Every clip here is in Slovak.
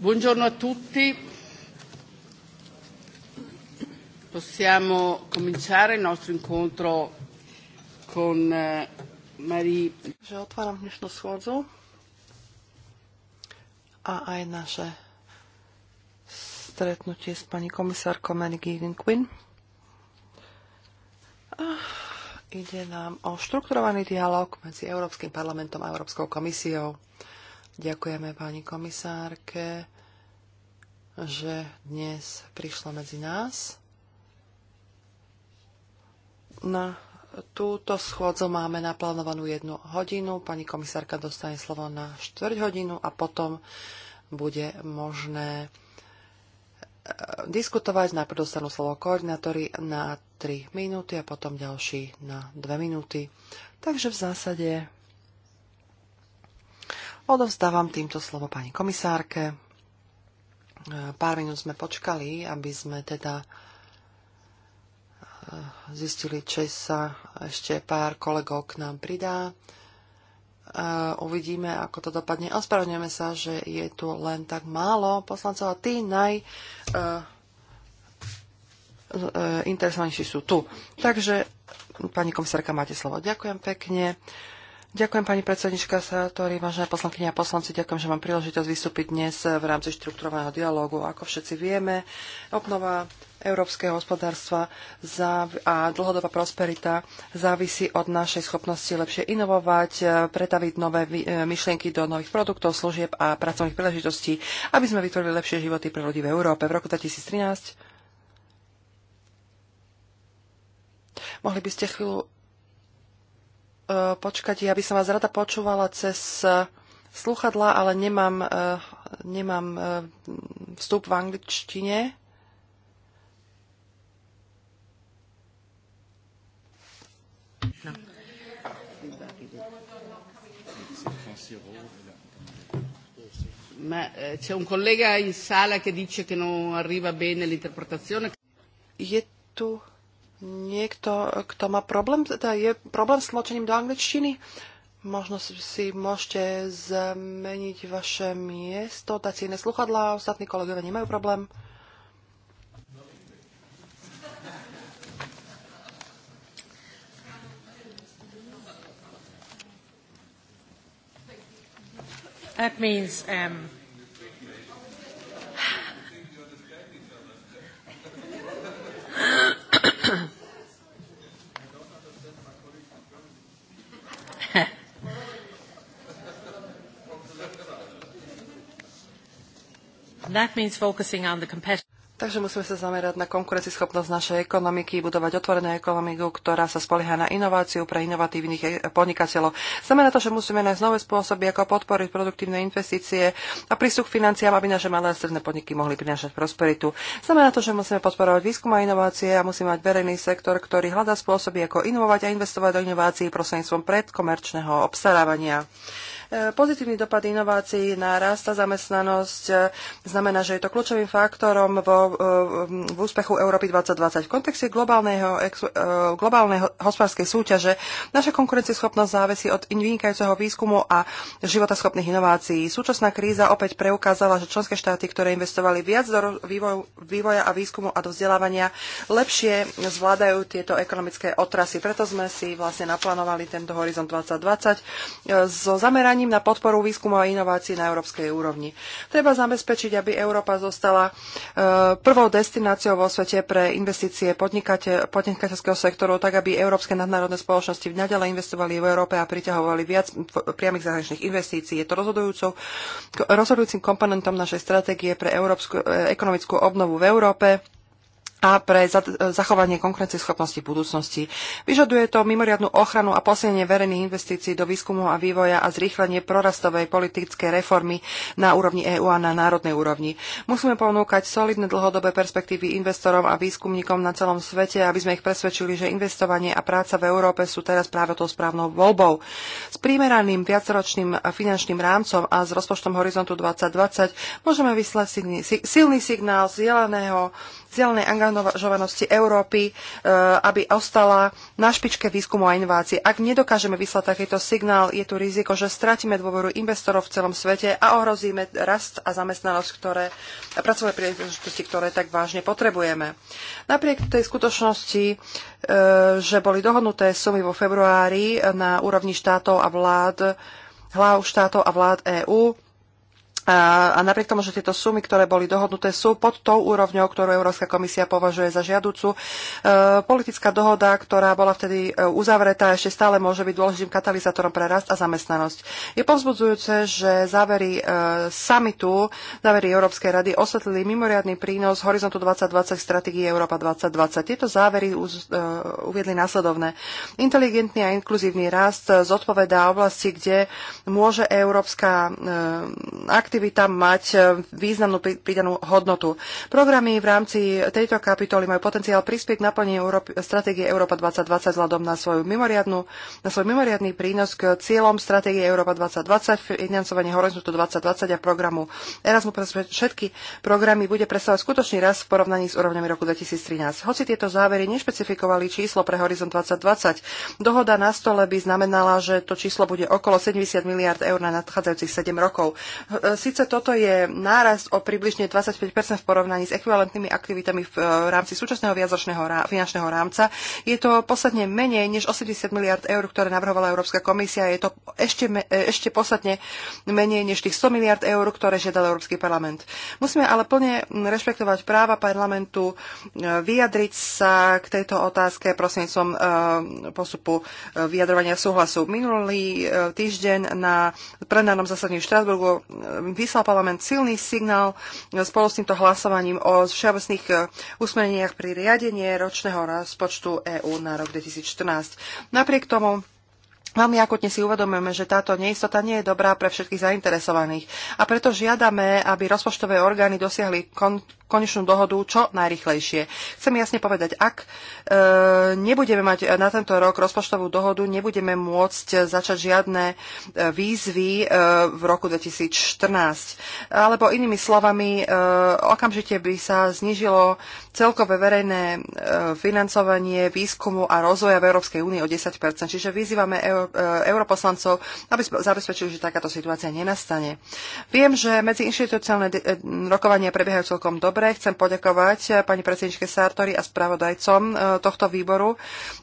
Buongiorno a tutti. Possiamo cominciare il nostro incontro con eh, Marie. Že otváram dnešnú schôdzu a aj naše stretnutie s pani komisárkou Mary Gigan Quinn. Ide nám o štrukturovaný dialog medzi Európskym parlamentom a Európskou komisiou. Ďakujeme pani komisárke, že dnes prišla medzi nás. Na túto schôdzu máme naplánovanú jednu hodinu. Pani komisárka dostane slovo na štvrť hodinu a potom bude možné e, diskutovať. Najprv dostanú slovo koordinátory na 3 minúty a potom ďalší na 2 minúty. Takže v zásade Odovzdávam týmto slovo pani komisárke. E, pár minút sme počkali, aby sme teda e, zistili, či sa ešte pár kolegov k nám pridá. E, uvidíme, ako to dopadne. Ospravedlňujeme sa, že je tu len tak málo poslancov a tí naj interesovanejší sú tu. Takže, pani komisárka, máte slovo. Ďakujem pekne. Ďakujem pani predsednička Sátori, vážené poslankyne a poslanci, ďakujem, že mám príležitosť vystúpiť dnes v rámci štrukturovaného dialógu. Ako všetci vieme, obnova európskeho hospodárstva a dlhodobá prosperita závisí od našej schopnosti lepšie inovovať, pretaviť nové e, myšlienky do nových produktov, služieb a pracovných príležitostí, aby sme vytvorili lepšie životy pre ľudí v Európe. V roku 2013 mohli by ste chvíľu E, počkať, ja by som vás rada počúvala cez e, sluchadla, ale nemám, e, nemám vstup v angličtine. No. Ma eh, c'è un collega in sala che dice che non arriva bene l'interpretazione. Je tu niekto, kto má problém, teda je problém s tlmočením do angličtiny, možno si môžete zmeniť vaše miesto, dať si iné sluchadlá, ostatní kolegovia nemajú problém. That means um, That means focusing on the competitive Takže musíme sa zamerať na konkurencieschopnosť našej ekonomiky, budovať otvorenú ekonomiku, ktorá sa spolieha na inováciu pre inovatívnych e- podnikateľov. Znamená to, že musíme nájsť nové spôsoby, ako podporiť produktívne investície a prístup k financiám, aby naše malé a stredné podniky mohli prinášať prosperitu. Znamená to, že musíme podporovať výskum a inovácie a musíme mať verejný sektor, ktorý hľadá spôsoby, ako inovovať a investovať do inovácií prostredníctvom predkomerčného obstarávania. Pozitívny dopad inovácií na rast a zamestnanosť znamená, že je to kľúčovým faktorom vo, e, v úspechu Európy 2020. V kontexte globálneho, e, globálneho hospodárskej súťaže naša konkurencieschopnosť závisí od vynikajúceho výskumu a životaschopných inovácií. Súčasná kríza opäť preukázala, že členské štáty, ktoré investovali viac do vývoja a výskumu a do vzdelávania, lepšie zvládajú tieto ekonomické otrasy. Preto sme si vlastne naplánovali tento Horizont 2020 e, so zameraním zameraním na podporu výskumu a inovácií na európskej úrovni. Treba zabezpečiť, aby Európa zostala e, prvou destináciou vo svete pre investície podnikateľského sektoru, tak aby európske nadnárodné spoločnosti v naďalej investovali v Európe a priťahovali viac priamých zahraničných investícií. Je to rozhodujúcim komponentom našej stratégie pre európsku e, ekonomickú obnovu v Európe a pre zachovanie konkurencieschopnosti budúcnosti. Vyžaduje to mimoriadnu ochranu a posilnenie verejných investícií do výskumu a vývoja a zrýchlenie prorastovej politickej reformy na úrovni EÚ a na národnej úrovni. Musíme ponúkať solidné dlhodobé perspektívy investorom a výskumníkom na celom svete, aby sme ich presvedčili, že investovanie a práca v Európe sú teraz práve tou správnou voľbou. S primeraným viacročným finančným rámcom a s rozpočtom Horizontu 2020 môžeme vyslať silný signál zieleného sociálnej angažovanosti Európy, e, aby ostala na špičke výskumu a inovácií. Ak nedokážeme vyslať takýto signál, je tu riziko, že stratíme dôveru investorov v celom svete a ohrozíme rast a zamestnanosť, ktoré, a pracovné príležitosti, ktoré tak vážne potrebujeme. Napriek tej skutočnosti, e, že boli dohodnuté sumy vo februári na úrovni štátov a vlád, hlav štátov a vlád EÚ, a, napriek tomu, že tieto sumy, ktoré boli dohodnuté, sú pod tou úrovňou, ktorú Európska komisia považuje za žiaducu, e, politická dohoda, ktorá bola vtedy e, uzavretá, ešte stále môže byť dôležitým katalizátorom pre rast a zamestnanosť. Je povzbudzujúce, že závery e, samitu, závery Európskej rady osvetlili mimoriadný prínos Horizontu 2020 stratégii Európa 2020. Tieto závery uz, e, uviedli následovné. Inteligentný a inkluzívny rast zodpovedá oblasti, kde môže európska e, aktivita aktivita mať e, významnú pridanú hodnotu. Programy v rámci tejto kapitoly majú potenciál prispieť k naplneniu stratégie Európa 2020 vzhľadom na, svoju mimoriadnu, na svoj mimoriadný prínos k cieľom stratégie Európa 2020, financovanie Horizontu 2020 a programu Erasmus pre všetky programy bude predstavovať skutočný raz v porovnaní s úrovňami roku 2013. Hoci tieto závery nešpecifikovali číslo pre Horizont 2020, dohoda na stole by znamenala, že to číslo bude okolo 70 miliard eur na nadchádzajúcich 7 rokov. Si e, Sice toto je nárast o približne 25% v porovnaní s ekvivalentnými aktivitami v e, rámci súčasného viacročného finančného rámca, je to posledne menej než 80 miliard eur, ktoré navrhovala Európska komisia. Je to ešte, e, ešte posledne menej než tých 100 miliard eur, ktoré žiadal Európsky parlament. Musíme ale plne rešpektovať práva parlamentu, e, vyjadriť sa k tejto otázke prostredníctvom postupu vyjadrovania súhlasu. Minulý týždeň na plenárnom zasadení v Štrasburgu vyslal parlament silný signál e, spolu s týmto hlasovaním o všeobecných e, usmereniach pri riadenie ročného rozpočtu EÚ na rok 2014. Napriek tomu Veľmi akutne si uvedomujeme, že táto neistota nie je dobrá pre všetkých zainteresovaných a preto žiadame, aby rozpočtové orgány dosiahli kon- konečnú dohodu čo najrychlejšie. Chcem jasne povedať, ak e, nebudeme mať na tento rok rozpočtovú dohodu, nebudeme môcť začať žiadne e, výzvy e, v roku 2014. Alebo inými slovami, e, okamžite by sa znižilo celkové verejné e, financovanie výskumu a rozvoja v Európskej únii o 10 Čiže vyzývame eur, e, europoslancov, aby zabezpečili, že takáto situácia nenastane. Viem, že medzi inštitúciálne e, rokovania prebiehajú celkom dobre dobre. Chcem poďakovať eh, pani predsedničke Sartori a spravodajcom eh, tohto výboru.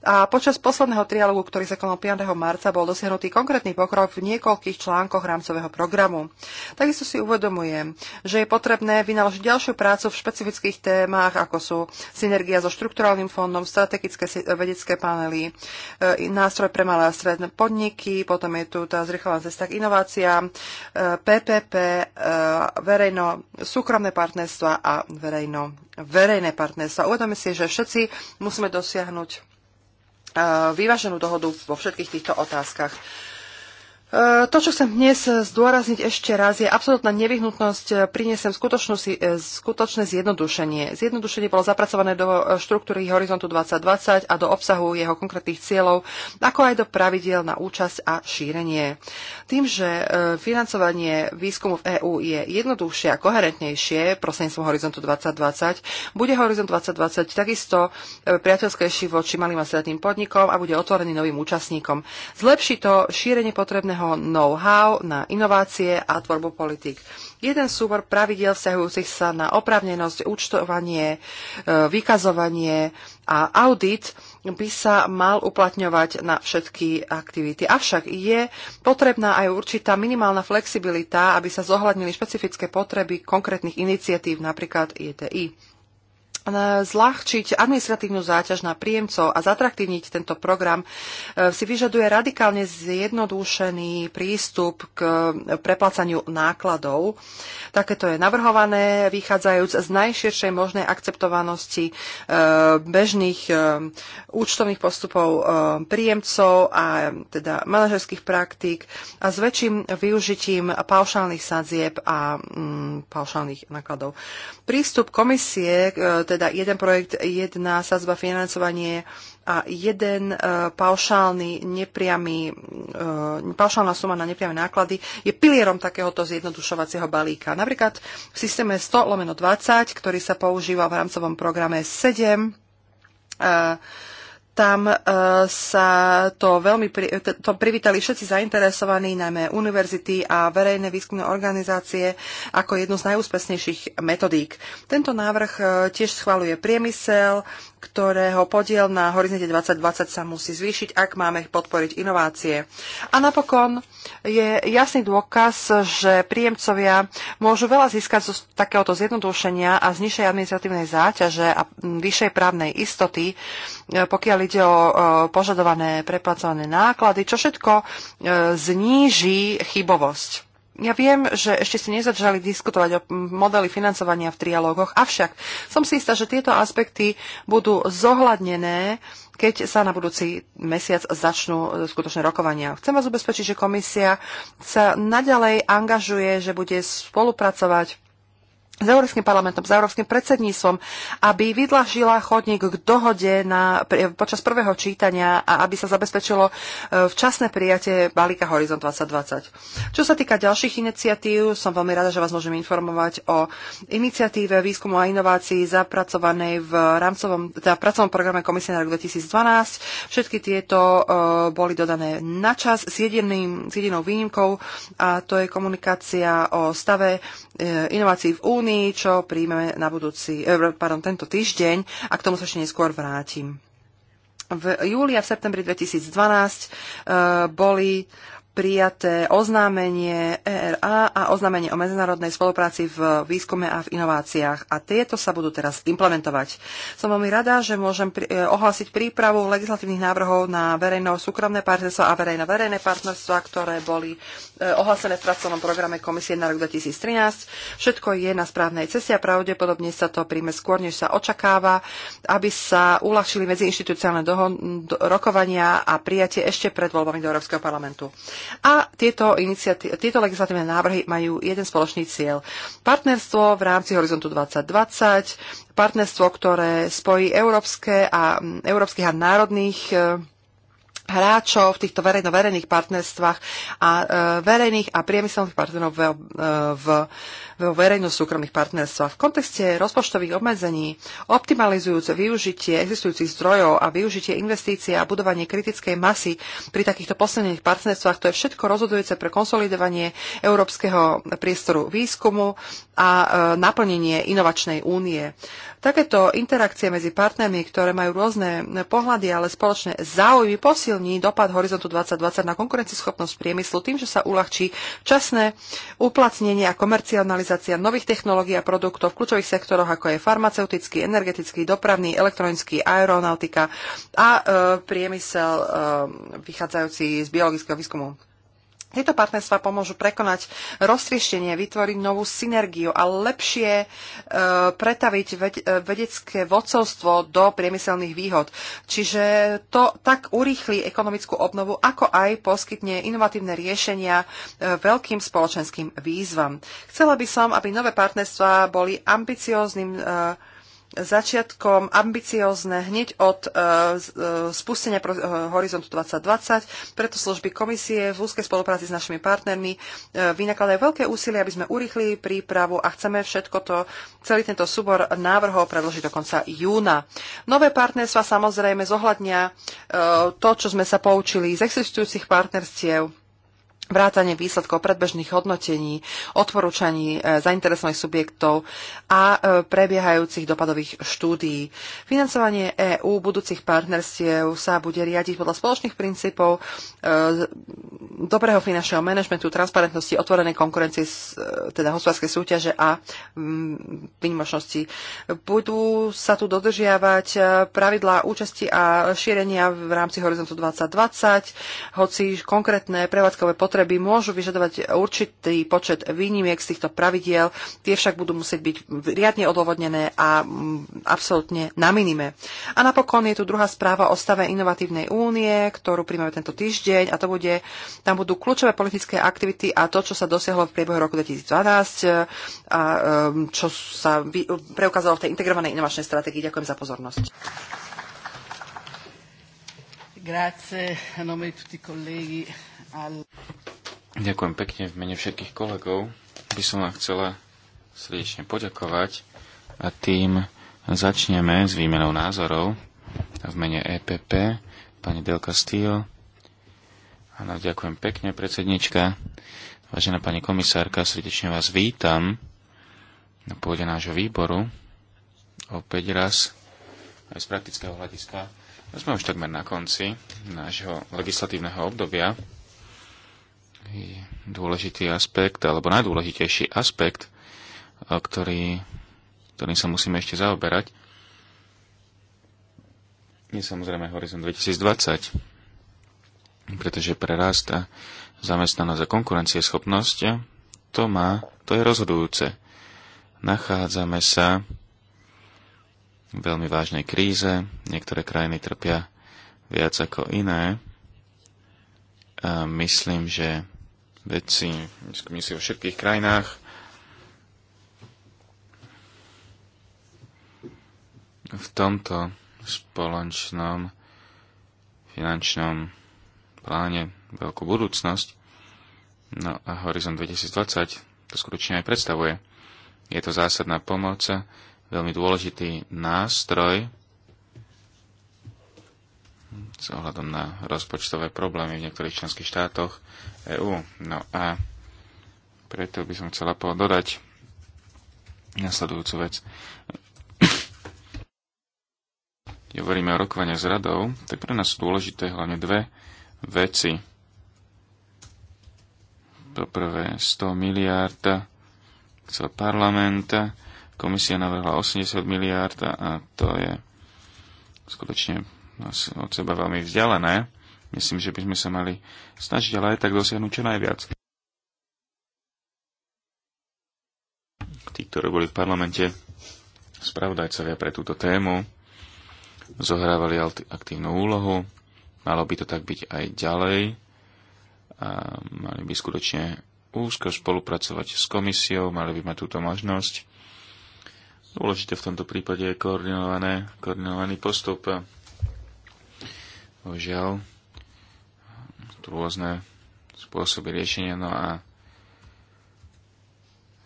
A počas posledného trialogu, ktorý sa konal 5. marca, bol dosiahnutý konkrétny pokrok v niekoľkých článkoch rámcového programu. Takisto si uvedomujem, že je potrebné vynaložiť ďalšiu prácu v špecifických témach, ako sú synergia so štrukturálnym fondom, strategické vedecké panely, eh, nástroj pre malé a stredné podniky, potom je tu tá zrychlená cesta k inováciám, PPP, verejno-súkromné partnerstva a verejno, verejné partnerstva. Uvedome si, že všetci musíme dosiahnuť eh, vyváženú dohodu vo všetkých týchto otázkach. E, to, čo chcem dnes zdôrazniť ešte raz, je absolútna nevyhnutnosť e, priniesem e, skutočné zjednodušenie. Zjednodušenie bolo zapracované do štruktúry Horizontu 2020 a do obsahu jeho konkrétnych cieľov, ako aj do pravidiel na účasť a šírenie. Tým, že financovanie výskumu v EÚ je jednoduchšie a koherentnejšie prostredníctvom Horizontu 2020, bude Horizont 2020 takisto priateľskejší voči malým a stredným podnikom a bude otvorený novým účastníkom. Zlepší to šírenie potrebného potrebného know-how na inovácie a tvorbu politik. Jeden súbor pravidiel vzťahujúcich sa na opravnenosť, účtovanie, e, vykazovanie a audit by sa mal uplatňovať na všetky aktivity. Avšak je potrebná aj určitá minimálna flexibilita, aby sa zohľadnili špecifické potreby konkrétnych iniciatív, napríklad ITI. E E, zľahčiť administratívnu záťaž na príjemcov a zatraktívniť tento program e, si vyžaduje radikálne zjednodušený prístup k e, preplácaniu nákladov. Takéto je navrhované, vychádzajúc z najširšej možnej akceptovanosti bežných účtovných postupov príjemcov a teda manažerských praktík a s väčším využitím paušálnych sadzieb a mm, paušálnych nákladov. Prístup komisie, teda teda jeden projekt, jedna sazba financovanie a jeden uh, paušálny nepriamy, uh, paušálna suma na nepriame náklady je pilierom takéhoto zjednodušovacieho balíka. Napríklad v systéme 100 lomeno 20, ktorý sa používa v rámcovom programe 7, uh, e, tam e, sa to veľmi pri, to privítali všetci zainteresovaní, najmä univerzity a verejné výskumné organizácie ako jednu z najúspešnejších metodík. Tento návrh e, tiež schvaluje priemysel, ktorého podiel na horizonte 2020 sa musí zvýšiť, ak máme podporiť inovácie. A napokon je jasný dôkaz, že príjemcovia môžu veľa získať z takéhoto zjednodušenia a z nižšej administratívnej záťaže a vyššej právnej istoty, e, pokiaľ ide o požadované preplacované náklady, čo všetko e, zníži chybovosť. Ja viem, že ešte si nezačali diskutovať o modeli financovania v trialógoch, avšak som si istá, že tieto aspekty budú zohľadnené, keď sa na budúci mesiac začnú skutočné rokovania. Chcem vás ubezpečiť, že komisia sa naďalej angažuje, že bude spolupracovať s Európskym parlamentom, s Európskym predsedníctvom, aby vydlažila chodník k dohode na, počas prvého čítania a aby sa zabezpečilo e, včasné prijatie balíka Horizon 2020. Čo sa týka ďalších iniciatív, som veľmi rada, že vás môžem informovať o iniciatíve výskumu a inovácií zapracovanej v rámcovom, teda v pracovnom programe Komisie na rok 2012. Všetky tieto e, boli dodané na čas s, jediným, s jedinou výnimkou a to je komunikácia o stave E, inovácií v Únii, čo príjmeme na budúci, e, pardon, tento týždeň a k tomu sa ešte neskôr vrátim. V júli a v septembri 2012 e, boli prijaté oznámenie ERA a oznámenie o medzinárodnej spolupráci v výskume a v inováciách. A tieto sa budú teraz implementovať. Som veľmi rada, že môžem e, ohlásiť prípravu legislatívnych návrhov na verejno-súkromné partnerstvo a verejno-verejné partnerstva, ktoré boli e, ohlásené v pracovnom programe komisie na rok 2013. Všetko je na správnej ceste a pravdepodobne sa to príjme skôr, než sa očakáva, aby sa uľahčili do- rokovania a prijatie ešte pred voľbami do Európskeho parlamentu. A tieto, tieto legislatívne návrhy majú jeden spoločný cieľ. Partnerstvo v rámci Horizontu 2020, partnerstvo, ktoré spojí európske a, európskych a národných e, hráčov v týchto verejno-verejných partnerstvách a e, verejných a priemyselných partnerov v, e, v, v verejno-súkromných partnerstvách. V kontexte rozpočtových obmedzení optimalizujúc využitie existujúcich zdrojov a využitie investície a budovanie kritickej masy pri takýchto posilnených partnerstvách, to je všetko rozhodujúce pre konsolidovanie európskeho priestoru výskumu, a e, naplnenie inovačnej únie. Takéto interakcie medzi partnermi, ktoré majú rôzne pohľady, ale spoločné záujmy, posilní dopad Horizontu 2020 na konkurencieschopnosť priemyslu tým, že sa uľahčí časné uplatnenie a komercionalizácia nových technológií a produktov v kľúčových sektoroch, ako je farmaceutický, energetický, dopravný, elektronický, aeronautika a e, priemysel e, vychádzajúci z biologického výskumu. Tieto partnerstva pomôžu prekonať roztrieštenie, vytvoriť novú synergiu a lepšie e, pretaviť e, vedecké vodcovstvo do priemyselných výhod. Čiže to tak urýchli ekonomickú obnovu, ako aj poskytne inovatívne riešenia e, veľkým spoločenským výzvam. Chcela by som, aby nové partnerstva boli ambicióznym e, začiatkom ambiciozne hneď od e, e, spustenia e, Horizontu 2020, preto služby komisie v úzkej spolupráci s našimi partnermi vynakladajú veľké úsilie, aby sme urýchli prípravu a chceme všetko to, celý tento súbor návrhov predložiť do konca júna. Nové partnerstva samozrejme zohľadnia to, čo sme sa poučili z existujúcich partnerstiev vrátanie výsledkov predbežných hodnotení, odporúčaní e, zainteresovaných subjektov a e, prebiehajúcich dopadových štúdií. Financovanie EÚ budúcich partnerstiev sa bude riadiť podľa spoločných princípov e, dobrého finančného manažmentu, transparentnosti, otvorenej konkurencie, teda hospodárskej súťaže a výnimočnosti. Budú sa tu dodržiavať pravidlá účasti a šírenia v rámci Horizontu 2020, hoci konkrétne prevádzkové potreby potreby môžu vyžadovať určitý počet výnimiek z týchto pravidiel, tie však budú musieť byť riadne odôvodnené a mm, absolútne na minime. A napokon je tu druhá správa o stave inovatívnej únie, ktorú príjmeme tento týždeň a to bude, tam budú kľúčové politické aktivity a to, čo sa dosiahlo v priebehu roku 2012 a čo sa preukázalo v tej integrovanej inovačnej stratégii. Ďakujem za pozornosť. Grazie a nome di tutti i colleghi. Ďakujem pekne v mene všetkých kolegov. By som vám chcela srdečne poďakovať a tým začneme s výmenou názorov v mene EPP, pani Del Castillo. Áno, ďakujem pekne, predsednička. Vážená pani komisárka, srdečne vás vítam na pôde nášho výboru. Opäť raz, aj z praktického hľadiska. Sme už takmer na konci nášho legislatívneho obdobia dôležitý aspekt, alebo najdôležitejší aspekt, e, ktorý, ktorým sa musíme ešte zaoberať, je samozrejme Horizon 2020, pretože pre rast a zamestnanosť a konkurencieschopnosť, to má, to je rozhodujúce. Nachádzame sa v veľmi vážnej kríze, niektoré krajiny trpia viac ako iné, myslím, že vedci z komisie vo všetkých krajinách v tomto spoločnom finančnom pláne veľkú budúcnosť. No a Horizon 2020 to skutočne aj predstavuje. Je to zásadná pomoc, veľmi dôležitý nástroj s ohľadom na rozpočtové problémy v niektorých členských štátoch EÚ. No a preto by som chcela dodať nasledujúcu vec. Keď hovoríme o rokovania s radou, tak pre nás sú dôležité hlavne dve veci. prvé 100 miliárd chcel parlament, komisia navrhla 80 miliárd a to je skutočne od seba veľmi vzdialené. Myslím, že by sme sa mali snažiť, ale aj tak dosiahnuť čo najviac. Tí, ktorí boli v parlamente spravodajcovia pre túto tému, zohrávali aktívnu úlohu. Malo by to tak byť aj ďalej. A mali by skutočne úzko spolupracovať s komisiou, mali by mať túto možnosť. Dôležité v tomto prípade je koordinované, koordinovaný postup. Bohužiaľ, tu rôzne spôsoby riešenia, no a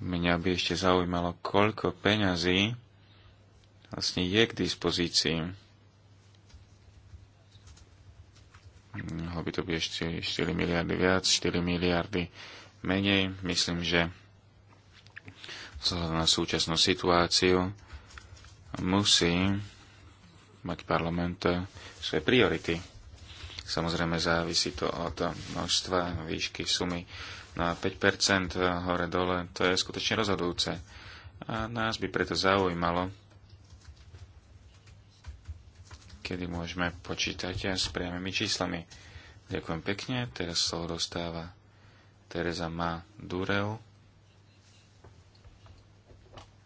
mňa by ešte zaujímalo, koľko peňazí vlastne je k dispozícii. Mohlo by to byť ešte 4 miliardy viac, 4 miliardy menej. Myslím, že vzhľadom na súčasnú situáciu musí mať parlament eh, svoje priority. Samozrejme závisí to od množstva, výšky, sumy. No a 5% eh, hore-dole, to je skutočne rozhodujúce. A nás by preto zaujímalo, kedy môžeme počítať eh, s priamými číslami. Ďakujem pekne, teraz slovo dostáva Teresa Ma Dureu.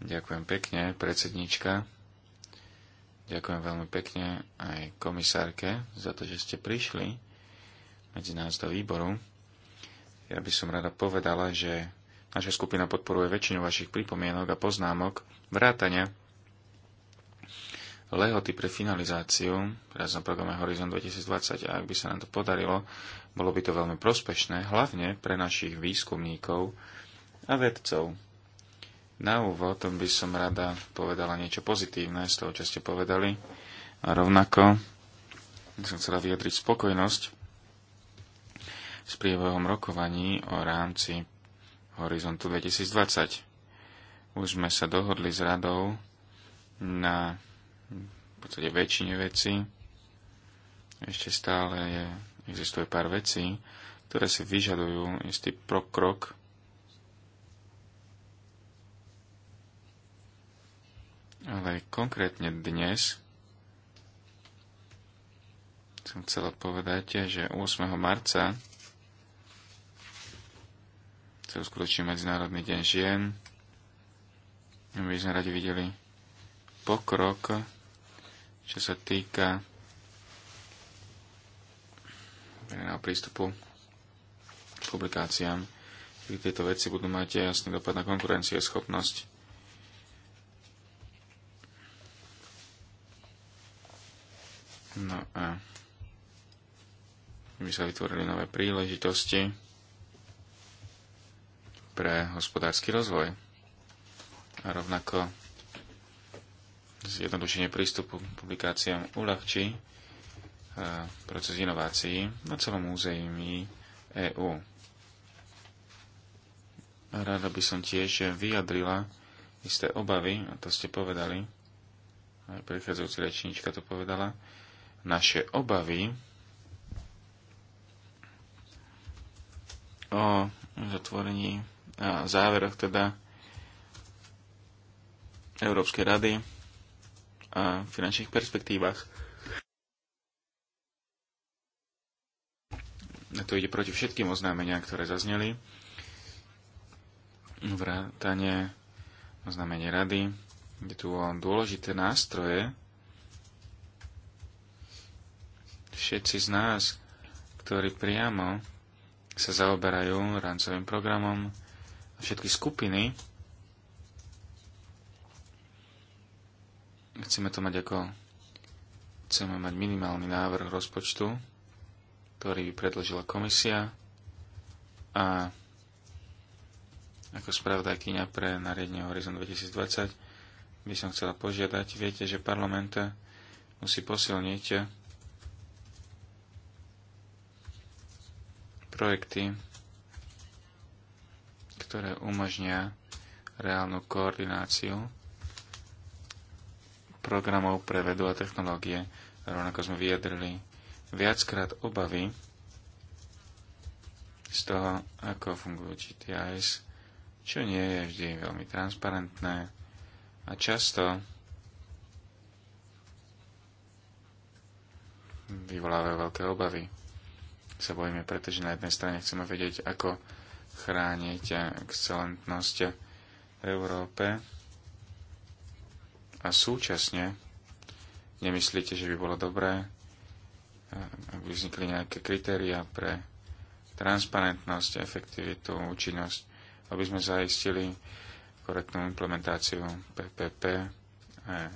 Ďakujem pekne, predsednička. Ďakujem veľmi pekne aj komisárke za to, že ste prišli medzi nás do výboru. Ja by som rada povedala, že naša skupina podporuje väčšinu vašich pripomienok a poznámok, vrátane lehoty pre finalizáciu teraz na programe Horizon 2020 a ak by sa nám to podarilo, bolo by to veľmi prospešné, hlavne pre našich výskumníkov a vedcov. Na úvod by som rada povedala niečo pozitívne z toho, čo ste povedali. A rovnako som chcela vyjadriť spokojnosť s priebehom rokovaní o rámci Horizontu 2020. Už sme sa dohodli s radou na v podstate väčšine veci. Ešte stále je, existuje pár vecí, ktoré si vyžadujú istý prokrok ale konkrétne dnes som chcela povedať, že 8. marca sa uskutočí Medzinárodný deň žien. My sme radi videli pokrok, čo sa týka verejného prístupu k publikáciám, kde tieto veci budú mať jasný dopad na konkurencieschopnosť. No a by sa vytvorili nové príležitosti pre hospodársky rozvoj. A rovnako zjednodušenie prístupu k publikáciám uľahčí e, proces inovácií na celom území EÚ. Rada by som tiež vyjadrila isté obavy, a to ste povedali, aj predchádzajúca rečníčka to povedala, naše obavy o zatvorení a záveroch teda Európskej rady a finančných perspektívach. A to ide proti všetkým oznámeniam, ktoré zazneli. Vrátanie oznámenie rady. Je tu o dôležité nástroje, všetci z nás, ktorí priamo sa zaoberajú rancovým programom a všetky skupiny, chceme to mať ako chceme mať minimálny návrh rozpočtu, ktorý by predložila komisia a ako spravodajkyňa pre nariadenie Horizon 2020 by som chcela požiadať, viete, že parlament musí posilniť projekty, ktoré umožnia reálnu koordináciu programov pre vedu a technológie. Rovnako sme vyjadrili viackrát obavy z toho, ako fungujú GTIs, čo nie je vždy veľmi transparentné a často vyvolávajú veľké obavy sa bojíme, pretože na jednej strane chceme vedieť, ako chrániť excelentnosť v Európe a súčasne nemyslíte, že by bolo dobré, aby vznikli nejaké kritéria pre transparentnosť, efektivitu, účinnosť, aby sme zaistili korektnú implementáciu PPP a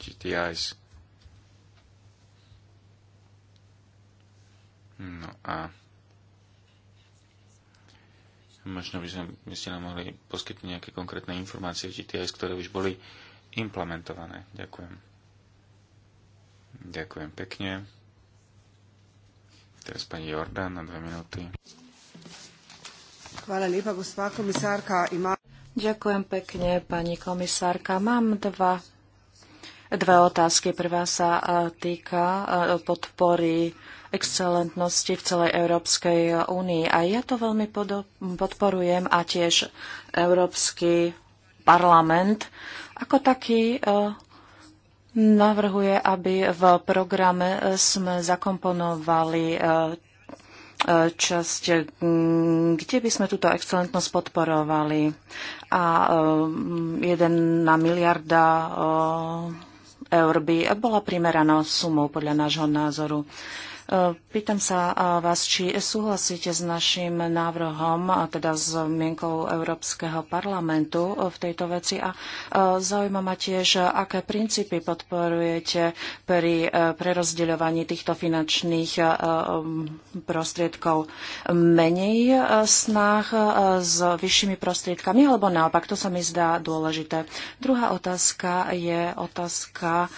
GTIs. No a možno by, sme, by ste nám mohli poskytnúť nejaké konkrétne informácie o GTS, ktoré už boli implementované. Ďakujem. Ďakujem pekne. Teraz pani Jordan na dve minúty. Hvala lepa, gospa komisárka. Ima... Ďakujem pekne, pani komisárka. Mám dva, dve otázky. Prvá sa e, týka e, podpory excelentnosti v celej Európskej únii. A ja to veľmi podporujem a tiež Európsky parlament ako taký e, navrhuje, aby v programe sme zakomponovali e, e, časť, kde by sme túto excelentnosť podporovali. A jeden na miliarda eur by bola primeraná sumou podľa nášho názoru. E, pýtam sa e, vás, či súhlasíte s našim návrhom, teda s mienkou Európskeho parlamentu e, v tejto veci a zaujíma ma tiež, aké princípy podporujete pri prerozdeľovaní týchto finančných prostriedkov. Menej snah s vyššími prostriedkami, alebo naopak, to sa mi zdá dôležité. Druhá otázka je otázka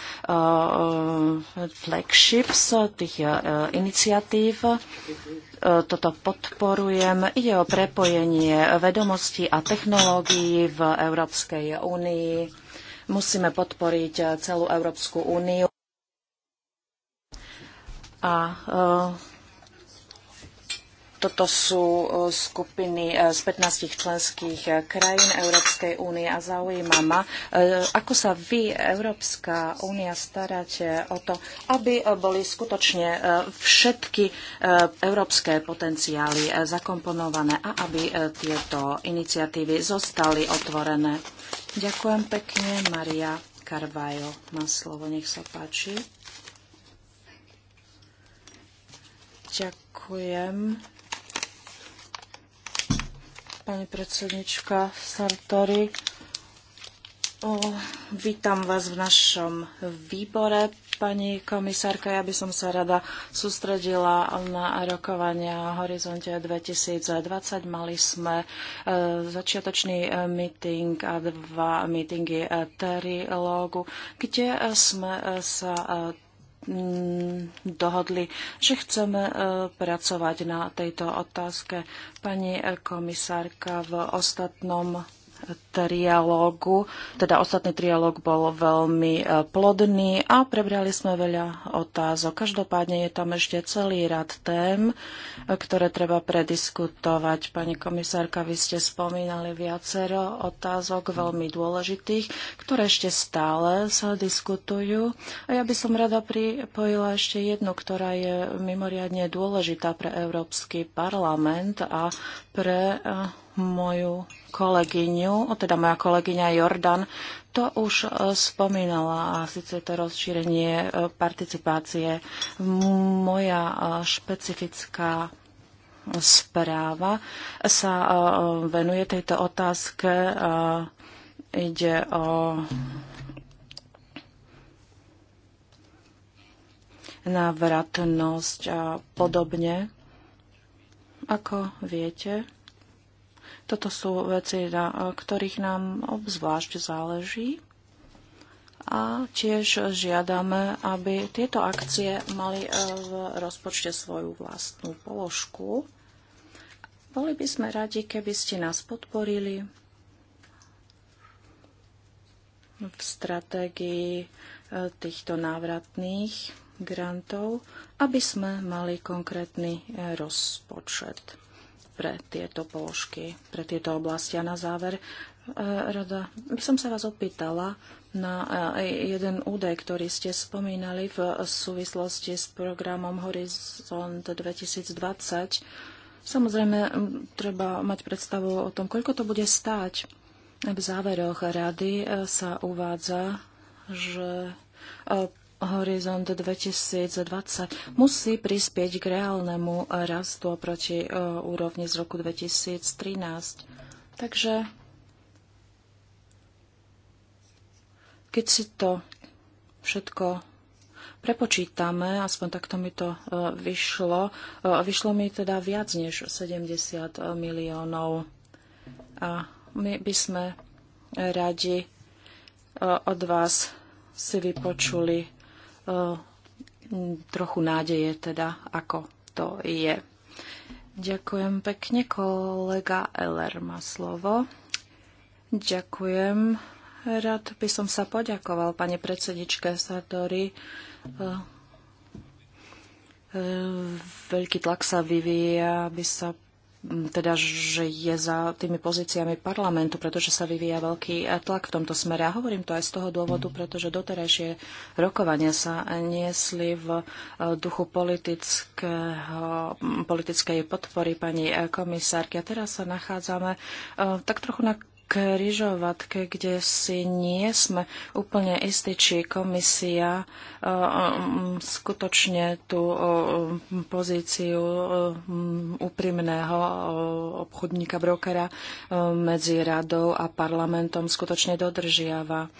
flagships, tých iniciatív. Toto podporujem. Ide o prepojenie vedomostí a technológií v Európskej únii. Musíme podporiť celú Európsku úniu. A toto sú e, skupiny e, z 15 členských e, krajín Európskej únie a zaujíma ma, ako sa vy, Európska únia, staráte o to, aby boli skutočne všetky európske potenciály zakomponované a aby tieto iniciatívy zostali otvorené. Ďakujem pekne, Maria Carvajo má slovo, nech sa páči. Ďakujem pani predsednička Sartori. O, vítam vás v našom výbore. Pani komisárka, ja by som sa rada sústredila na rokovania Horizonte 2020. Mali sme e, začiatočný e, meeting a dva meetingy e, terilógu, kde sme sa Mm, dohodli, že chceme e, pracovať na tejto otázke. Pani komisárka, v ostatnom trialógu. Teda ostatný trialóg bol veľmi e, plodný a prebrali sme veľa otázok. Každopádne je tam ešte celý rad tém, e, ktoré treba prediskutovať. Pani komisárka, vy ste spomínali viacero otázok veľmi dôležitých, ktoré ešte stále sa diskutujú. A ja by som rada pripojila ešte jednu, ktorá je mimoriadne dôležitá pre Európsky parlament a pre e, moju kolegyňu, teda moja kolegyňa Jordan, to už e, spomínala a síce to rozšírenie e, participácie. Moja e, špecifická správa sa venuje tejto otázke. Ide o návratnosť a podobne. Ako viete, toto sú veci, na ktorých nám obzvlášť záleží a tiež žiadame, aby tieto akcie mali e, v rozpočte svoju vlastnú položku. Boli by sme radi, keby ste nás podporili v stratégii e, týchto návratných grantov, aby sme mali konkrétny e, rozpočet pre tieto položky, pre tieto oblasti. A na záver, e, rada, by som sa vás opýtala na e, jeden údaj, ktorý ste spomínali v súvislosti s programom Horizont 2020. Samozrejme, treba mať predstavu o tom, koľko to bude stáť. V záveroch rady e, sa uvádza, že Horizont 2020 musí prispieť k reálnemu rastu oproti e, úrovni z roku 2013. Takže keď si to všetko prepočítame, aspoň takto mi to e, vyšlo, e, vyšlo mi teda viac než 70 miliónov. A my by sme radi od vás si vypočuli Ehm, trochu nádeje teda, ako to je. Ďakujem pekne, kolega Eller má slovo. Ďakujem. Rád by som sa poďakoval pani predsedničke Sartori. Ehm, e, veľký tlak sa vyvíja, aby sa teda, že je za tými pozíciami parlamentu, pretože sa vyvíja veľký e, tlak v tomto smere. A hovorím to aj z toho dôvodu, pretože doterajšie rokovania sa niesli v e, duchu politickej podpory pani e, komisárky. A teraz sa nachádzame tak trochu na križovatke, kde si nie sme úplne istí, či komisia e, skutočne tú e, pozíciu e, úprimného obchodníka, brokera medzi radou a parlamentom skutočne dodržiava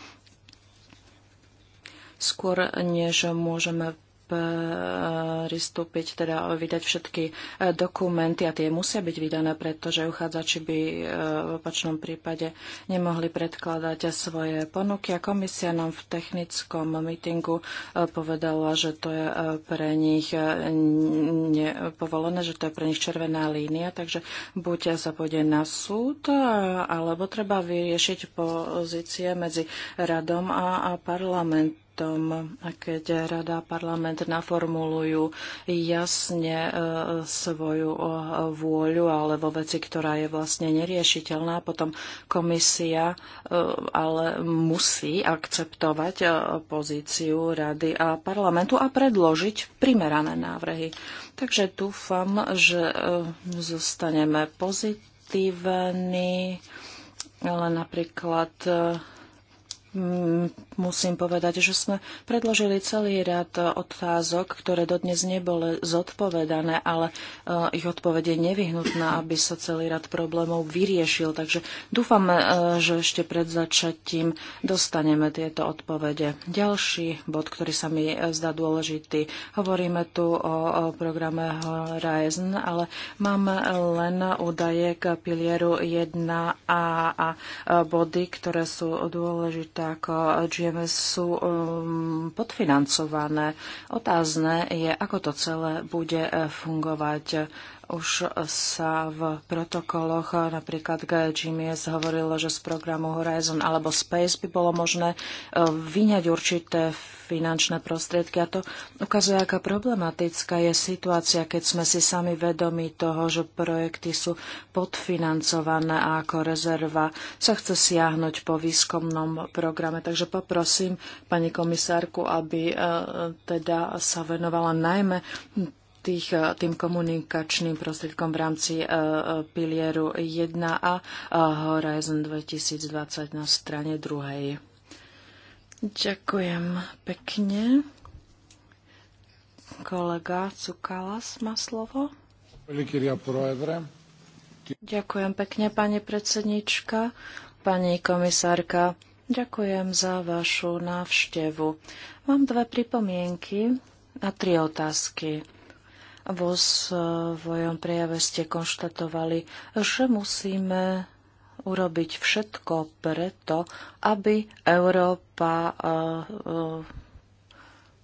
skôr než môžeme pristúpiť, teda vydať všetky eh, dokumenty a tie musia byť vydané, pretože uchádzači by eh, v opačnom prípade nemohli predkladať svoje ponuky a komisia nám v technickom mítingu eh, povedala, že to je pre nich povolené, že to je pre nich červená línia, takže buď sa pôjde na súd, alebo treba vyriešiť pozície medzi radom a parlamentom tom, keď Rada parlament naformulujú jasne e, svoju e, vôľu alebo veci, ktorá je vlastne neriešiteľná, potom komisia e, ale musí akceptovať pozíciu Rady a parlamentu a predložiť primerané návrhy. Takže dúfam, že zostaneme pozitívni, ale napríklad Mm, musím povedať, že sme predložili celý rad otázok, ktoré dodnes neboli zodpovedané, ale eh, ich odpovede je nevyhnutná, aby sa celý rad problémov vyriešil. Takže dúfam, eh, že ešte pred začatím dostaneme tieto odpovede. Ďalší bod, ktorý sa mi eh, zdá dôležitý. Hovoríme tu o programe Horizon, ale máme len údaje k pilieru 1a a body, ktoré sú dôležité ako GMS sú um, podfinancované. Otázne je, ako to celé bude eh, fungovať už sa v protokoloch napríklad GMS hovorilo, že z programu Horizon alebo Space by bolo možné e, vyňať určité finančné prostriedky. A to ukazuje, aká problematická je situácia, keď sme si sami vedomi toho, že projekty sú podfinancované a ako rezerva sa chce siahnuť po výskumnom programe. Takže poprosím pani komisárku, aby e, teda sa venovala najmä tých, e, tým komunikačným prostriedkom v rámci e, e, pilieru 1 a Horizon 2020 na strane druhej. Ďakujem pekne. Kolega Cukalas má slovo. Ďakujem pekne, pani predsednička, pani komisárka. Ďakujem za vašu návštevu. Mám dve pripomienky a tri otázky. Vo svojom prejave ste konštatovali, že musíme urobiť všetko preto, aby Európa e, e,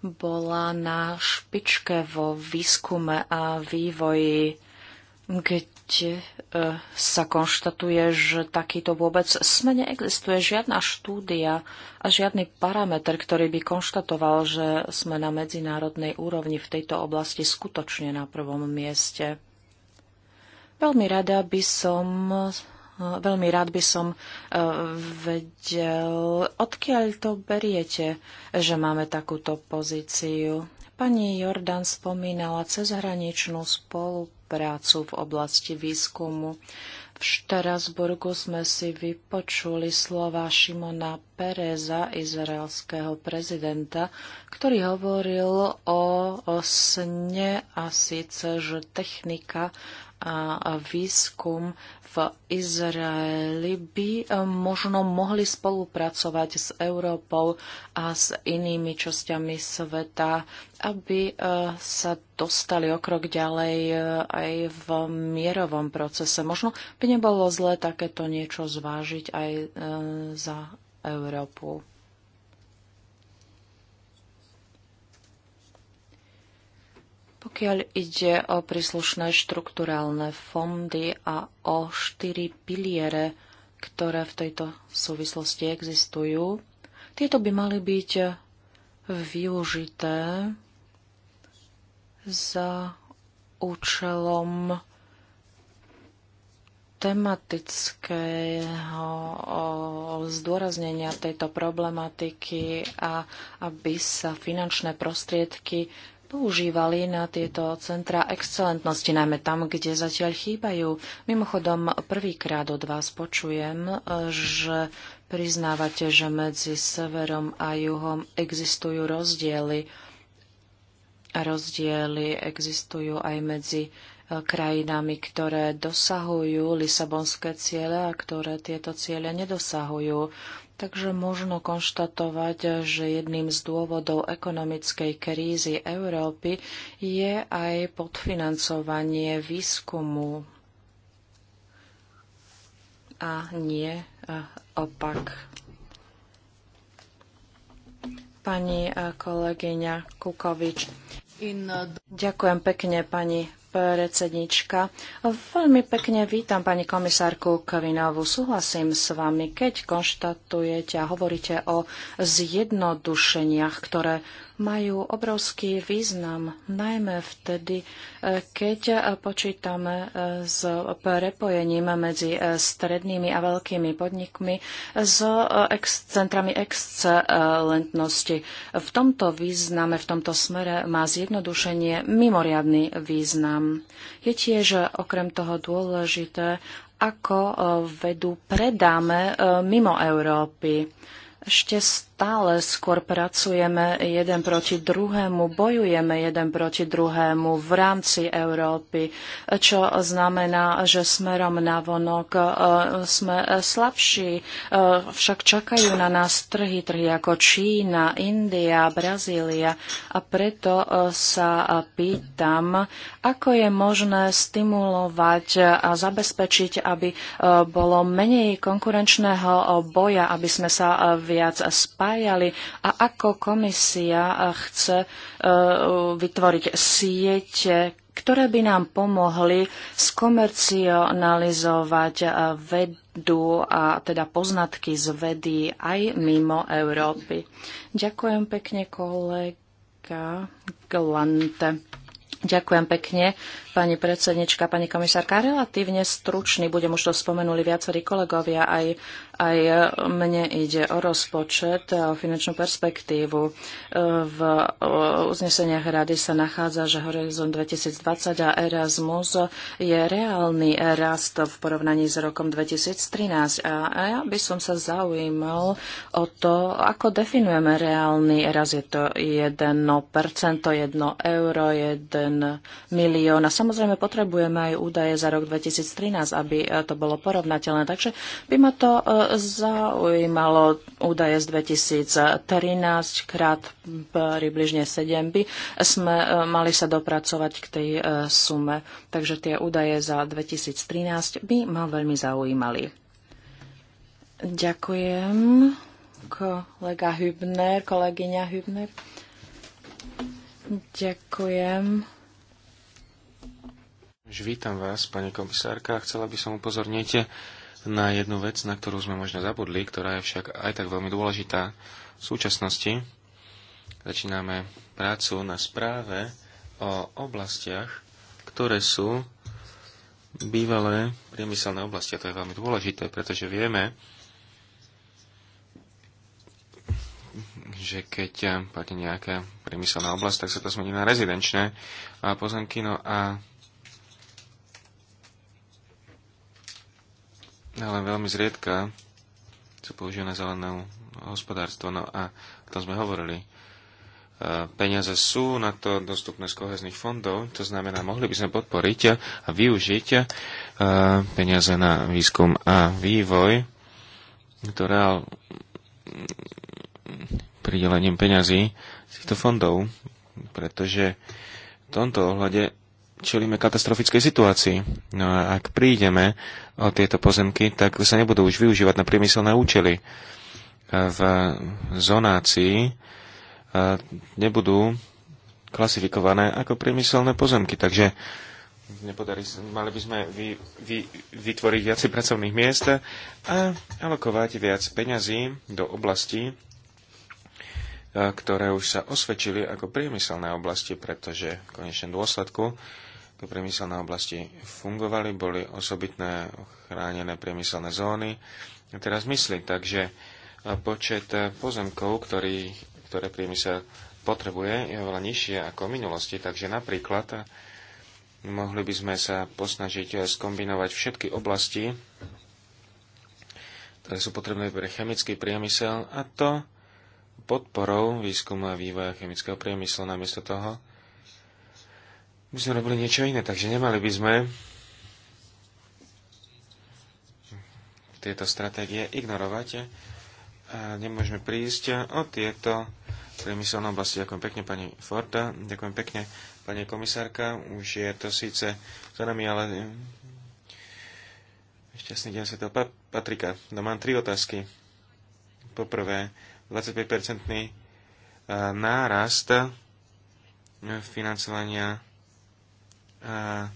bola na špičke vo výskume a vývoji, kde E, sa konštatuje, že takýto vôbec sme neexistuje žiadna štúdia a žiadny parameter, ktorý by konštatoval, že sme na medzinárodnej úrovni v tejto oblasti skutočne na prvom mieste. Veľmi rada by som e, veľmi rád by som e, vedel, odkiaľ to beriete, že máme takúto pozíciu. Pani Jordan spomínala cezhraničnú spoluprácu v oblasti výskumu. V Štrasburgu sme si vypočuli slova Šimona Pereza, izraelského prezidenta, ktorý hovoril o, o sne a síce, že technika a výskum v Izraeli by e, možno mohli spolupracovať s Európou a s inými časťami sveta, aby e, sa dostali o krok ďalej e, aj v mierovom procese. Možno by nebolo zlé takéto niečo zvážiť aj za Európu. Pokiaľ ide o príslušné štrukturálne fondy a o štyri piliere, ktoré v tejto súvislosti existujú, tieto by mali byť využité za účelom tematického zdôraznenia tejto problematiky a aby sa finančné prostriedky používali na tieto centra excelentnosti, najmä tam, kde zatiaľ chýbajú. Mimochodom, prvýkrát od vás počujem, že priznávate, že medzi severom a juhom existujú rozdiely. A rozdiely existujú aj medzi krajinami, ktoré dosahujú lisabonské ciele a ktoré tieto ciele nedosahujú. Takže možno konštatovať, že jedným z dôvodov ekonomickej krízy Európy je aj podfinancovanie výskumu a nie e, opak. Pani e, kolegyňa Kukovič. E, Ďakujem pekne, pani predsednička. Veľmi pekne vítam pani komisárku Kvinovú. Súhlasím s vami, keď konštatujete a hovoríte o zjednodušeniach, ktoré majú obrovský význam, najmä vtedy, e, keď e, počítame e, s prepojením medzi strednými a veľkými podnikmi s centrami excelentnosti. V tomto význame, v tomto smere má zjednodušenie mimoriadný význam. Je tiež okrem toho dôležité, ako vedú predáme mimo Európy. Ešte stále skôr pracujeme jeden proti druhému, bojujeme jeden proti druhému v rámci Európy, čo znamená, že smerom na vonok e, sme slabší. E, však čakajú na nás trhy, trhy ako Čína, India, Brazília a preto e, sa pýtam, ako je možné stimulovať a zabezpečiť, aby bolo menej konkurenčného boja, aby sme sa viac spájali spájali a ako komisia eh, chce eh, vytvoriť siete, ktoré by nám pomohli skomercionalizovať eh, vedu a teda poznatky z vedy aj mimo Európy. Ďakujem pekne kolega Glante. Ďakujem pekne, pani predsednička, pani komisárka. Relatívne stručný, budem už to spomenuli viacerí kolegovia, aj, aj mne ide o rozpočet, o finančnú perspektívu. V uzneseniach rady sa nachádza, že Horizon 2020 a Erasmus je reálny rast v porovnaní s rokom 2013. A ja by som sa zaujímal o to, ako definujeme reálny rast. Je to 1%, 1 euro, 1 len milión. A samozrejme potrebujeme aj údaje za rok 2013, aby e, to bolo porovnateľné. Takže by ma to e, zaujímalo údaje z 2013 krát približne 7 by sme e, mali sa dopracovať k tej sume. Takže tie údaje za 2013 by ma veľmi zaujímali. Ďakujem. Kolega Hübner, kolegyňa Hübner. Ďakujem. Už vítam vás, pani komisárka. Chcela by som upozorniť na jednu vec, na ktorú sme možno zabudli, ktorá je však aj tak veľmi dôležitá. V súčasnosti začíname prácu na správe o oblastiach, ktoré sú bývalé priemyselné oblasti. A to je veľmi dôležité, pretože vieme, že keď padne nejaká priemyselná oblasť, tak sa to zmení na rezidenčné pozemky. No a ale veľmi zriedka používa na zelené hospodárstvo. No a o tom sme hovorili. E, peniaze sú na to dostupné z kohezných fondov, to znamená, mohli by sme podporiť a využiť e, peniaze na výskum a vývoj, ktoré pridelením peňazí z týchto fondov, pretože v tomto ohľade čelíme katastrofickej situácii. No a ak prídeme o tieto pozemky, tak sa nebudú už využívať na priemyselné účely. V zonácii nebudú klasifikované ako priemyselné pozemky, takže nepodarí, mali by sme vy, vy, vytvoriť viac pracovných miest a alokovať viac peňazí do oblastí, ktoré už sa osvedčili ako priemyselné oblasti, pretože v konečnom dôsledku ako priemyselné oblasti fungovali, boli osobitné chránené priemyselné zóny. A teraz myslím, takže e, počet e, pozemkov, ktorý, ktoré priemysel potrebuje, je oveľa nižšie ako v minulosti. Takže napríklad e, mohli by sme sa posnažiť skombinovať všetky oblasti, ktoré sú potrebné pre chemický priemysel, a to podporou výskumu a vývoja chemického priemyslu namiesto toho, by sme robili niečo iné, takže nemali by sme tieto stratégie ignorovať a nemôžeme prísť o tieto priemyselné oblasti. Ďakujem pekne pani Forda, ďakujem pekne pani komisárka. Už je to síce za nami, ale eh, šťastný deň svetého Patrika. No mám tri otázky. Poprvé, 25-percentný eh, nárast eh, financovania a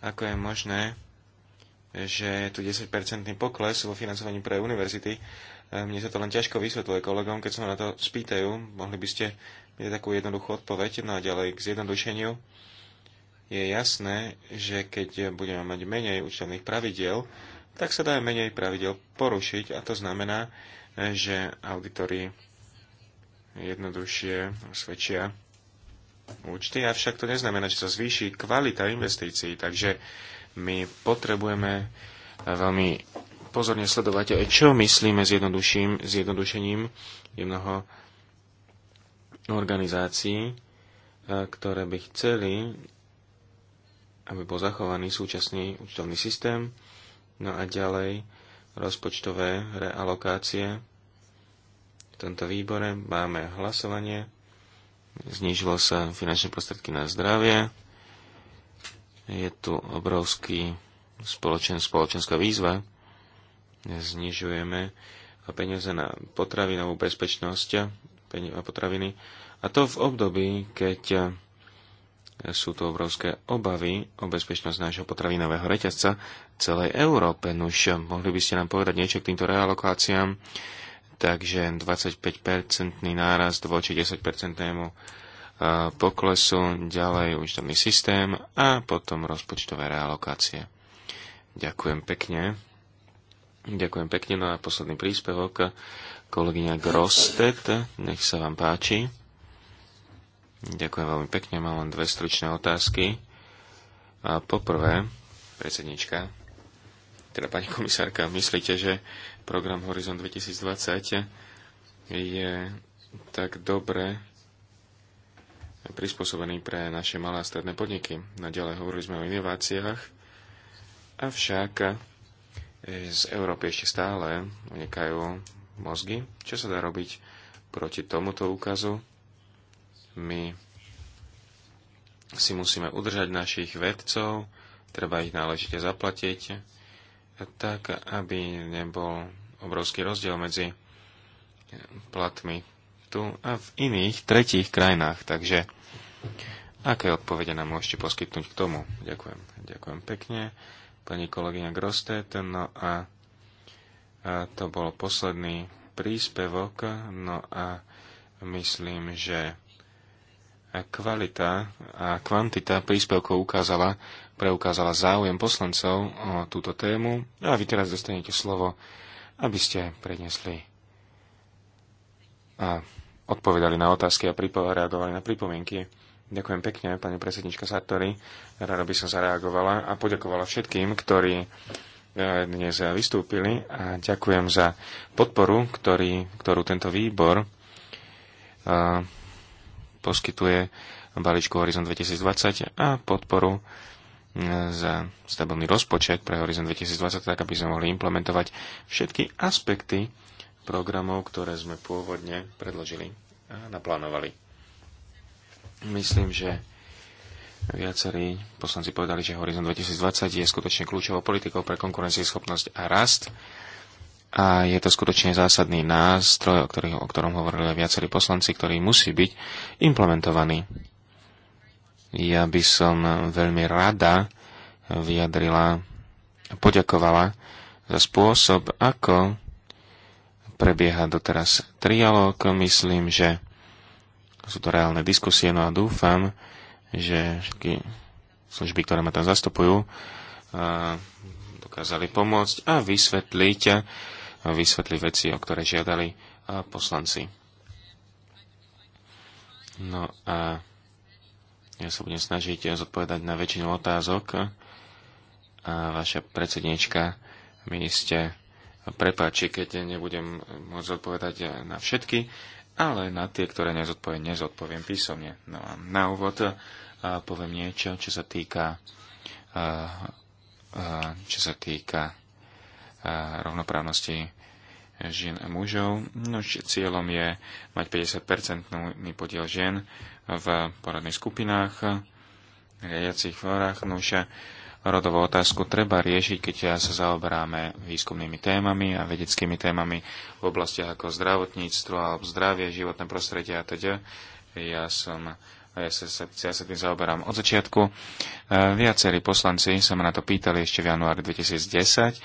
ako je možné, že je tu 10-percentný pokles vo financovaní pre univerzity. E, mne sa to len ťažko vysvetľuje kolegom, keď sa na to spýtajú. Mohli by ste mi takú jednoduchú odpoveď. No a ďalej k zjednodušeniu. Je jasné, že keď budeme mať menej účtovných pravidel, tak sa dá menej pravidel porušiť a to znamená, e, že auditory jednoduchšie svedčia účty, avšak to neznamená, že sa zvýši kvalita investícií, takže my potrebujeme eh, veľmi pozorne sledovať, aj eh, čo myslíme s zjednodušením. Je mnoho organizácií, eh, ktoré by chceli, aby bol zachovaný súčasný účtovný systém, no a ďalej rozpočtové realokácie. V tomto výbore máme hlasovanie Znižilo sa finančné prostriedky na zdravie. Je tu obrovský spoločen, spoločenská výzva. Znižujeme peniaze na potravinovú bezpečnosť a potraviny. A to v období, keď sú tu obrovské obavy o bezpečnosť nášho potravinového reťazca celej Európe. Nuž, mohli by ste nám povedať niečo k týmto realokáciám? takže 25-percentný nárast voči 10-percentnému e, poklesu, ďalej účtovný systém a potom rozpočtové realokácie. Ďakujem pekne. Ďakujem pekne. No a posledný príspevok kolegyňa Grostet. Nech sa vám páči. Ďakujem veľmi pekne. Mám len dve stručné otázky. A poprvé, predsednička, teda pani komisárka, myslíte, že program Horizon 2020 je tak dobre prispôsobený pre naše malé a stredné podniky. Naďalej hovorili sme o inováciách, avšak z Európy ešte stále unikajú mozgy. Čo sa dá robiť proti tomuto úkazu? My si musíme udržať našich vedcov, treba ich náležite zaplatiť, tak aby nebol obrovský rozdiel medzi platmi tu a v iných tretích krajinách. Takže aké odpovede nám môžete poskytnúť k tomu? Ďakujem. Ďakujem pekne. Pani kolegyňa Grostet, no a, a to bol posledný príspevok, no a myslím, že kvalita a kvantita príspevkov ukázala, preukázala záujem poslancov o túto tému no a vy teraz dostanete slovo, aby ste predniesli a odpovedali na otázky a reagovali na pripomienky. Ďakujem pekne, pani predsednička Sartori. Rada by som zareagovala a poďakovala všetkým, ktorí e, dnes vystúpili a ďakujem za podporu, ktorý, ktorú tento výbor e, poskytuje balíčku Horizon 2020 a podporu za stabilný rozpočet pre Horizon 2020, tak aby sme mohli implementovať všetky aspekty programov, ktoré sme pôvodne predložili a naplánovali. Myslím, že viacerí poslanci povedali, že Horizon 2020 je skutočne kľúčovou politikou pre konkurencieschopnosť a rast a je to skutočne zásadný nástroj, o, ktorý, o ktorom hovorili aj viacerí poslanci, ktorý musí byť implementovaný ja by som veľmi rada vyjadrila a poďakovala za spôsob, ako prebieha doteraz trialóg. Myslím, že sú to reálne diskusie, no a dúfam, že všetky služby, ktoré ma tam zastupujú, dokázali pomôcť a vysvetliť, a vysvetliť veci, o ktoré žiadali poslanci. No a ja sa budem snažiť zodpovedať na väčšinu otázok a vaša predsednička mi ste prepáči, keď nebudem môcť zodpovedať na všetky, ale na tie, ktoré nezodpoviem, nezodpoviem písomne. No a na úvod poviem niečo, čo sa týka čo sa týka rovnoprávnosti žien a mužov. No, cieľom je mať 50-percentný podiel žien v poradných skupinách, riadiacich fórach. No, rodovú otázku treba riešiť, keď ja sa zaoberáme výskumnými témami a vedeckými témami v oblastiach ako zdravotníctvo alebo zdravie, životné prostredie a teda. Ja som ja sa, ja sa tým zaoberám od začiatku. E, viacerí poslanci sa ma na to pýtali ešte v januári 2010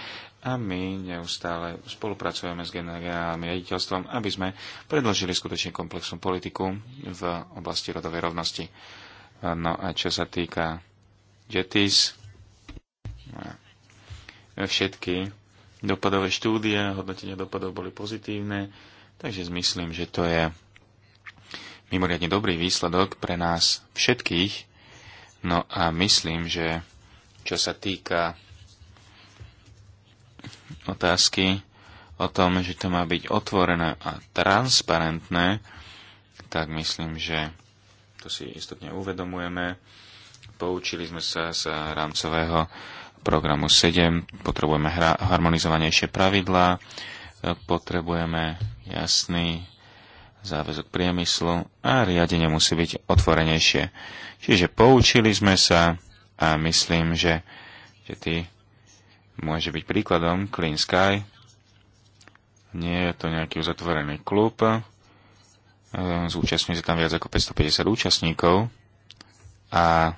a my neustále spolupracujeme s generálnym riaditeľstvom, aby sme predložili skutočne komplexnú politiku v oblasti rodovej rovnosti. No a čo sa týka JETIS, všetky dopadové štúdie, hodnotenia dopadov boli pozitívne, takže myslím, že to je mimoriadne dobrý výsledok pre nás všetkých. No a myslím, že čo sa týka otázky o tom, že to má byť otvorené a transparentné, tak myslím, že to si istotne uvedomujeme. Poučili sme sa z rámcového programu 7, potrebujeme harmonizovanejšie pravidlá, potrebujeme jasný záväzok priemyslu a riadenie musí byť otvorenejšie. Čiže poučili sme sa a myslím, že, že tí môže byť príkladom Clean Sky. Nie je to nejaký uzatvorený klub. E, zúčastňuje sa tam viac ako 550 účastníkov a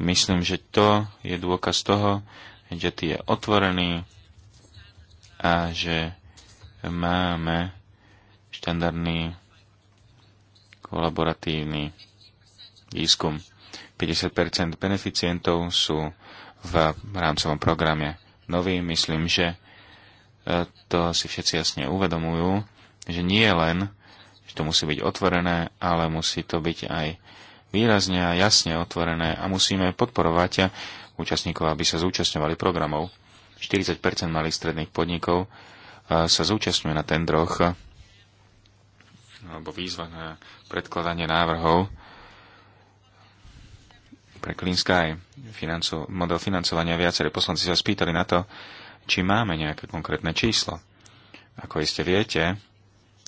myslím, že to je dôkaz toho, že ty je otvorený a že máme štandardný kolaboratívny výskum. 50% beneficientov sú v rámcovom programe nový. Myslím, že e, to si všetci jasne uvedomujú, že nie len, že to musí byť otvorené, ale musí to byť aj výrazne a jasne otvorené a musíme podporovať účastníkov, aby sa zúčastňovali programov. 40 malých stredných podnikov e, sa zúčastňuje na tendroch alebo výzva na predkladanie návrhov pre Clean Sky, financo, model financovania, viacerí poslanci sa spýtali na to, či máme nejaké konkrétne číslo. Ako iste viete,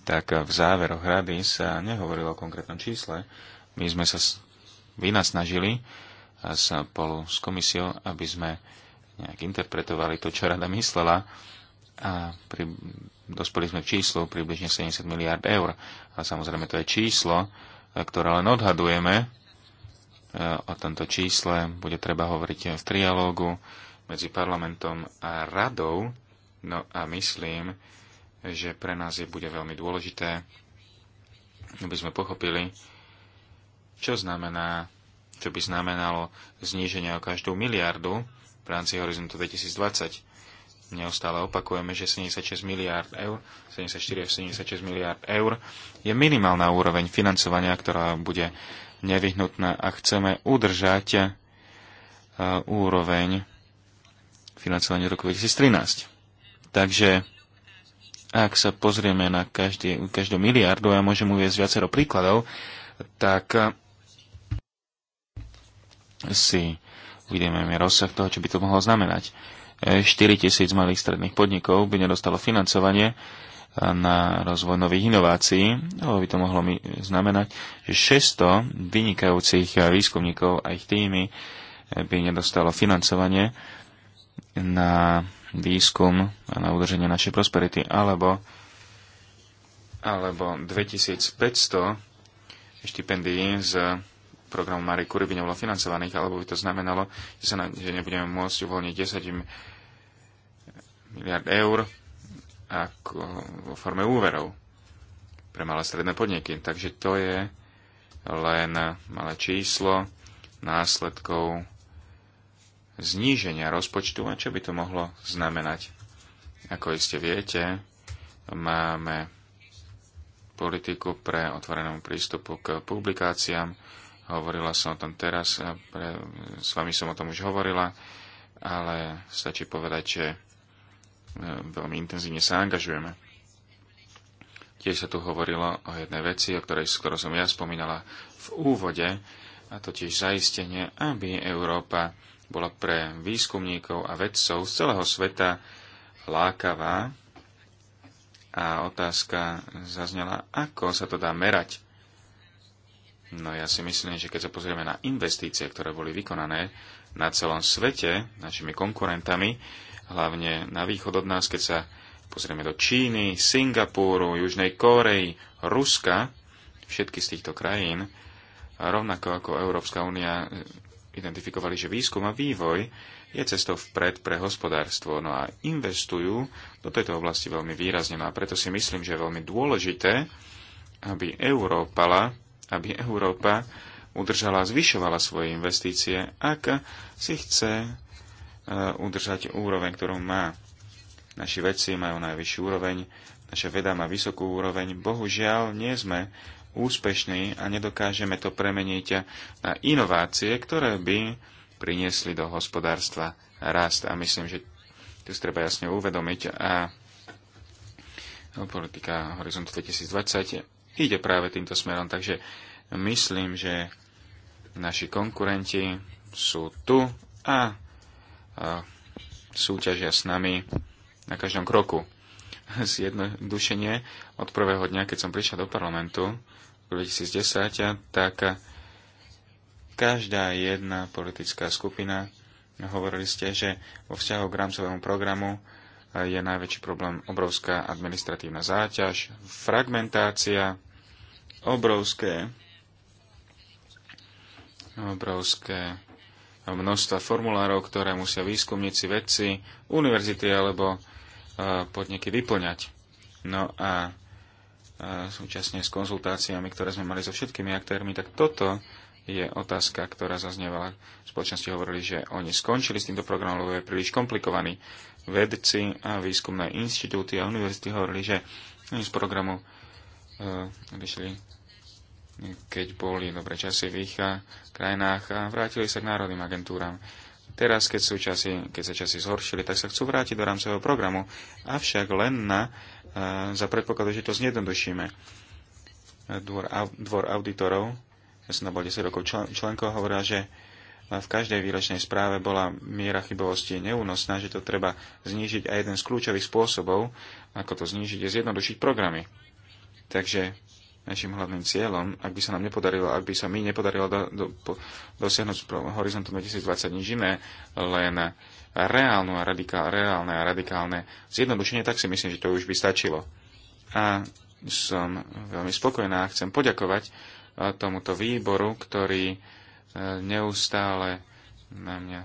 tak v záveroch rady sa nehovorilo o konkrétnom čísle. My sme sa vynasnažili spolu s komisiou, aby sme nejak interpretovali to, čo rada myslela a pri, dospeli sme k číslu približne 70 miliard eur. A samozrejme to je číslo, ktoré len odhadujeme, o tomto čísle bude treba hovoriť v trialógu medzi parlamentom a radou. No a myslím, že pre nás je bude veľmi dôležité, aby sme pochopili, čo znamená, čo by znamenalo zníženie o každú miliardu v rámci horizontu 2020. Neustále opakujeme, že 76 miliard eur, 74 76 miliard eur je minimálna úroveň financovania, ktorá bude nevyhnutná a chceme udržať e, úroveň financovania roku 2013. Takže ak sa pozrieme na každý, každú miliardu, ja môžem uvieť viacero príkladov, tak e, si uvidíme rozsah toho, čo by to mohlo znamenať. 4 e, tisíc malých stredných podnikov by nedostalo financovanie, na rozvoj nových inovácií, ale by to mohlo mi znamenať, že 600 vynikajúcich výskumníkov a ich týmy by nedostalo financovanie na výskum a na udrženie našej prosperity, alebo, alebo 2500 štipendií z programu Marie Curie by nebolo financovaných, alebo by to znamenalo, že, sa na, že nebudeme môcť uvoľniť 10 miliard eur ako eh, vo forme úverov pre malé stredné podniky. Takže to je len malé číslo následkov zníženia rozpočtu a čo by to mohlo znamenať. Ako iste viete, máme politiku pre otvorenému prístupu k publikáciám. Hovorila som o tom teraz, pre, s vami som o tom už hovorila, ale stačí povedať, že E, veľmi intenzívne sa angažujeme. Tiež sa tu hovorilo o jednej veci, o ktorej skoro som ja spomínala v úvode, a totiž zaistenie, aby Európa bola pre výskumníkov a vedcov z celého sveta lákavá. A otázka zaznela, ako sa to dá merať. No ja si myslím, že keď sa pozrieme na investície, ktoré boli vykonané na celom svete našimi konkurentami, hlavne na východ od nás, keď sa pozrieme do Číny, Singapúru, Južnej Kórei, Ruska, všetky z týchto krajín, rovnako ako Európska únia e, identifikovali, že výskum a vývoj je cestou vpred pre hospodárstvo. No a investujú do tejto oblasti veľmi výrazne. No a preto si myslím, že je veľmi dôležité, aby Európala, aby Európa udržala a zvyšovala svoje investície, ak si chce Eh, udržať úroveň, ktorú má. Naši vedci majú najvyššiu úroveň, naša veda má vysokú úroveň. Bohužiaľ, nie sme úspešní a nedokážeme to premeniť na inovácie, ktoré by priniesli do hospodárstva rast. A myslím, že tu treba jasne uvedomiť. A politika Horizont 2020 ide práve týmto smerom. Takže myslím, že naši konkurenti sú tu a súťažia s nami na každom kroku. Zjednodušenie od prvého dňa, keď som prišiel do parlamentu v 2010, tak každá jedna politická skupina, hovorili ste, že vo vzťahu k rámcovému programu je najväčší problém obrovská administratívna záťaž, fragmentácia, obrovské obrovské množstva formulárov, ktoré musia výskumníci, vedci, univerzity alebo e, podniky vyplňať. No a e, súčasne s konzultáciami, ktoré sme mali so všetkými aktérmi, tak toto je otázka, ktorá zaznievala. V spoločnosti hovorili, že oni skončili s týmto programom, lebo je príliš komplikovaný. Vedci a výskumné inštitúty a univerzity hovorili, že oni z programu uh, keď boli dobre časy v ich eh, krajinách a vrátili sa k národným agentúram. Teraz, keď, sú časy, keď sa časy zhoršili, tak sa chcú vrátiť do rámcového programu, avšak len na, eh, za predpokladu, že to zjednodušíme. Dvor, dvor auditorov, ja som tam bol 10 rokov člen, členkov, hovorila, že eh, v každej výročnej správe bola miera chybovosti neúnosná, že to treba znížiť a jeden z kľúčových spôsobov, ako to znížiť, je zjednodušiť programy. Takže našim hlavným cieľom, ak by sa nám nepodarilo, ak by sa mi nepodarilo do, do, po, dosiahnuť horizontu 2020 nič iné, len reálnu a radikál, reálne a radikálne zjednodušenie, tak si myslím, že to už by stačilo. A som veľmi spokojná a chcem poďakovať e, tomuto výboru, ktorý e, neustále na mňa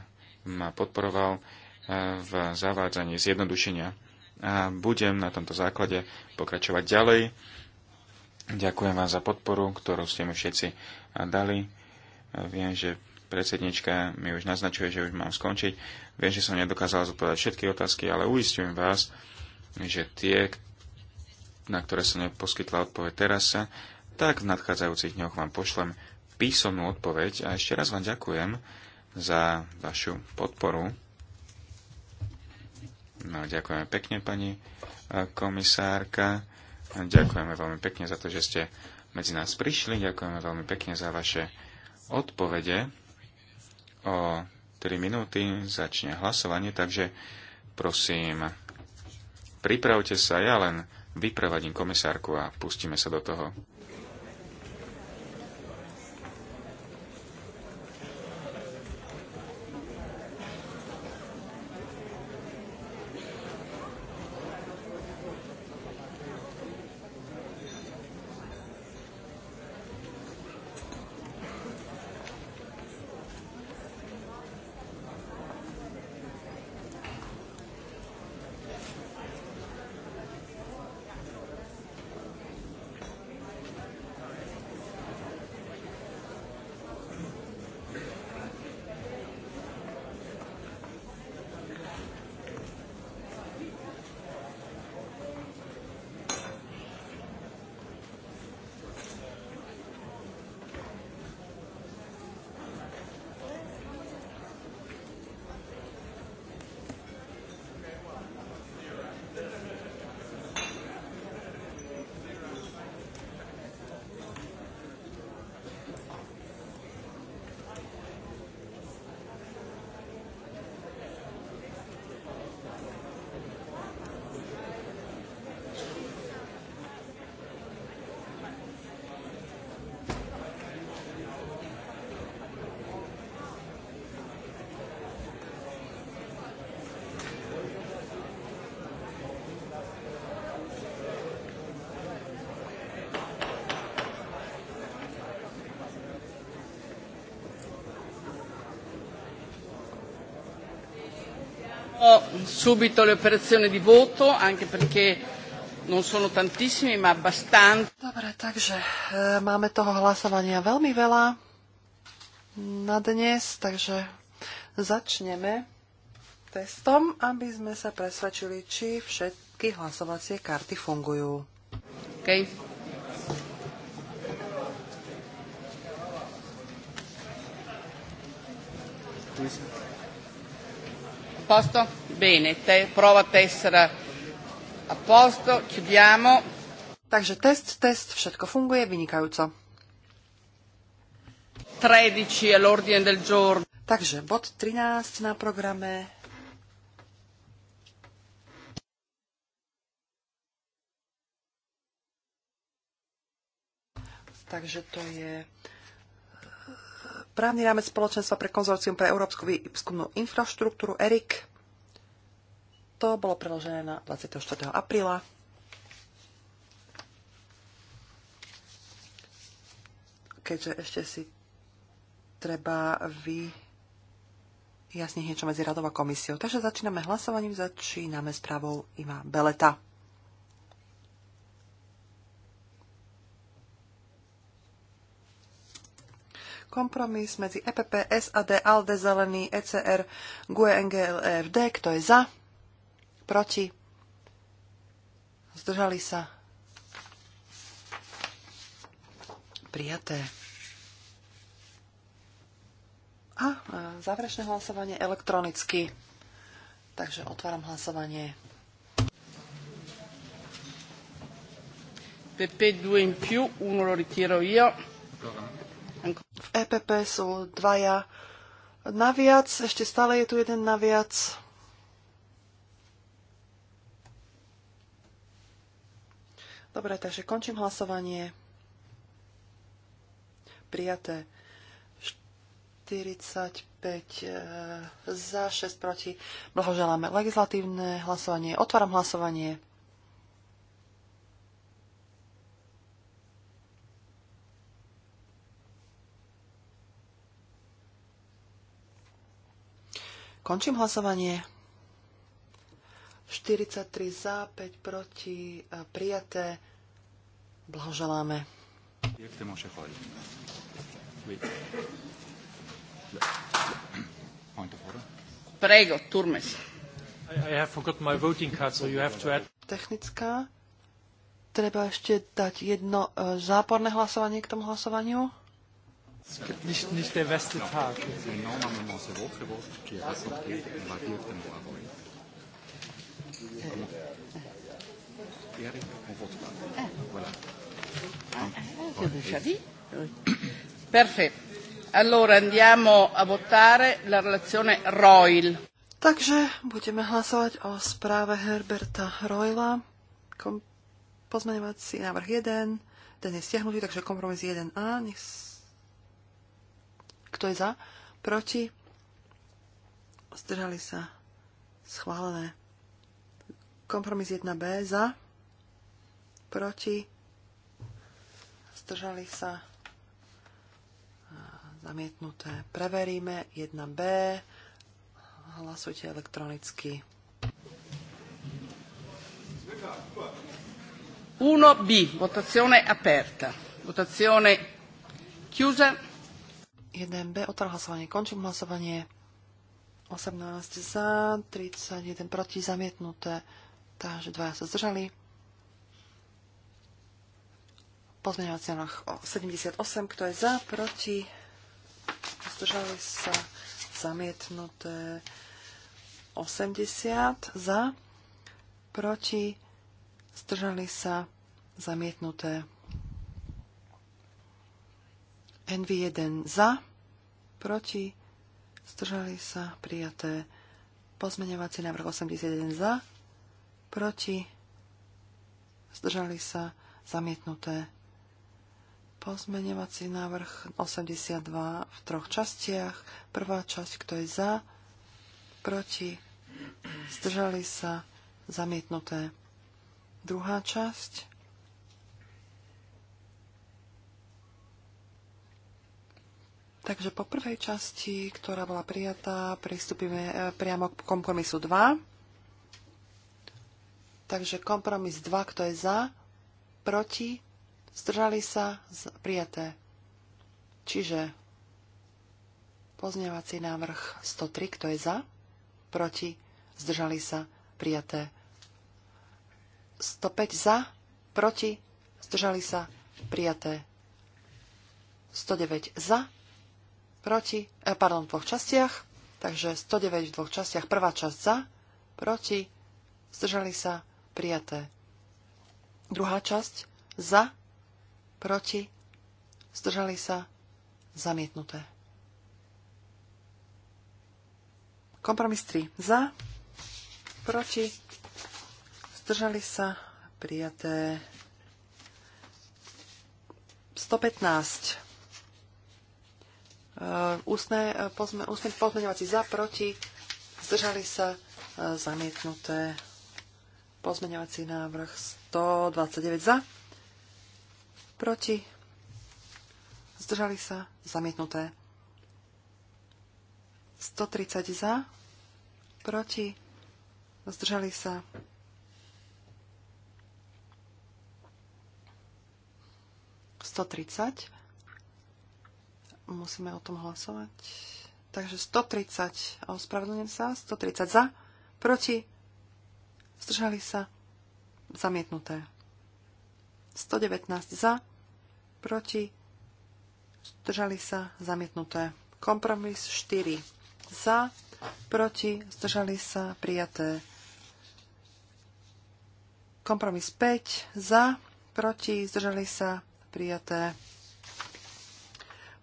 ma podporoval e, v zavádzaní zjednodušenia. A budem na tomto základe pokračovať ďalej Ďakujem vám za podporu, ktorú ste mi všetci dali. Viem, že predsednička mi už naznačuje, že už mám skončiť. Viem, že som nedokázala zodpovedať všetky otázky, ale uistujem vás, že tie, na ktoré som neposkytla odpoveď teraz, tak v nadchádzajúcich dňoch vám pošlem písomnú odpoveď a ešte raz vám ďakujem za vašu podporu. No, ďakujeme pekne, pani eh, komisárka. Ďakujeme veľmi pekne za to, že ste medzi nás prišli. Ďakujeme veľmi pekne za vaše odpovede. O 3 minúty začne hlasovanie, takže prosím, pripravte sa, ja len vyprevadím komisárku a pustíme sa do toho. subito le operazioni di voto, anche perché non sono tantissimi, ma abbastanza. Dobre, takže e, máme toho hlasovania veľmi veľa na dnes, takže začneme testom, aby sme sa presvedčili, či všetky hlasovacie karty fungujú. OK. Thank you posto? Bene, te, prova tessera a posto, chiudiamo. Takže test, test, všetko funguje vynikajúco. 13 je l'ordine del giorno. Takže bod 13 na programe. Takže to je právny rámec spoločenstva pre konzorcium pre európsku výskumnú infraštruktúru ERIC. To bolo preložené na 24. apríla. Keďže ešte si treba vy jasniť niečo medzi radou a komisiou. Takže začíname hlasovaním, začíname správou Iva Beleta. kompromis medzi EPP, SAD, ALDE, Zelený, ECR, GUE, NGL, EFD. Kto je za? Proti? Zdržali sa? Prijaté. A e, záverečné hlasovanie elektronicky. Takže otváram hlasovanie. PP 2 in più, uno lo ritiro io. EPP sú dvaja naviac, ešte stále je tu jeden naviac. Dobre, takže končím hlasovanie. Prijaté 45 e, za, 6 proti. Blahoželáme legislatívne hlasovanie. Otváram hlasovanie. Končím hlasovanie. 43 za, 5 proti, prijaté. Blahoželáme. Jak chodiť? Prego, Turmes. I, I have forgotten my voting card, so you have to add... Technická. Treba ešte dať jedno e, záporné hlasovanie k tomu hlasovaniu. Nicht, nicht der beste Tag. Takže budeme hlasovať o správe Herberta Royla. Kom- pozmeňovací návrh 1, ten je stiahnutý, takže kompromis 1a. Nech kto je za? Proti? Zdržali sa. Schválené. Kompromis 1B za. Proti? Zdržali sa. Zamietnuté. Preveríme 1B. Hlasujte elektronicky. 1B. Votazione aperta. Votazione chiusa. 1B, otváram hlasovanie, končím hlasovanie. 18 za, 31 proti, zamietnuté, takže dvaja sa zdržali. Pozmeňovací návrh 78, kto je za, proti, zdržali sa, zamietnuté 80 za, proti, zdržali sa, zamietnuté NV1 za, proti, zdržali sa, prijaté. Pozmeňovací návrh 81 za, proti, zdržali sa, zamietnuté. Pozmeňovací návrh 82 v troch častiach. Prvá časť, kto je za, proti, zdržali sa, zamietnuté. Druhá časť, Takže po prvej časti, ktorá bola prijatá, pristúpime e, priamo k kompromisu 2. Takže kompromis 2, kto je za, proti, zdržali sa, prijaté. Čiže pozňovací návrh 103, kto je za, proti, zdržali sa, prijaté. 105 za, proti, zdržali sa, prijaté. 109 za, proti, eh, pardon, v dvoch častiach. Takže 109 v dvoch častiach. Prvá časť za, proti, zdržali sa, prijaté. Druhá časť za, proti, zdržali sa, zamietnuté. Kompromis 3. Za, proti, zdržali sa, prijaté. 115 Eh, ústne, eh, pozme, ústne pozmeňovací za, proti, zdržali sa eh, zamietnuté. Pozmeňovací návrh 129 za, proti, zdržali sa zamietnuté. 130 za, proti, zdržali sa 130. Musíme o tom hlasovať. Takže 130, ospravedlňujem sa, 130 za, proti, zdržali sa, zamietnuté. 119 za, proti, zdržali sa, zamietnuté. Kompromis 4 za, proti, zdržali sa, prijaté. Kompromis 5 za, proti, zdržali sa, prijaté.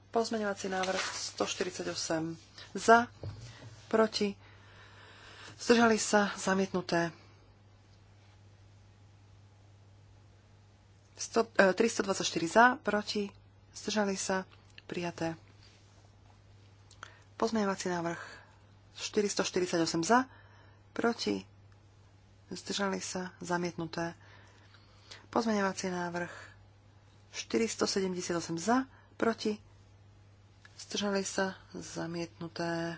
Pozmeňovací návrh 148 za, proti, zdržali sa zamietnuté. 324 e, za, proti, zdržali sa prijaté. Pozmeňovací návrh 448 za, proti, zdržali sa zamietnuté. Pozmeňovací návrh 478 za, proti, Zdržali sa zamietnuté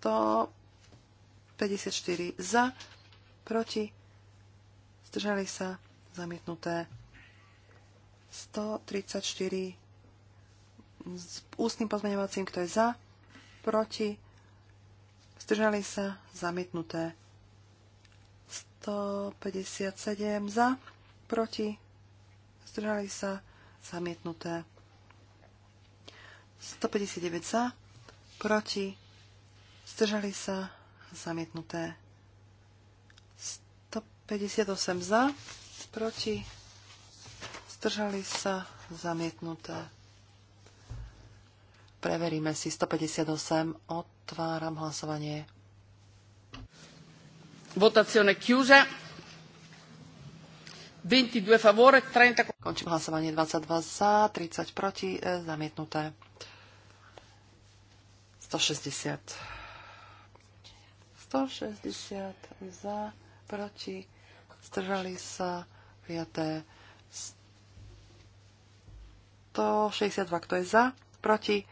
154 za, proti. Zdržali sa zamietnuté 134 s ústnym pozmeňovacím, kto je za, proti. Zdržali sa zamietnuté 157 za, proti. Zdržali sa zamietnuté 159 za, proti, zdržali sa, zamietnuté. 158 za, proti, zdržali sa, zamietnuté. Preveríme si 158. Otváram hlasovanie. Votazione chiusa. 22 favore, 30... Končím hlasovanie 22 za, 30 proti, e, zamietnuté. 160. 160 za, proti, zdržali sa, prijaté. 162, kto je za, proti.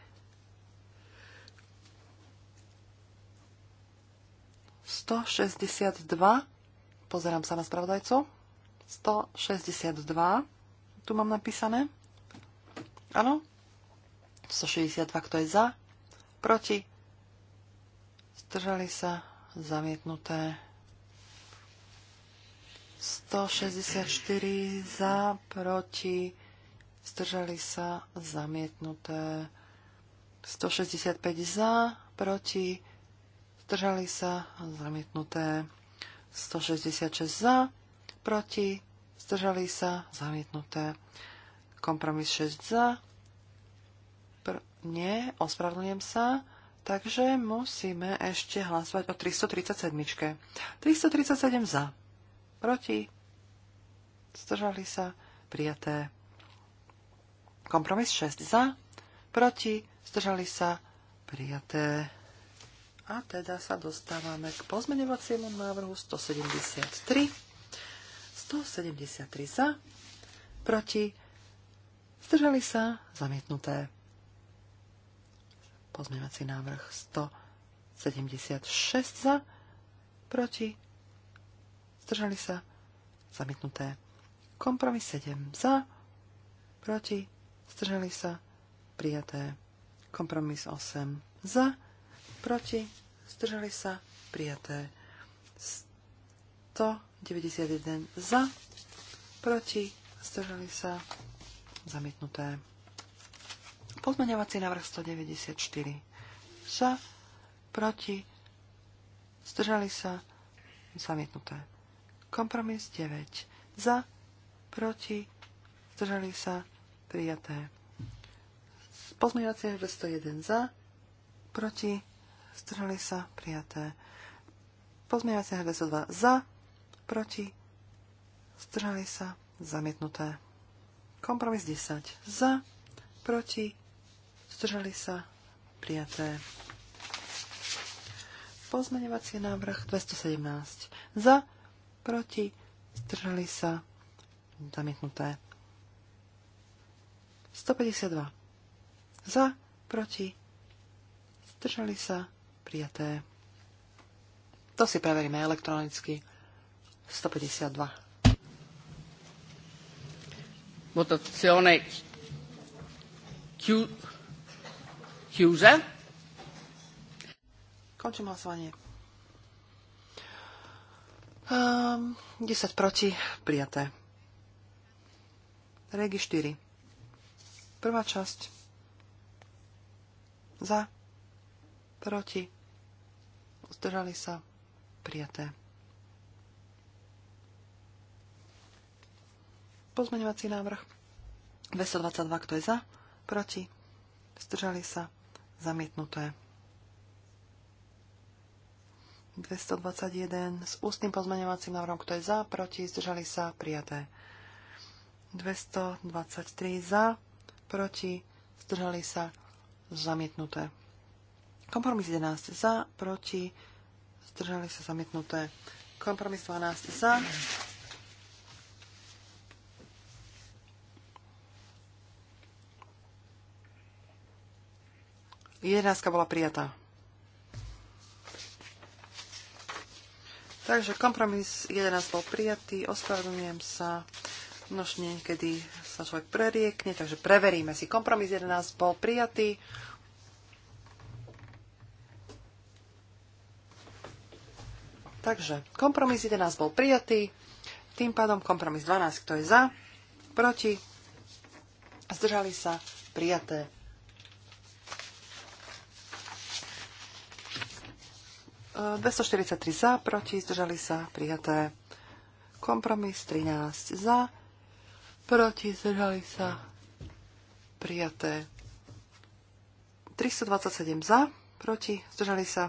162, pozerám sa na spravodajcu. 162, tu mám napísané. Áno. 162, kto je za, proti, zdržali sa zamietnuté. 164 za, proti, zdržali sa zamietnuté. 165 za, proti, zdržali sa zamietnuté. 166 za, proti, zdržali sa zamietnuté. Kompromis 6 za, nie, ospravedlňujem sa. Takže musíme ešte hlasovať o 337. 337 za. Proti. Zdržali sa. Prijaté. Kompromis 6 za. Proti. Zdržali sa. Prijaté. A teda sa dostávame k pozmeňovaciemu návrhu 173. 173 za. Proti. Zdržali sa. Zamietnuté. Pozmievací návrh 176 za, proti, zdržali sa, zamietnuté. Kompromis 7 za, proti, zdržali sa, prijaté. Kompromis 8 za, proti, zdržali sa, prijaté. 191 za, proti, zdržali sa, zamietnuté. Pozmeňovací návrh 194. Za, proti, zdržali sa, zamietnuté. Kompromis 9. Za, proti, zdržali sa, prijaté. Pozmeňovací návrh 101. Za, proti, zdržali sa, prijaté. Pozmeňovací návrh 202. Za, proti, zdržali sa, zamietnuté. Kompromis 10. Za, proti, Zdržali sa? Prijaté. Pozmeňovací návrh 217. Za, proti, zdržali sa, zamietnuté. 152. Za, proti, zdržali sa, prijaté. To si preveríme elektronicky. 152. Votazione. Chiuso Chiusa. Končím hlasovanie. Um, ehm, 10 proti, prijaté. Regi 4. Prvá časť. Za. Proti. Zdržali sa. Prijaté. Pozmeňovací návrh. 222, kto je za? Proti. Zdržali sa. Zamietnuté. 221 s ústnym pozmeňovacím návrhom, kto je za, proti, zdržali sa, prijaté. 223 za, proti, zdržali sa, zamietnuté. Kompromis 11 za, proti, zdržali sa, zamietnuté. Kompromis 12 za, Jedenáctka bola prijatá. Takže kompromis 11 bol prijatý, ospravedlňujem sa. Nož niekedy sa človek preriekne, takže preveríme si. Kompromis 11 bol prijatý. Takže kompromis 11 bol prijatý. Tým pádom kompromis 12, kto je za, proti, zdržali sa, prijaté. 243 za, proti, zdržali sa, prijaté. Kompromis 13 za, proti, zdržali sa, prijaté. 327 za, proti, zdržali sa,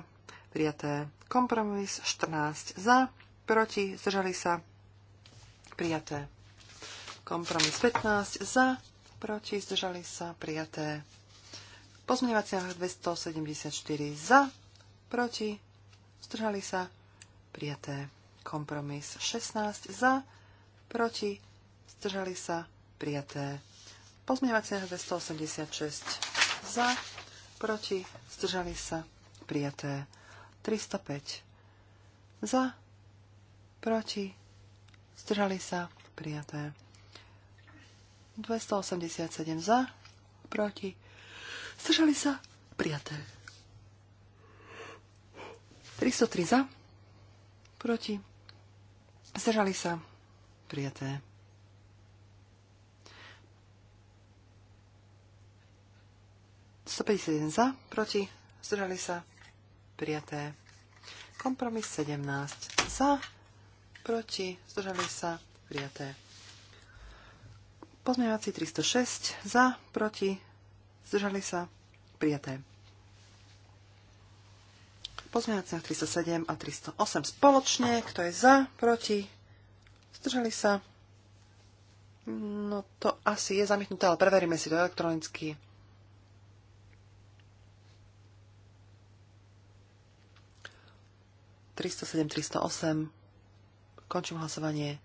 prijaté. Kompromis 14 za, proti, zdržali sa, prijaté. Kompromis 15 za, proti, zdržali sa, prijaté. Pozmeňovací návrh 274 za, proti, zdržali sa, prijaté. Kompromis 16 za, proti, zdržali sa, prijaté. Pozmeňovacie na 286 za, proti, zdržali sa, prijaté. 305 za, proti, zdržali sa, prijaté. 287 za, proti, zdržali sa, prijaté. 303 za, proti, zdržali sa, prijaté. Stopäťdesiatjeden za, proti, zdržali sa, prijaté. Kompromis 17 za, proti, zdržali sa, prijaté. Pozmeňovací 306 za, proti, zdržali sa, prijaté. Pozmeňujúce na 307 a 308 spoločne. Kto je za, proti? Zdržali sa? No to asi je zamietnuté, ale preveríme si to elektronicky. ...307, 308. Končím hlasovanie.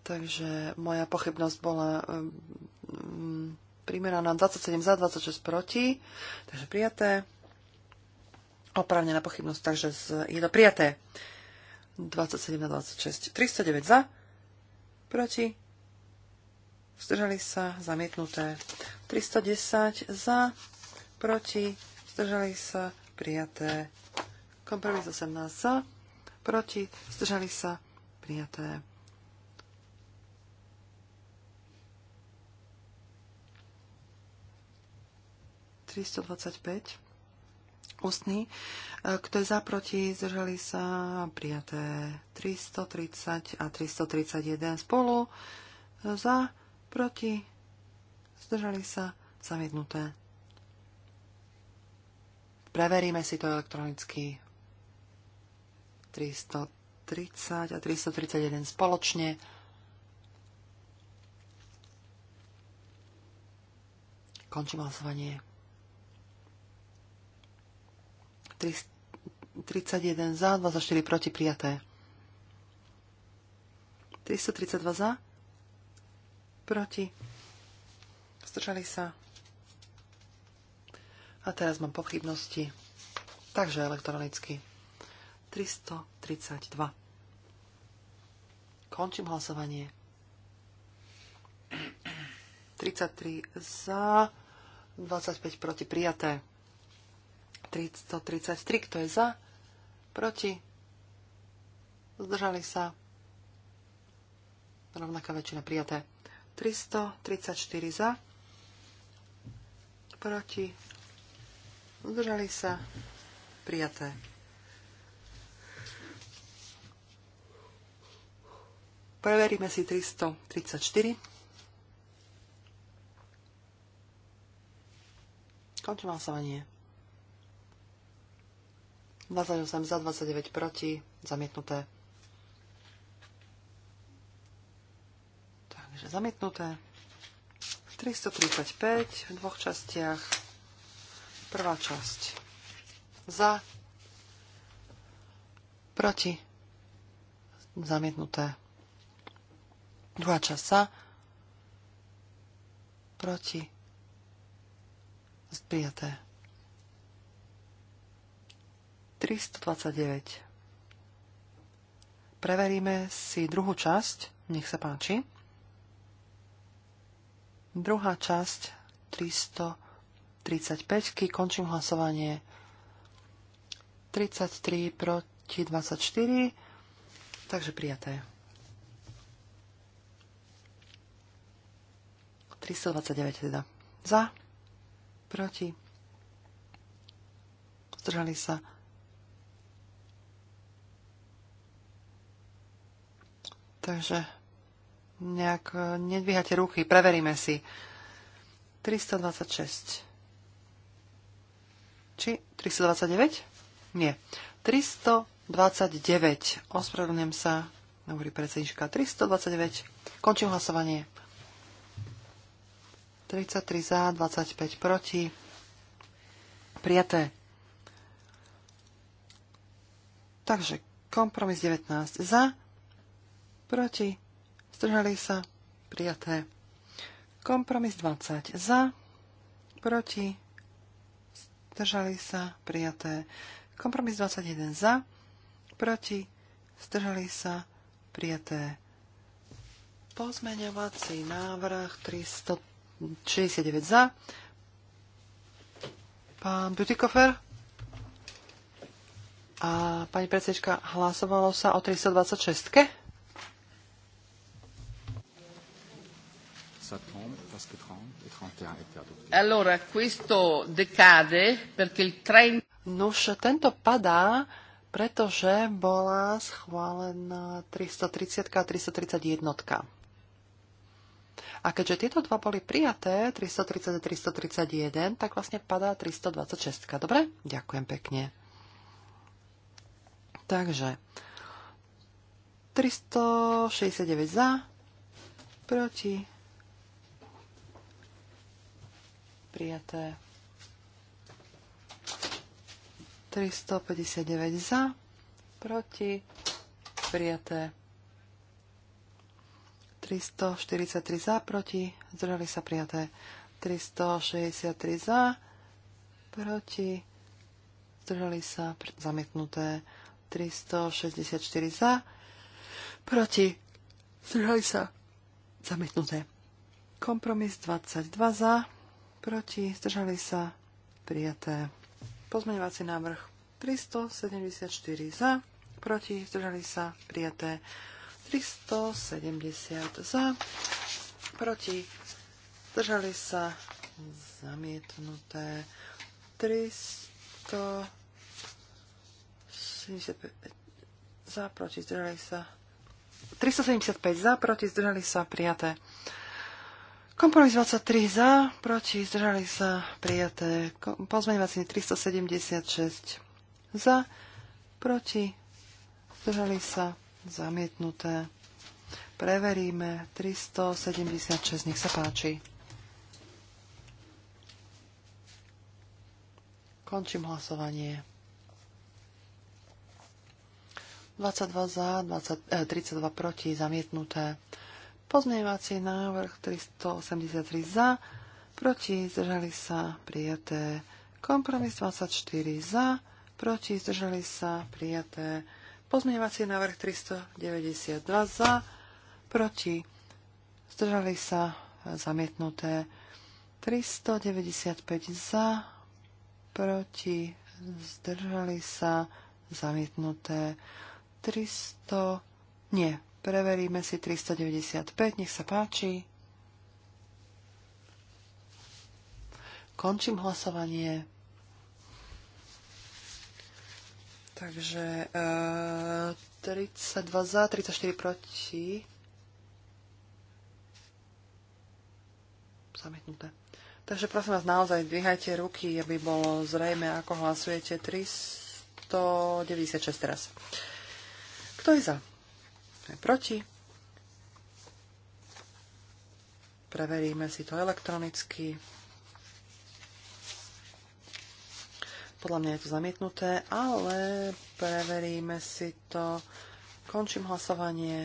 Takže moja pochybnosť bola um, primeraná 27 za, 26 proti. Takže prijaté na pochybnosť, takže je to prijaté. 27 na 26. 309 za, proti, zdržali sa, zamietnuté. 310 za, proti, zdržali sa, prijaté. Kompromis 18 za, proti, zdržali sa, prijaté. Tristo dvadsať päť ústny. E, kto je za, proti, zdržali sa, prijaté 330 a 331 spolu. E, za, proti, zdržali sa, zamietnuté. Preveríme si to elektronicky. 330 a 331 spoločne. Končím hlasovanie. 31 za, 24 proti prijaté. 332 za, proti. Zdržali sa. A teraz mám pochybnosti. Takže elektronicky. 332. Končím hlasovanie. 33 za, 25 proti prijaté. 333. Kto je za? Proti? Zdržali sa? Rovnaká väčšina prijaté. 334 za. Proti? Zdržali sa? Prijaté. Preveríme si 334. Končím hlasovanie. 28 za, 29 proti, zamietnuté. Takže zamietnuté. 335 v dvoch častiach. Prvá časť za, proti, zamietnuté. Druhá časť za, proti, zbijaté. 329. Preveríme si druhú časť. Nech sa páči. Druhá časť 335. Končím hlasovanie. 33 proti 24. Takže prijaté. 329 teda. Za. Proti. Zdržali sa Takže nejak e, nedvíhate ruky, preveríme si. 326. Či 329? Nie. 329. Ospravedlňujem sa, hovorí predsednička. 329. Končím hlasovanie. 33 za, 25 proti. Prijaté. Takže kompromis 19 za, proti, zdržali sa, prijaté. Kompromis 20 za, proti, zdržali sa, prijaté. Kompromis 21 za, proti, zdržali sa, prijaté. Pozmeňovací návrh 369 za. Pán Butikofer? A pani predsečka, hlasovalo sa o 326? -ke? parce Allora, questo decade perché il 30... tento padá, pretože bola schválená 330 a 331. A keďže tieto dva boli prijaté, 330 a 331, tak vlastne padá 326. Dobre? Ďakujem pekne. Takže 369 za, proti prijaté. 359 za, proti, prijaté. 343 za, proti, zdržali sa prijaté. 363 za, proti, zdržali sa zamietnuté. 364 za, proti, zdržali sa zamietnuté. Kompromis 22 za, proti, zdržali sa, prijaté. Pozmeňovací návrh 374 za, proti, zdržali sa, prijaté. 370 za, proti, zdržali sa, zamietnuté. 375 za, proti, zdržali sa, 375 za, proti, zdržali sa, prijaté. Kompromis 23 za, proti, zdržali sa, prijaté. Pozmeňovací 376 za, proti, zdržali sa, zamietnuté. Preveríme 376, nech sa páči. Končím hlasovanie. 22 za, 20, eh, 32 proti, zamietnuté. Pozmievací návrh 383 za, proti zdržali sa prijaté. Kompromis 24 za, proti zdržali sa prijaté. Pozmievací návrh 392 za, proti zdržali sa zamietnuté. 395 za, proti zdržali sa zamietnuté. 300, nie, Preveríme si 395, nech sa páči. Končím hlasovanie. Takže e, eh, 32 za, 34 proti. Zamietnuté. Takže prosím vás, naozaj dvíhajte ruky, aby bolo zrejme, ako hlasujete. 396 teraz. Kto je za? Kto je proti? Preveríme si to elektronicky. Podľa mňa je to zamietnuté, ale preveríme si to. Končím hlasovanie.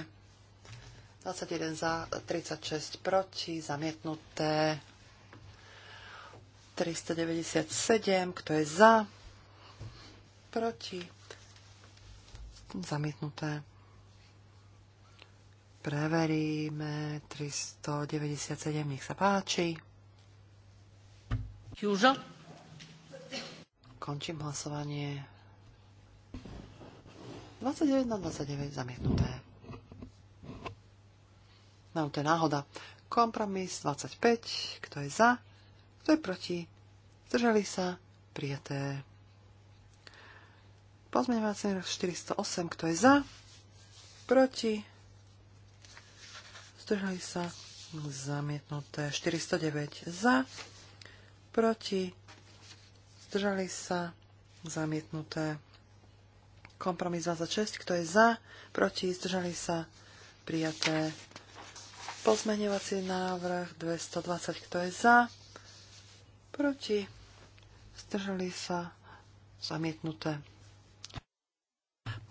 21 za, 36 proti, zamietnuté. 397, kto je za, proti, zamietnuté. Preveríme 397, nech sa páči. Júža. Končím hlasovanie. 29 na 29 zamietnuté. No, to je náhoda. Kompromis 25. Kto je za? Kto je proti? Zdržali sa? Prijaté. Pozmeňovací 408. Kto je za? Proti? zdržali sa, zamietnuté. 409 za, proti, zdržali sa, zamietnuté. Kompromis 26, kto je za, proti, zdržali sa, prijaté. Pozmeňovací návrh 220, kto je za, proti, zdržali sa, zamietnuté.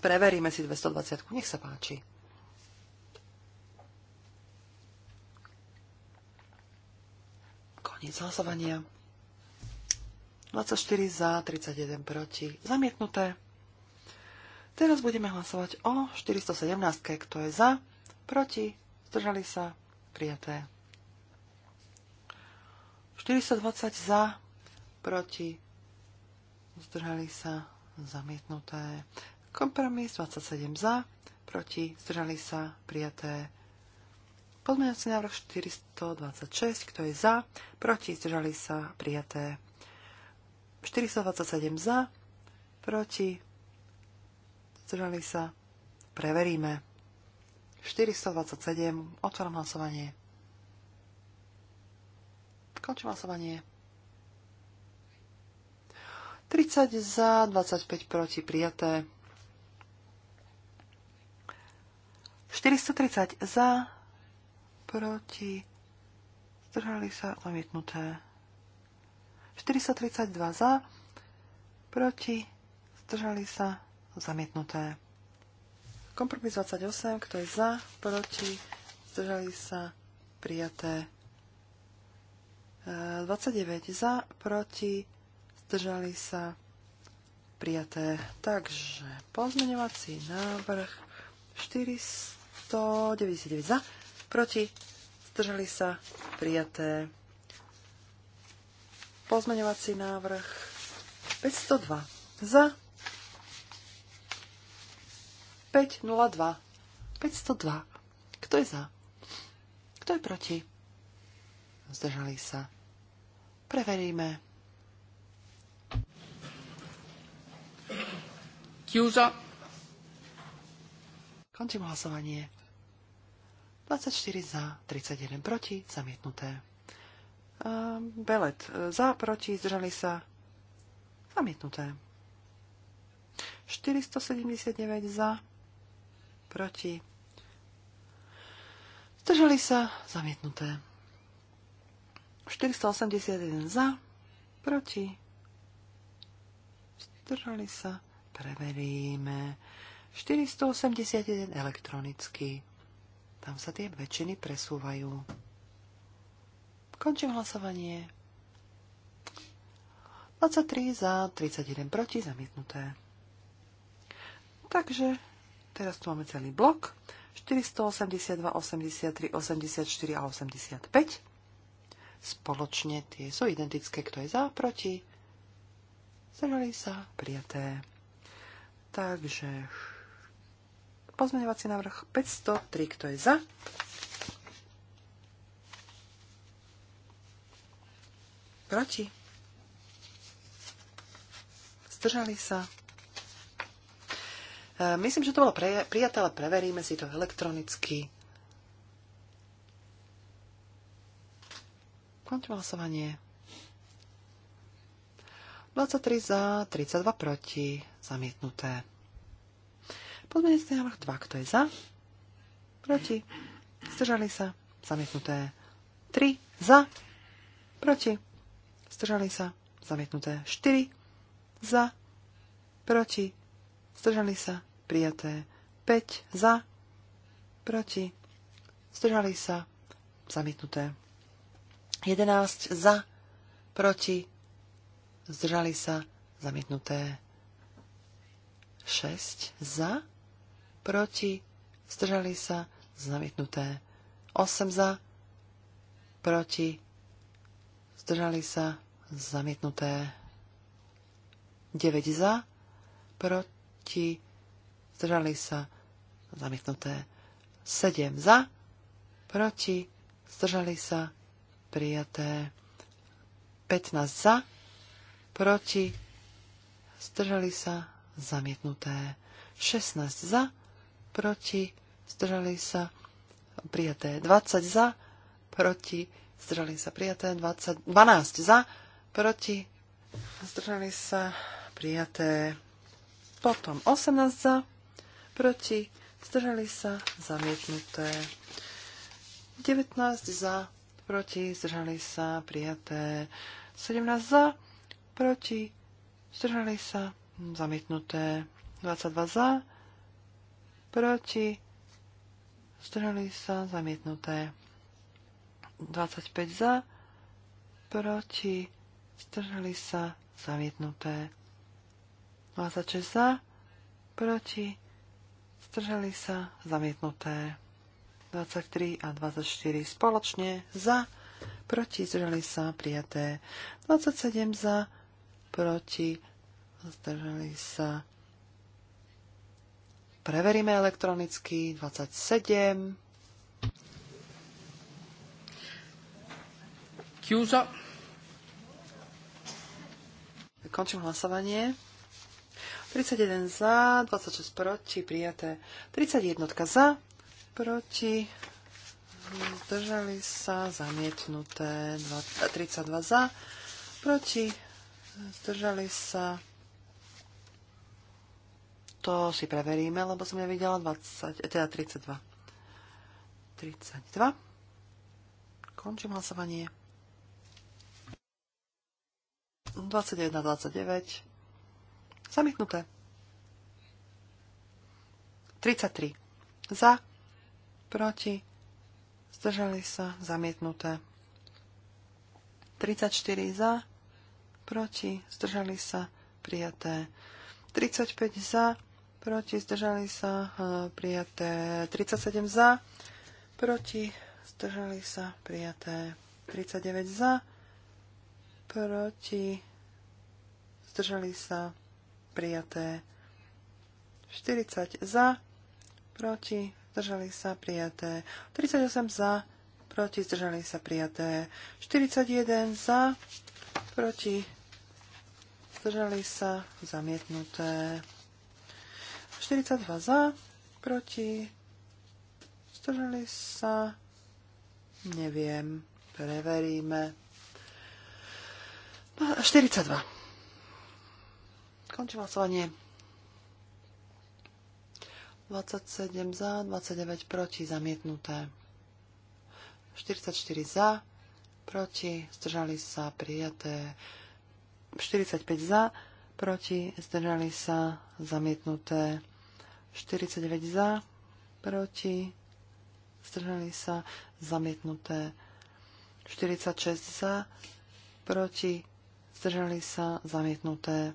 Preveríme si 220, nech sa páči. Koniec hlasovania. 24 za, 31 proti. Zamietnuté. Teraz budeme hlasovať o 417, kto je za, proti, zdržali sa, prijaté. 420 za, proti, zdržali sa, zamietnuté. Kompromis 27 za, proti, zdržali sa, prijaté. Pozmeňovací návrh 426, kto je za, proti, zdržali sa, prijaté. 427 za, proti, zdržali sa, preveríme. 427, otváram hlasovanie. Končím hlasovanie. 30 za, 25 proti, prijaté. 430 za, proti, zdržali sa zamietnuté. 432 za, proti, zdržali sa zamietnuté. Kompromis 28, kto je za, proti, zdržali sa prijaté. 29 e, za, proti, zdržali sa prijaté. Takže pozmeňovací návrh 499 za, proti, zdržali sa, prijaté. Pozmeňovací návrh 502 za 502. 502. Kto je za? Kto je proti? Zdržali sa. Preveríme. Kiuza. Končím hlasovanie. 24 za, 31 proti, zamietnuté. Belet e, za, proti, zdržali sa, zamietnuté. 479 za, proti, zdržali sa, zamietnuté. 481 za, proti, zdržali sa, preveríme. 481 elektronicky. Tam sa tie väčšiny presúvajú. Končím hlasovanie. 23 za, 31 proti, zamietnuté. Takže teraz tu máme celý blok. 482, 83, 84 a 85. Spoločne tie sú identické, kto je za, proti. Zrali sa, prijaté. Takže Pozmeňovací návrh 503, kto je za? Proti? Zdržali sa? E, myslím, že to bolo prijaté, ale preveríme si to elektronicky. Končím hlasovanie. 23 za, 32 proti, zamietnuté. Pozmeňujúci návrh 2. Kto je za? Proti. Zdržali sa. Zamietnuté. 3. Za. Proti. Zdržali sa. Zamietnuté. 4. Za. Proti. Zdržali sa. Prijaté. 5. Za. Proti. Zdržali sa. Zamietnuté. 11. Za. Proti. Zdržali sa. Zamietnuté. 6. Za proti, zdržali sa, zamietnuté. 8 za, proti, zdržali sa, zamietnuté. 9 za, proti, zdržali sa, zamietnuté. 7 za, proti, zdržali sa, prijaté. 15 za, proti, zdržali sa, zamietnuté. 16 za, proti, zdržali sa prijaté 20 za, proti, zdržali sa prijaté 20, 12 za, proti, zdržali sa prijaté potom 18 za, proti, zdržali sa zamietnuté 19 za, proti, zdržali sa prijaté 17 za, proti, zdržali sa zamietnuté 22 za, proti, zdrhli sa, zamietnuté. 25 za, proti, zdrhli sa, zamietnuté. 26 za, proti, zdržali sa, zamietnuté. 23 a 24 spoločne, za, proti, zdržali sa, prijaté. 27 za, proti, zdržali sa, Preveríme elektronicky. 27. Chiuso. Končím hlasovanie. 31 za, 26 proti, prijaté. 31 za, proti, zdržali sa, zamietnuté. 32 za, proti, zdržali sa, to si preveríme, lebo som nevidela 20, eh, teda 32. 32. Končím hlasovanie. 21, 29. Zamietnuté. 33. Za, proti, zdržali sa, zamietnuté. 34 za, proti, zdržali sa, prijaté. 35 za, proti, zdržali sa, e, prijaté 37 za, proti, zdržali sa, prijaté 39 za, proti, zdržali sa, prijaté 40 za, proti, zdržali sa, prijaté 38 za, proti, zdržali sa, prijaté 41 za, proti, zdržali sa, zamietnuté 42 za, proti, zdržali sa, neviem, preveríme. 42. No, Končím hlasovanie. 27 za, 29 proti, zamietnuté. 44 za, proti, zdržali sa, prijaté. 45 za, proti, zdržali sa, zamietnuté. 49 za, proti, zdržali sa, zamietnuté. 46 za, proti, zdržali sa, zamietnuté.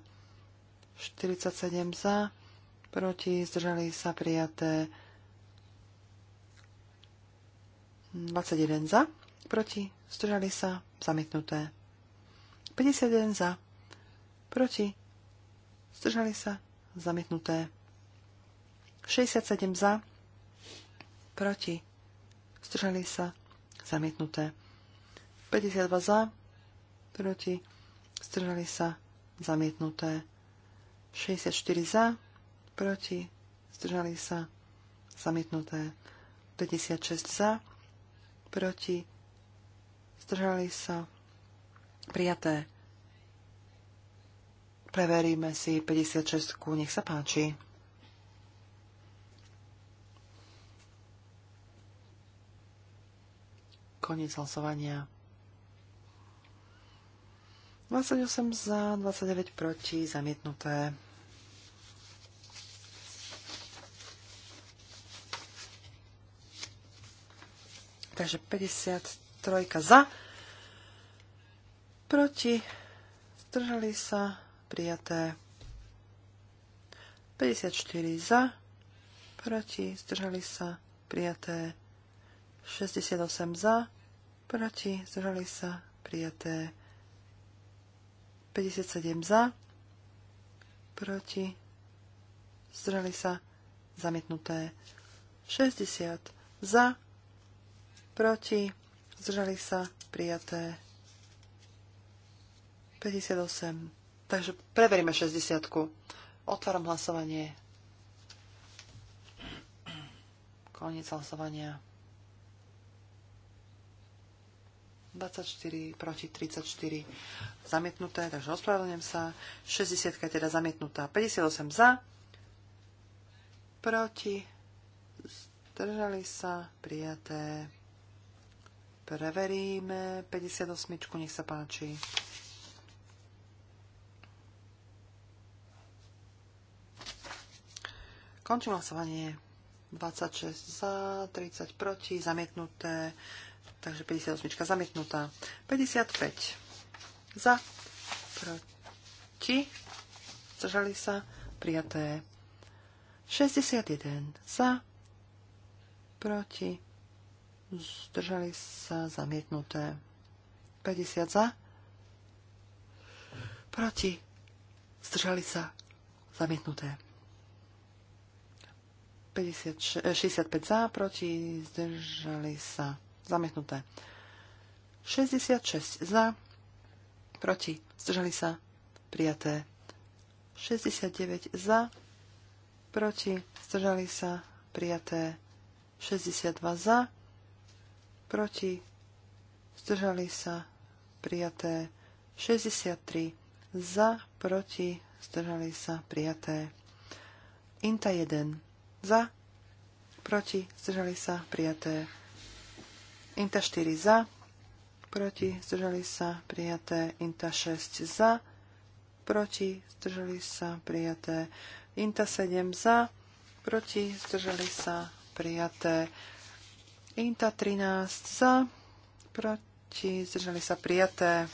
47 za, proti, zdržali sa, prijaté. 21 za, proti, zdržali sa, zamietnuté. 51 za, proti, zdržali sa, zamietnuté. 67 za, proti, zdržali sa, zamietnuté. 52 za, proti, zdržali sa, zamietnuté. 64 za, proti, zdržali sa, zamietnuté. 56 za, proti, zdržali sa, prijaté. Preveríme si 56, nech sa páči. Koniec hlasovania. 28 za, 29 proti, zamietnuté. Takže 53 za, proti, zdržali sa, prijaté. 54 za, proti, zdržali sa, prijaté. 68 za, proti, zdržali sa prijaté 57 za, proti, zdržali sa zamietnuté 60 za, proti, zdržali sa prijaté 58. Takže preveríme 60. Otváram hlasovanie. Koniec hlasovania. 24 proti 34 zamietnuté, takže ospravedlňujem sa. 60 je teda zamietnutá. 58 za, proti, zdržali sa, prijaté. Preveríme 58, nech sa páči. Končím hlasovanie. 26 za, 30 proti, zamietnuté. Takže 58 zamietnutá. 55 za, proti, zdržali sa, prijaté. 61 za, proti, zdržali sa, zamietnuté. 50 za, proti, zdržali sa, zamietnuté. 50, 65 eh, za, proti, zdržali sa, Zamietnuté. 66 za, proti, zdržali sa, prijaté. 69 za, proti, zdržali sa, prijaté. 62 za, proti, zdržali sa, prijaté. 63 za, proti, zdržali sa, prijaté. Inta 1 za, proti, zdržali sa, prijaté. Inta 4 za, proti, zdržali sa, prijaté. Inta 6 za, proti, zdržali sa, prijaté. Inta 7 za, proti, zdržali sa, prijaté. Inta 13 za, proti, zdržali sa, prijaté.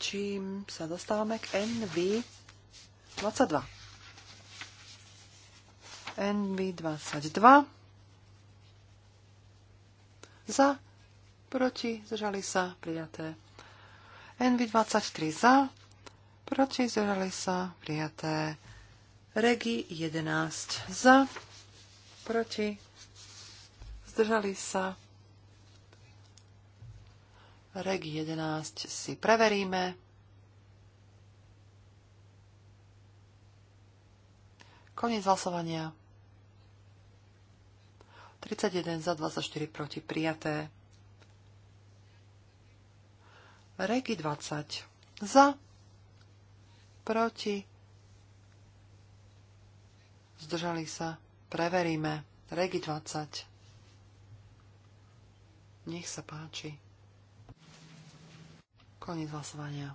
Čím sa dostávame k NV 22. NV 22 za, proti, zdržali sa, prijaté. NV23 za, proti, zdržali sa, prijaté. Regi 11 za, proti, zdržali sa. Regi 11 si preveríme. Koniec hlasovania. 31 za 24 proti prijaté. Regi 20 za proti zdržali sa. Preveríme. Regi 20. Nech sa páči. Koniec hlasovania.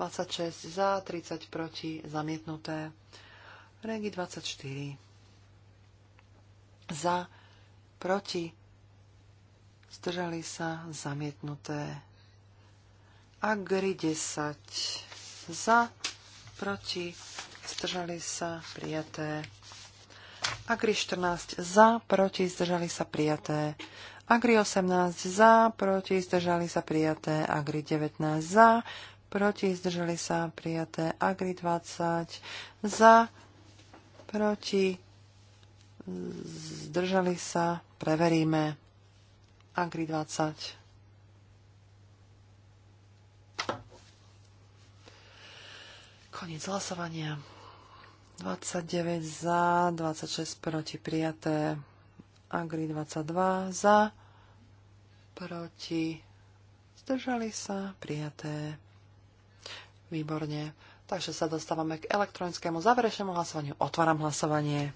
26 za, 30 proti, zamietnuté. Regi 24. Za, proti, zdržali sa zamietnuté. Agri 10 za, proti, zdržali sa prijaté. Agri 14 za, proti, zdržali sa prijaté. Agri 18 za, proti, zdržali sa prijaté. Agri 19 za, proti, zdržali sa prijaté. Agri 20 za, proti, Zdržali sa. Preveríme. Agri 20. Koniec hlasovania. 29 za, 26 proti prijaté. Agri 22 za, proti. Zdržali sa. Prijaté. Výborne. Takže sa dostávame k elektronickému záverečnému hlasovaniu. Otváram hlasovanie.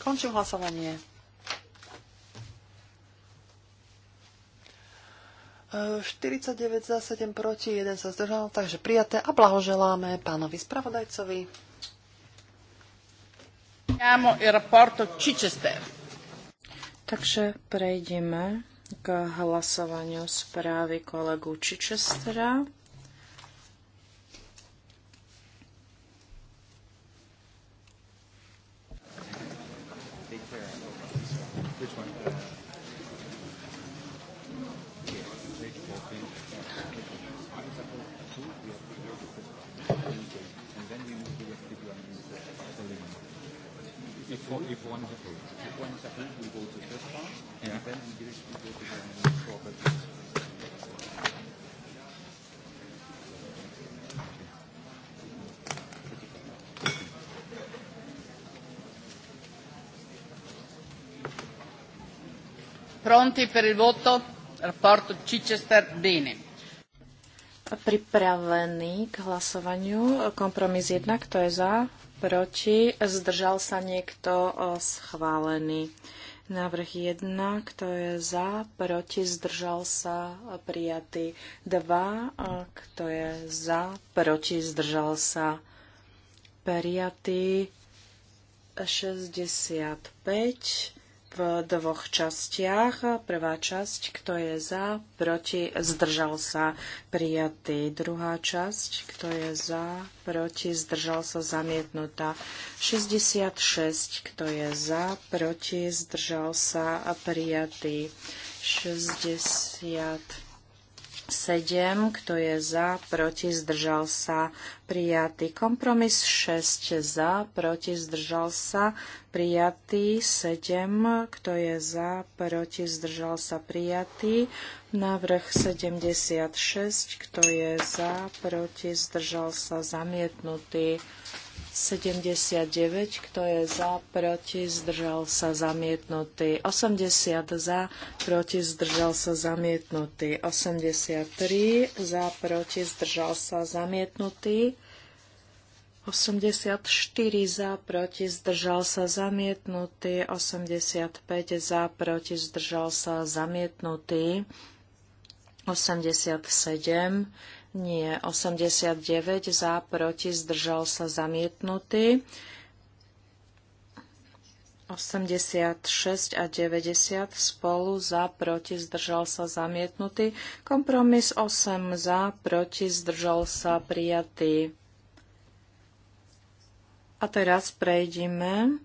Končím hlasovanie. E, 49 za 7 proti, 1 sa zdržal, takže prijaté a blahoželáme pánovi spravodajcovi. Takže prejdeme k hlasovaniu správy kolegu Čičestera. if one is approved. If one is approved, we go to the first part, yeah. and then we directly go to the proper. Pronti per il voto? Rapporto Chichester Bene. Pripravený k hlasovaniu. Kompromis 1, kto je za? proti, zdržal sa niekto schválený. Návrh 1, kto je za, proti, zdržal sa, prijatý. 2, kto je za, proti, zdržal sa, prijatý. 65, v dvoch častiach. Prvá časť, kto je za, proti, zdržal sa, prijatý. Druhá časť, kto je za, proti, zdržal sa, zamietnutá. 66, kto je za, proti, zdržal sa, prijatý. 60 7, kto je za, proti, zdržal sa, prijatý. Kompromis 6, za, proti, zdržal sa, prijatý. 7, kto je za, proti, zdržal sa, prijatý. Návrh 76, kto je za, proti, zdržal sa, zamietnutý. 79, kto je za, proti, zdržal sa zamietnutý. 80 za, proti, zdržal sa zamietnutý. 83 za, proti, zdržal sa zamietnutý. 84 za, proti, zdržal sa zamietnutý. 85 za, proti, zdržal sa zamietnutý. 87 za, nie. 89 za, proti, zdržal sa zamietnutý. 86 a 90 spolu za, proti, zdržal sa zamietnutý. Kompromis 8 za, proti, zdržal sa prijatý. A teraz prejdime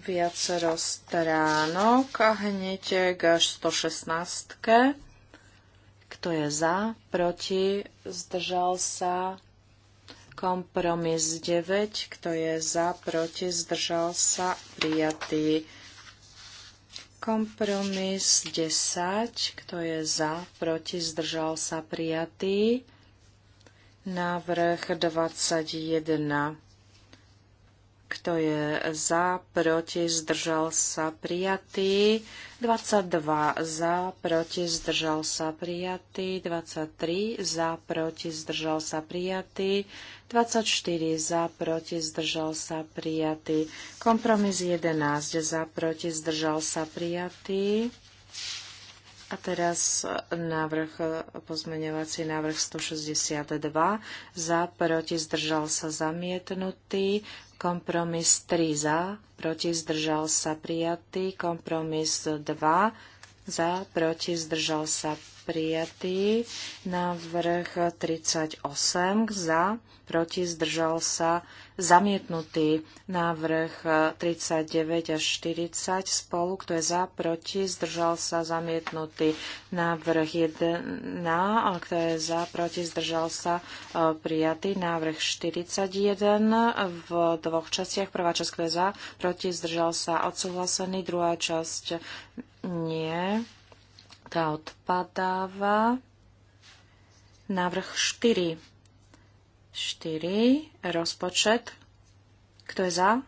viacero stránok a hneď k 116. Kto je za, proti, zdržal sa, kompromis 9. Kto je za, proti, zdržal sa, prijatý. Kompromis 10. Kto je za, proti, zdržal sa, prijatý. Návrh 21 kto je za, proti, zdržal sa, prijatý. 22 za, proti, zdržal sa, prijatý. 23 za, proti, zdržal sa, prijatý. 24 za, proti, zdržal sa, prijatý. Kompromis 11 za, proti, zdržal sa, prijatý. A teraz návrh, pozmeňovací návrh 162. Za, proti, zdržal sa zamietnutý. Kompromis 3 za, proti zdržal sa prijatý. Kompromis 2 za, proti zdržal sa prijatý. Návrh 38 za, proti zdržal sa prijatý zamietnutý návrh 39 e, až 40 spolu, kto je za, proti, zdržal sa, zamietnutý návrh 1, kto je za, proti, zdržal sa, e, prijatý návrh 41 v dvoch častiach. Prvá časť, kto je za, proti, zdržal sa, odsúhlasený, druhá časť nie, tá odpadáva. Návrh 4. 4. Rozpočet. Kto je za?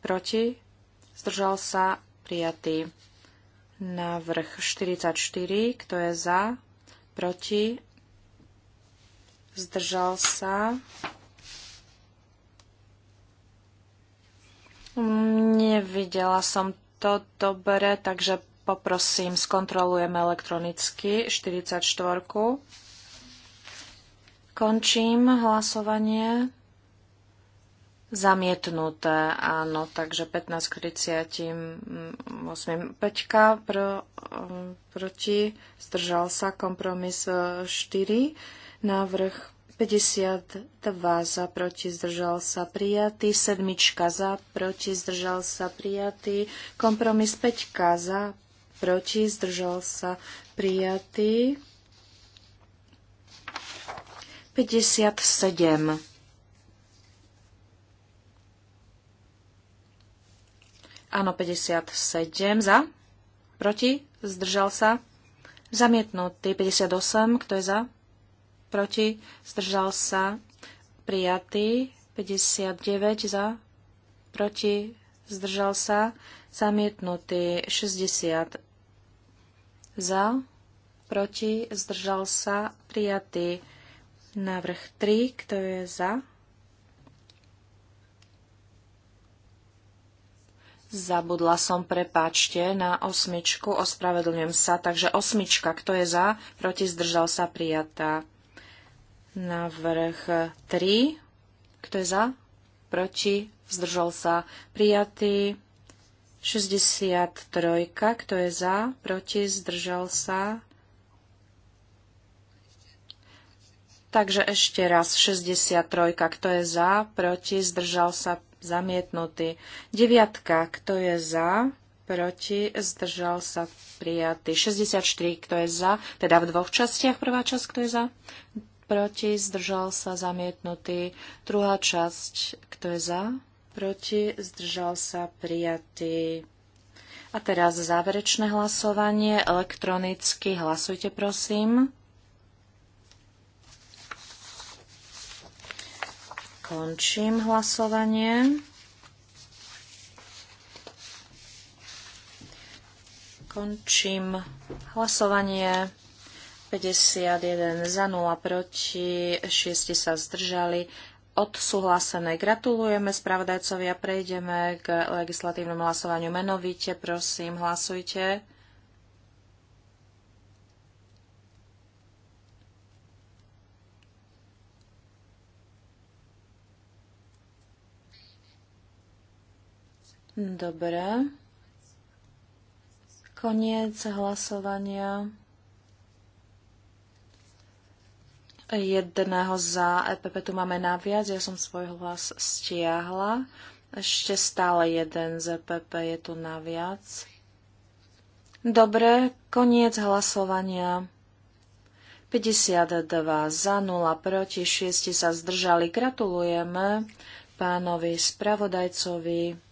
Proti? Zdržal sa? Prijatý. Návrh 44. Kto je za? Proti? Zdržal sa? Nevidela som to dobre, takže poprosím, skontrolujeme elektronicky 44. Končím hlasovanie. Zamietnuté, áno, takže 15 k 30, 8, 5 pro, mm, proti, zdržal sa, kompromis 4, e, návrh 52 za, proti, zdržal sa, prijatý, sedmička za, proti, zdržal sa, prijatý, kompromis 5 za, proti, zdržal sa, prijatý. 157. Áno, 57 za. Proti? Zdržal sa. Zamietnutý 58. Kto je za? Proti? Zdržal sa. Prijatý 59 za. Proti? Zdržal sa. Zamietnutý 60 za. Proti? Zdržal sa. Prijatý Návrh 3, kto je za? Zabudla som, prepáčte, na osmičku, ospravedlňujem sa. Takže osmička, kto je za, proti zdržal sa prijatá. návrh 3, kto je za, proti zdržal sa prijatý. 63, kto je za, proti zdržal sa Takže ešte raz 63, kto je za, proti, zdržal sa, zamietnutý. 9, kto je za, proti, zdržal sa, prijatý. 64, kto je za, teda v dvoch častiach, prvá časť, kto je za, proti, zdržal sa, zamietnutý. Druhá časť, kto je za, proti, zdržal sa, prijatý. A teraz záverečné hlasovanie. Elektronicky hlasujte, prosím. Končím hlasovanie. Končím hlasovanie. 51 za 0 proti, 6 sa zdržali odsúhlasené. Gratulujeme spravodajcovi a Prejdeme k legislatívnemu hlasovaniu. Menovite, prosím, hlasujte. Dobre. Koniec hlasovania. Jedného za EPP tu máme naviac. Ja som svoj hlas stiahla. Ešte stále jeden z EPP je tu naviac. Dobre, koniec hlasovania. 52 za, 0 proti, 6 sa zdržali. Gratulujeme pánovi spravodajcovi.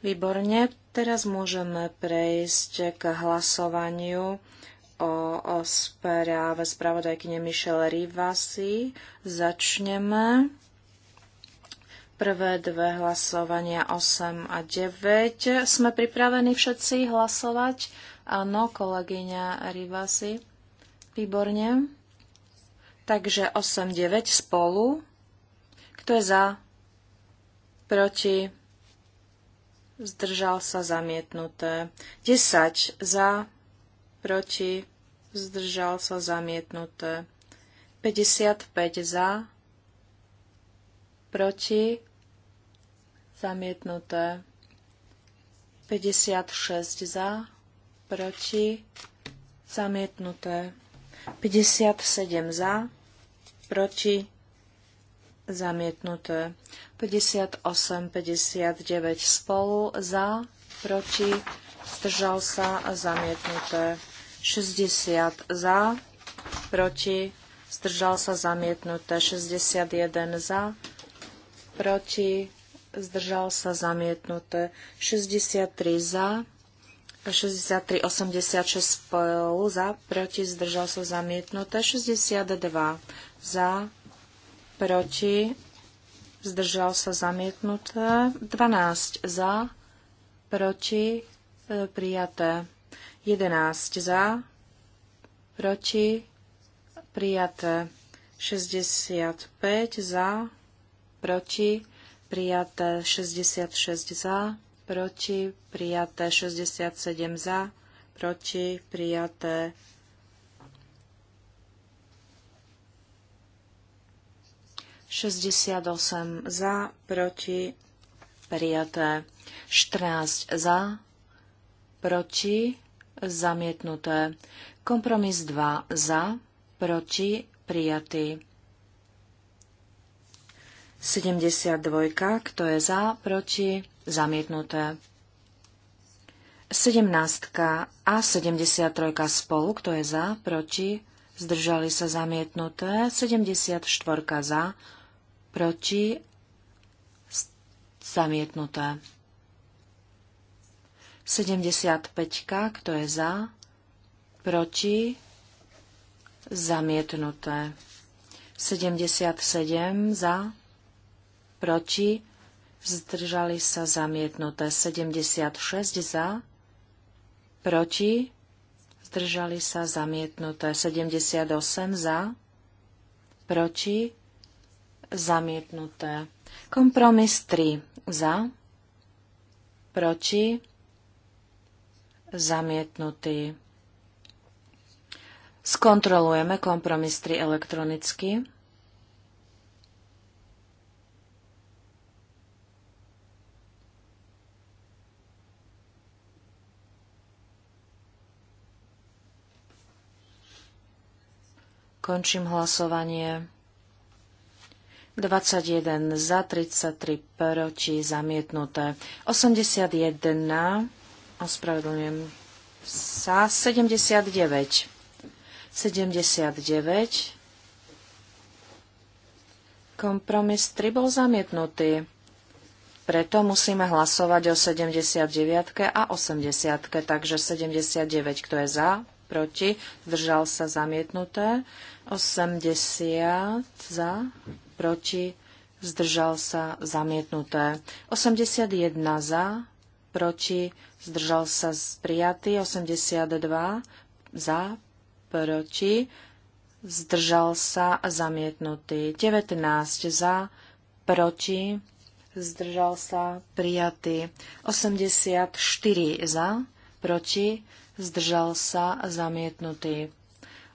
Výborne, teraz môžeme prejsť k hlasovaniu o, o správe spravodajkyne Michelle Rivasi. Začneme. Prvé dve hlasovania 8 a 9. Sme pripravení všetci hlasovať? Áno, kolegyňa Rivasi. Výborne. Takže 8, 9 spolu. Kto je za? Proti? zdržal sa zamietnuté. 10 za, proti, zdržal sa zamietnuté. 55 za, proti, zamietnuté. 56 za, proti, zamietnuté. 57 za, proti, zamietnuté. 58, 59 spolu za, proti, zdržal sa, zamietnuté. 60 za, proti, zdržal sa, zamietnuté. 61 za, proti, zdržal sa, zamietnuté. 63 za, 63, 86 spolu za, proti, zdržal sa, zamietnuté. 62 za, proti, zdržal sa zamietnuté, 12 e, za, proti, prijaté, 11 za, proti, prijaté, 65 za, proti, prijaté, 66 za, proti, prijaté, 67 za, proti, prijaté, 68 za, proti, prijaté. 14 za, proti, zamietnuté. Kompromis 2 za, proti, prijatý. 72, kto je za, proti, zamietnuté. 17 a 73 spolu, kto je za, proti, zdržali sa zamietnuté. 74 za, proti, zamietnuté. 75, kto je za, proti, zamietnuté. 77 za, proti, zdržali sa zamietnuté. 76 za, proti, zdržali sa zamietnuté. 78 za, proti, zamietnuté zamietnuté. Kompromis 3 za, proti, zamietnutý. Skontrolujeme kompromis 3 elektronicky. Končím hlasovanie. 21 za, 33 proti, zamietnuté. 81, ospravedlňujem sa, 79. 79 kompromis 3 bol zamietnutý. Preto musíme hlasovať o 79 a 80. Takže 79, kto je za, proti, zdržal sa zamietnuté. 80 za, proti, zdržal sa, zamietnuté. 81 za, proti, zdržal sa, prijatý. 82 za, proti, zdržal sa, zamietnutý. 19 za, proti, zdržal sa, prijatý. 84 za, proti, zdržal sa, zamietnutý.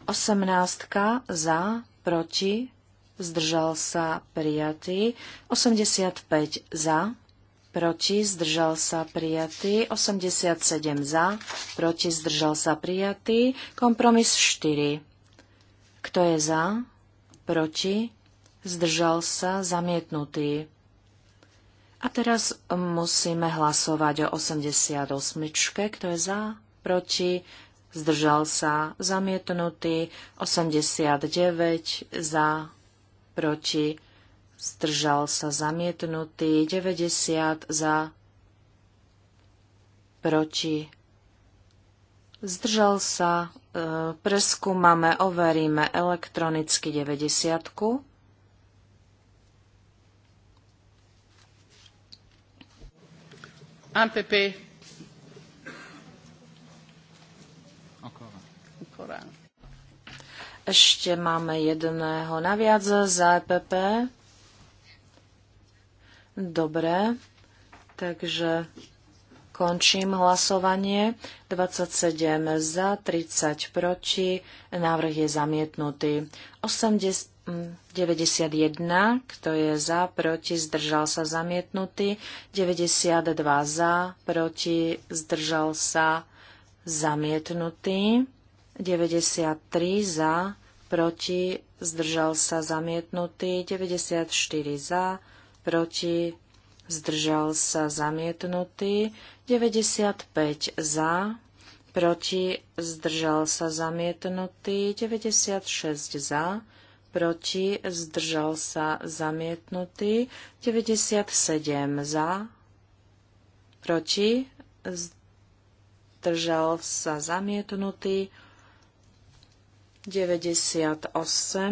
18 za, proti, zdržal sa prijatý, 85 za, proti zdržal sa prijatý, 87 za, proti zdržal sa prijatý, kompromis 4. Kto je za, proti, zdržal sa zamietnutý. A teraz musíme hlasovať o 88. Kto je za, proti, zdržal sa, zamietnutý, 89 za, proti, zdržal sa zamietnutý, 90 za, proti, zdržal sa, e, preskúmame, overíme elektronicky 90. -ku. Un Ešte máme jedného naviac za EPP. Dobre, takže končím hlasovanie. 27 za, 30 proti. Návrh je zamietnutý. 80, 91, kto je za, proti, zdržal sa zamietnutý. 92 za, proti, zdržal sa zamietnutý. 93 za, proti, zdržal sa zamietnutý, 94 za, proti, zdržal sa zamietnutý, 95 za, proti, zdržal sa zamietnutý, 96 za, proti, zdržal sa zamietnutý, 97 za, proti, zdržal sa zamietnutý, 98,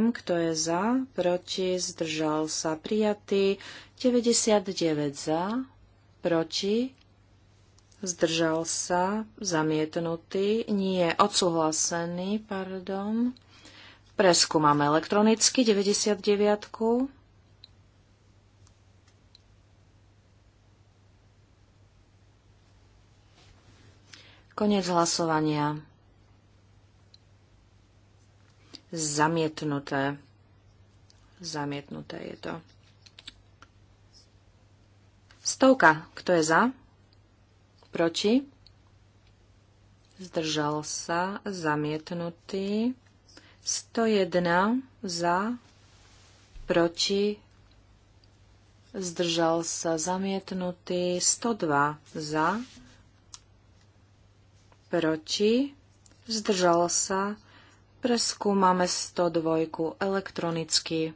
kto je za, proti, zdržal sa, prijatý. 99 za, proti, zdržal sa, zamietnutý, nie, odsúhlasený, pardon. Preskúmame elektronicky 99. -ku. Konec hlasovania zamietnuté. Zamietnuté je to. Stovka. Kto je za? Proti? Zdržal sa. Zamietnutý. 101 za. Proti? Zdržal sa. Zamietnutý. 102 za. Proti? Zdržal sa Preskúmame 102 elektronicky.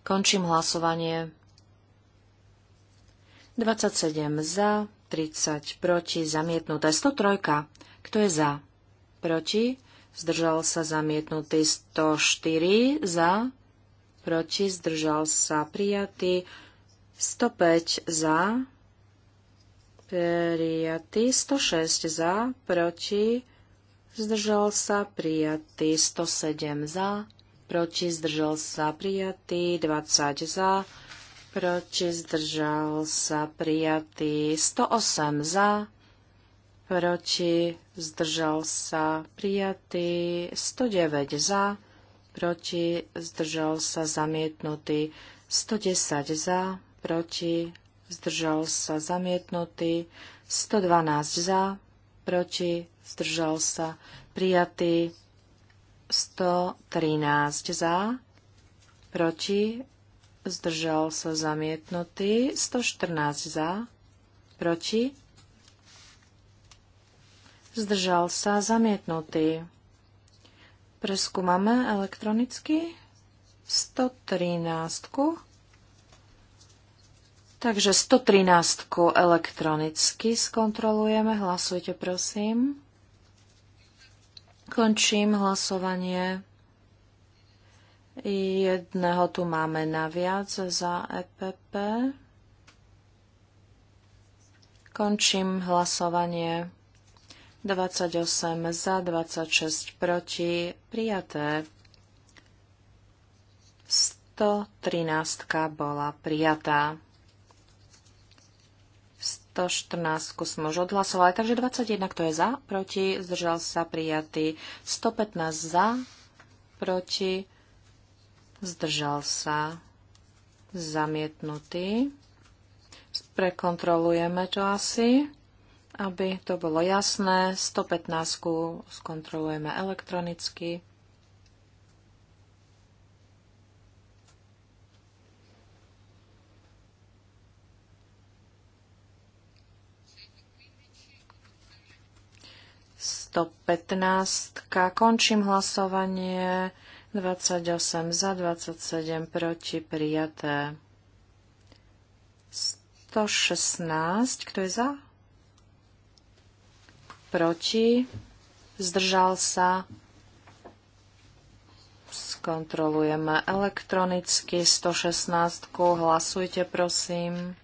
Končím hlasovanie. 27 za, 30 proti, zamietnuté 103. Kto je za? Proti? Zdržal sa zamietnutý 104 za, proti, zdržal sa prijatý 105 za, prijatý. 106 za, proti, zdržal sa, prijatý. 107 za, proti, zdržal sa, prijatý. 20 za, proti, zdržal sa, prijatý. 108 za, proti, zdržal sa, prijatý. 109 za, proti, zdržal sa, zamietnutý. 110 za, proti, zdržal sa zamietnutý, 112 za, proti, zdržal sa prijatý, 113 za, proti, zdržal sa zamietnutý, 114 za, proti, zdržal sa zamietnutý. Preskúmame elektronicky 113. Takže 113 elektronicky skontrolujeme. Hlasujte, prosím. Končím hlasovanie. Jedného tu máme naviac za EPP. Končím hlasovanie. 28 za, 26 proti. Prijaté. 113 bola prijatá. 114 sme už odhlasovali, takže 21, kto je za, proti, zdržal sa prijatý. 115 za, proti, zdržal sa zamietnutý. Prekontrolujeme to asi, aby to bolo jasné. 115 skontrolujeme elektronicky. 115. Končím hlasovanie. 28 za, 27 proti, prijaté. 116. Kto je za? Proti. Zdržal sa. Skontrolujeme elektronicky 116. Hlasujte, prosím.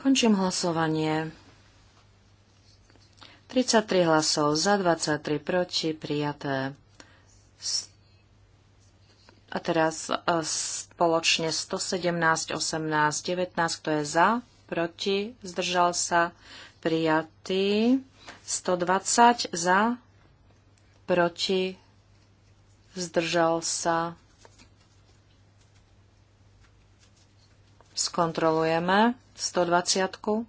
Končím hlasovanie. 33 hlasov za, 23 proti, prijaté. A teraz e, spoločne 117, 18, 19, kto je za, proti, zdržal sa, prijatý. 120 za, proti, zdržal sa. Skontrolujeme 120. -ku.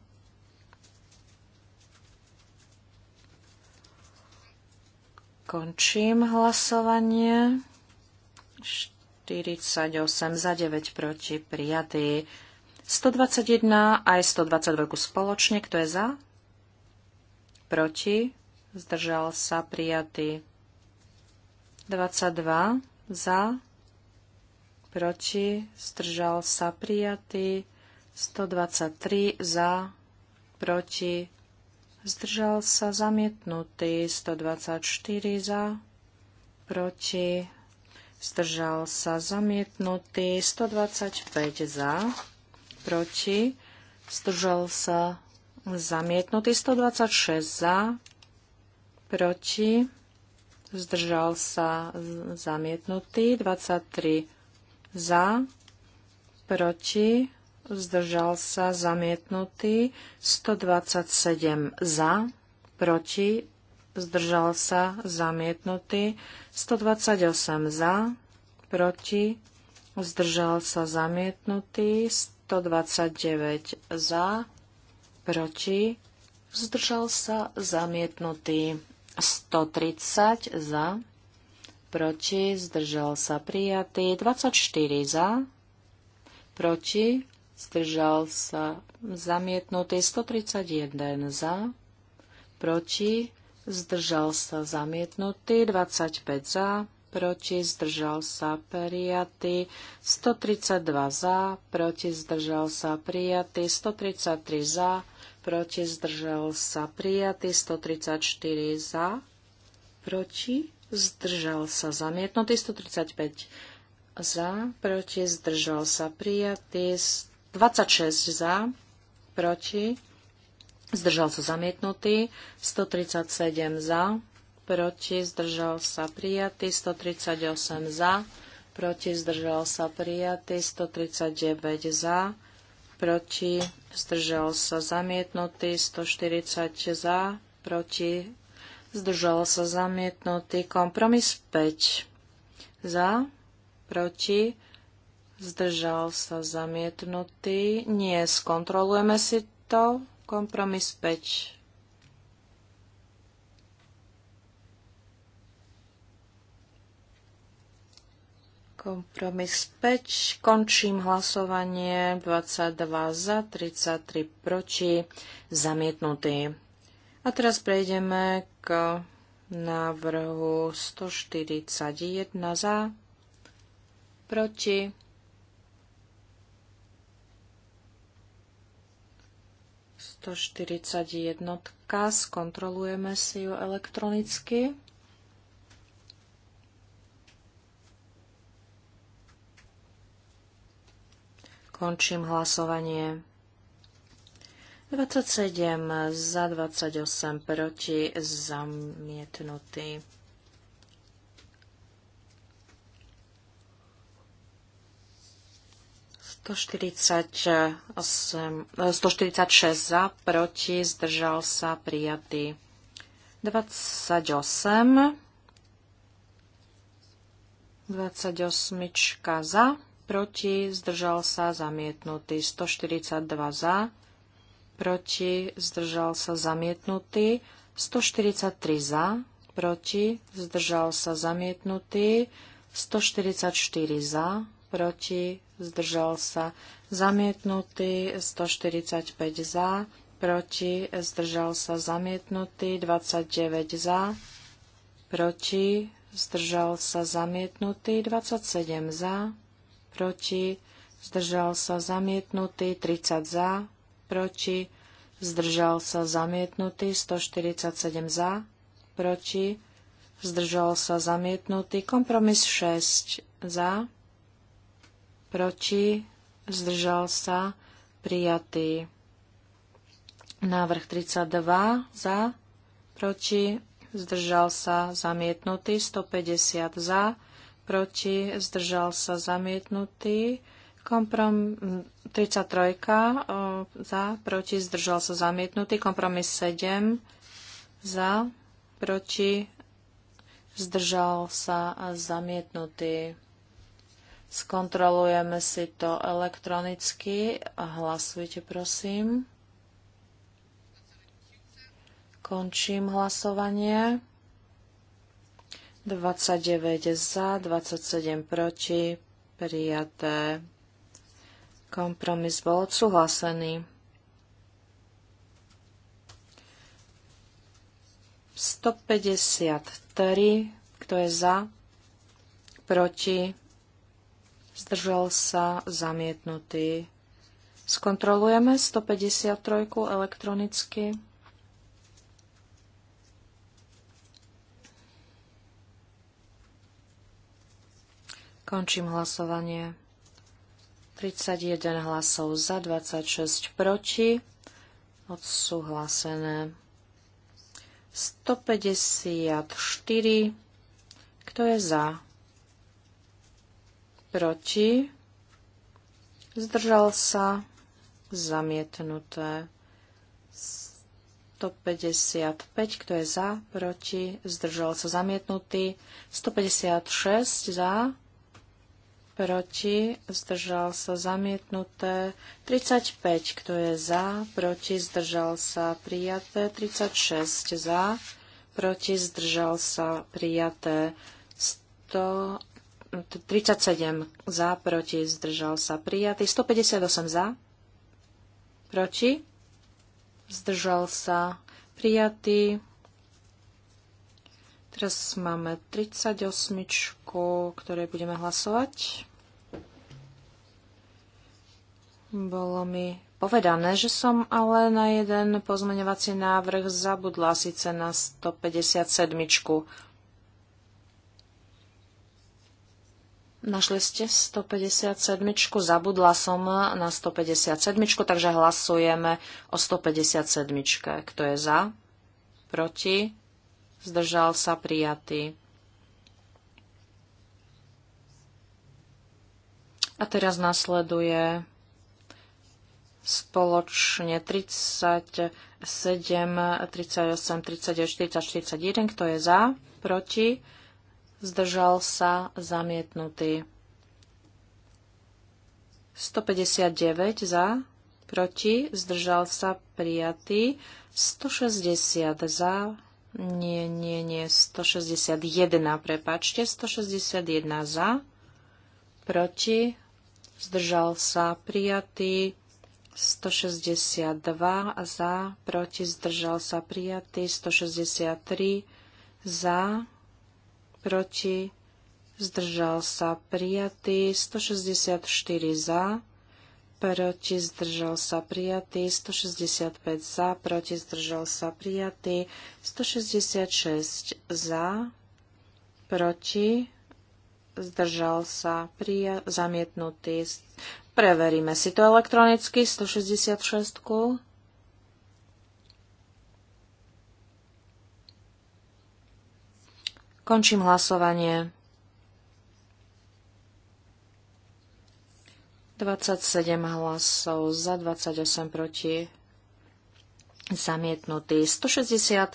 Končím hlasovanie. 48 za 9 proti prijatý. 121 aj 122 spoločne. Kto je za? Proti? Zdržal sa prijatý. 22 za, proti, zdržal sa prijatý, 123 za, proti, zdržal sa zamietnutý 124 za, proti, zdržal sa zamietnutý 125 za, proti, zdržal sa zamietnutý 126 za, proti, zdržal sa zamietnutý 23 za, proti, zdržal sa zamietnutý, 127 za, proti, zdržal sa zamietnutý, 128 za, proti, zdržal sa zamietnutý, 129 za, proti, zdržal sa zamietnutý, 130 za, proti, zdržal sa prijatý, 24 za, proti, zdržal sa zamietnutý 131 za, proti, zdržal sa zamietnutý 25 za, proti, zdržal sa prijatý 132 za, proti, zdržal sa prijatý 133 za, proti, zdržal sa prijatý 134 za, proti, zdržal sa zamietnutý 135 za, proti, zdržal sa prijatý 26 za, proti, zdržal sa zamietnutý, 137 za, proti, zdržal sa prijatý, 138 za, proti, zdržal sa prijatý, 139 za, proti, zdržal sa zamietnutý, 140 za, proti, zdržal sa zamietnutý, kompromis 5 za, proti, zdržal sa zamietnutý. Nie, skontrolujeme si to. Kompromis 5. Kompromis 5. Končím hlasovanie. 22 za, 33 proti. Zamietnutý. A teraz prejdeme k návrhu 141 za, proti 141. Skontrolujeme si ju elektronicky. Končím hlasovanie. 27 za 28 proti zamietnutý. 148, 146 za, proti, zdržal sa, prijatý. 28, 28 za, proti, zdržal sa, zamietnutý. 142 za, proti, zdržal sa, zamietnutý. 143 za, proti, zdržal sa, zamietnutý. 144 za, proti, zdržal sa. Zamietnutý 145 za, proti, zdržal sa. Zamietnutý 29 za, proti, zdržal sa. Zamietnutý 27 za, proti, zdržal sa. Zamietnutý 30 za, proti, zdržal sa. Zamietnutý 147 za, proti, zdržal sa. Zamietnutý kompromis 6 za, proti, zdržal sa, prijatý. Návrh 32 za, proti, zdržal sa, zamietnutý. 150 za, proti, zdržal sa, zamietnutý. Komprom 33 za, proti, zdržal sa zamietnutý. Kompromis 7 za, proti, zdržal sa zamietnutý. Skontrolujeme si to elektronicky. Hlasujte, prosím. Končím hlasovanie. 29 za, 27 proti, prijaté. Kompromis bol odsúhlasený. 153, kto je za, proti, zdržal sa, zamietnutý. Skontrolujeme 153 elektronicky. Končím hlasovanie. 31 hlasov za, 26 proti. Odsúhlasené. 154. Kto je za? proti, zdržal sa, zamietnuté. 155, kto je za, proti, zdržal sa zamietnutý. 156 za, proti, zdržal sa zamietnuté. 35, kto je za, proti, zdržal sa prijaté. 36 za, proti, zdržal sa prijaté. 100 37 za, proti, zdržal sa prijatý. 158 za, proti, zdržal sa prijatý. Teraz máme 38, ktoré budeme hlasovať. Bolo mi povedané, že som ale na jeden pozmeňovací návrh zabudla, síce na 157. Našli ste 157, zabudla som na 157, takže hlasujeme o 157. Kto je za? Proti? Zdržal sa prijatý. A teraz nasleduje spoločne 37, 38, 39, 40, 41. Kto je za? Proti? zdržal sa, zamietnutý. 159 za, proti, zdržal sa, prijatý. 160 za, nie, nie, nie, 161, prepačte, 161 za, proti, zdržal sa, prijatý. 162 za, proti, zdržal sa, prijatý. 163 za, proti, zdržal sa prijatý, 164 za, proti zdržal sa prijatý, 165 za, proti zdržal sa prijatý, 166 za, proti zdržal sa prija- zamietnutý. Preveríme si to elektronicky, 166. Končím hlasovanie. 27 hlasov za, 28 proti. Zamietnutý 167.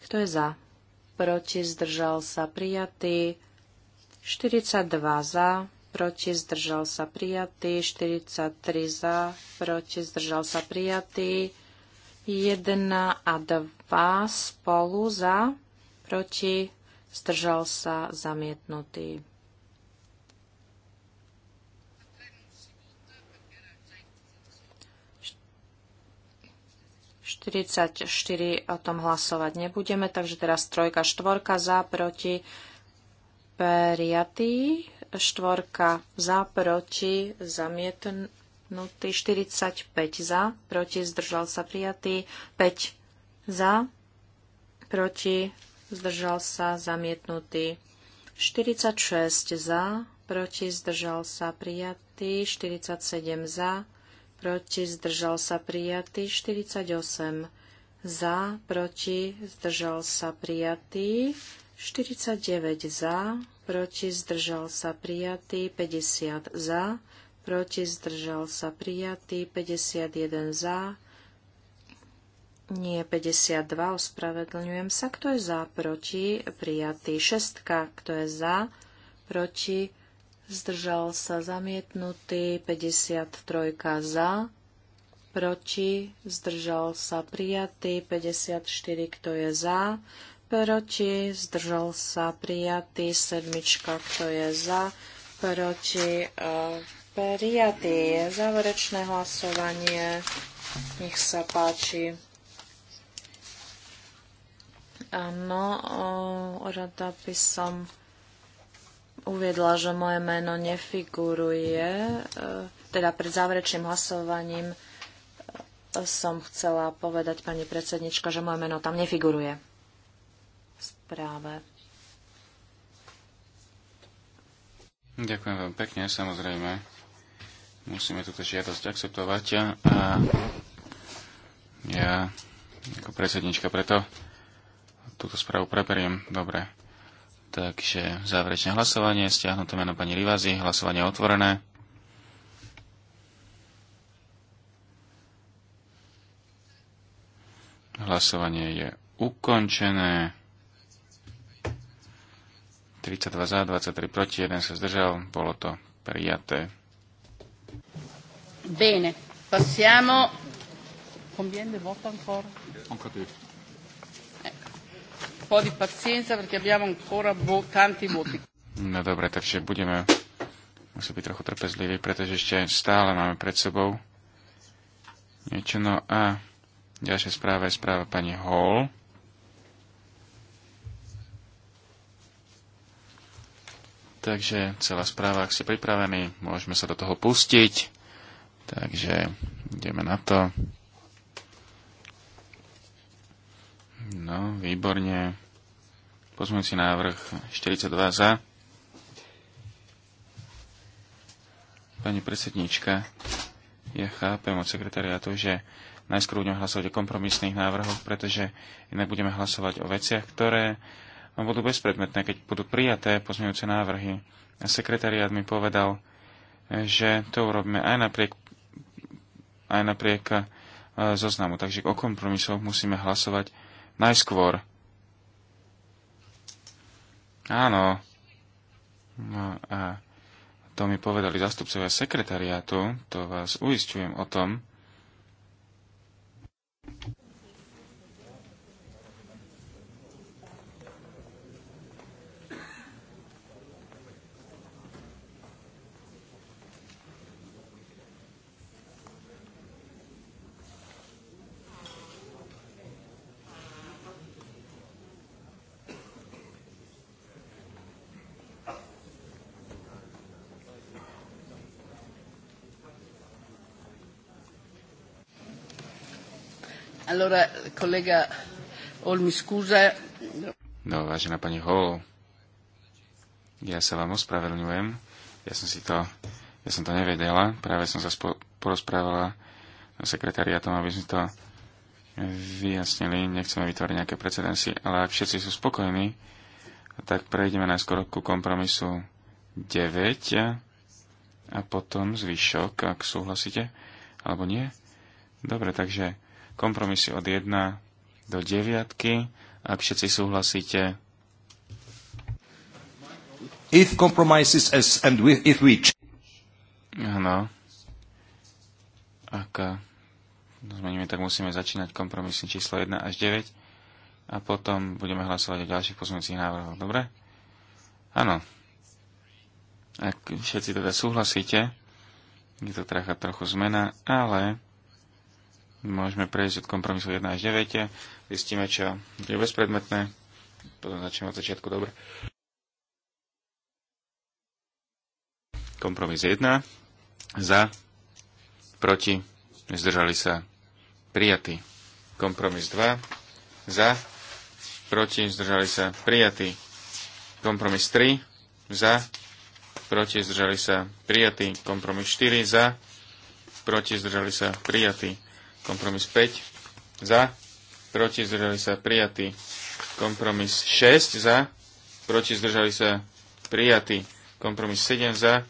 Kto je za? Proti zdržal sa prijatý. 42 za, proti zdržal sa prijatý. 43 za, proti zdržal sa prijatý. 1 a 2 spolu za, proti, zdržal sa, zamietnutý. o tom hlasovať nebudeme, takže teraz trojka, štvorka za, proti, prijatý, štvorka za, proti, zamietnutý, 45 za, proti, zdržal sa prijatý, 5 za, proti, zdržal sa, zamietnutý. 46 za, proti, zdržal sa, prijatý. 47 za, proti, zdržal sa, prijatý. 48 za, proti, zdržal sa, prijatý. 49 za, proti, zdržal sa, prijatý. 50 za, proti, zdržal sa, prijatý. 51 za, nie 52, ospravedlňujem sa. Kto je za, proti, prijatý. Šestka, kto je za, proti, zdržal sa, zamietnutý. 53 za, proti, zdržal sa, prijatý. 54, kto je za, proti, zdržal sa, prijatý. Sedmička, kto je za, proti, e, prijatý. Záverečné hlasovanie. Nech sa páči. Áno, rada by som uviedla, že moje meno nefiguruje. E, teda pred záverečným hlasovaním e, som chcela povedať pani predsednička, že moje meno tam nefiguruje. V správe. Ďakujem vám pekne, samozrejme. Musíme túto žiadosť akceptovať a ja ako predsednička preto túto správu preberiem. Dobre. Takže záverečné hlasovanie, stiahnuté meno pani Rivazi, hlasovanie otvorené. Hlasovanie je ukončené. 32 za, 23 proti, 1 sa zdržal. Bolo to prijaté. Bene, passiamo. Combien de votes encore? Encore deux po' di pazienza perché abbiamo ancora tanti voti. No dobre, takže budeme musí byť trochu trpezlivý, pretože ešte stále máme pred sebou niečo. No a ďalšia správa je správa pani Hall. Takže celá správa, ak ste pripravení, môžeme sa do toho pustiť. Takže ideme na to. No, výborne. Pozmeňujúci návrh 42 za. Pani predsednička, ja chápem od sekretariátu, že najskôr budeme hlasovať o kompromisných návrhoch, pretože inak budeme hlasovať o veciach, ktoré budú bezpredmetné, keď budú prijaté pozmeňujúce návrhy. A sekretariát mi povedal, že to urobíme aj napriek, aj napriek e, zoznamu. Takže o kompromisoch musíme hlasovať najskôr. Áno. No a to mi povedali zastupcovia sekretariátu, to vás uistujem o tom. kolega skúza. No, vážená pani Hall. ja sa vám ospravedlňujem. Ja som si to, ja som to nevedela. Práve som sa porozprávala o sekretariatom, aby sme to vyjasnili. Nechceme vytvoriť nejaké precedensy, ale ak všetci sú spokojní, tak prejdeme najskôr ku kompromisu 9 a potom zvyšok, ak súhlasíte, alebo nie. Dobre, takže kompromisy od 1 do 9, ak všetci súhlasíte. If compromises as and with, if which. Áno. Ak eh, no, zmeníme, tak musíme začínať kompromisy číslo 1 až 9 a potom budeme hlasovať o ďalších pozmeňujúcich návrhoch. Dobre? Áno. Ak všetci teda súhlasíte, je to trocha trochu zmena, ale Môžeme prejsť od kompromisu 1 až 9. Zistíme, čo je bezpredmetné. Potom začneme od začiatku. Dobre. Kompromis 1. Za. Proti. Zdržali sa. Prijatý. Kompromis 2. Za. Proti. Zdržali sa. Prijatý. Kompromis 3. Za. Proti. Zdržali sa. Prijatý. Kompromis 4. Za. Proti. Zdržali sa. Prijatý Kompromis 5 za, proti zdržali sa prijatý. Kompromis 6 za, proti zdržali sa prijatý. Kompromis 7 za,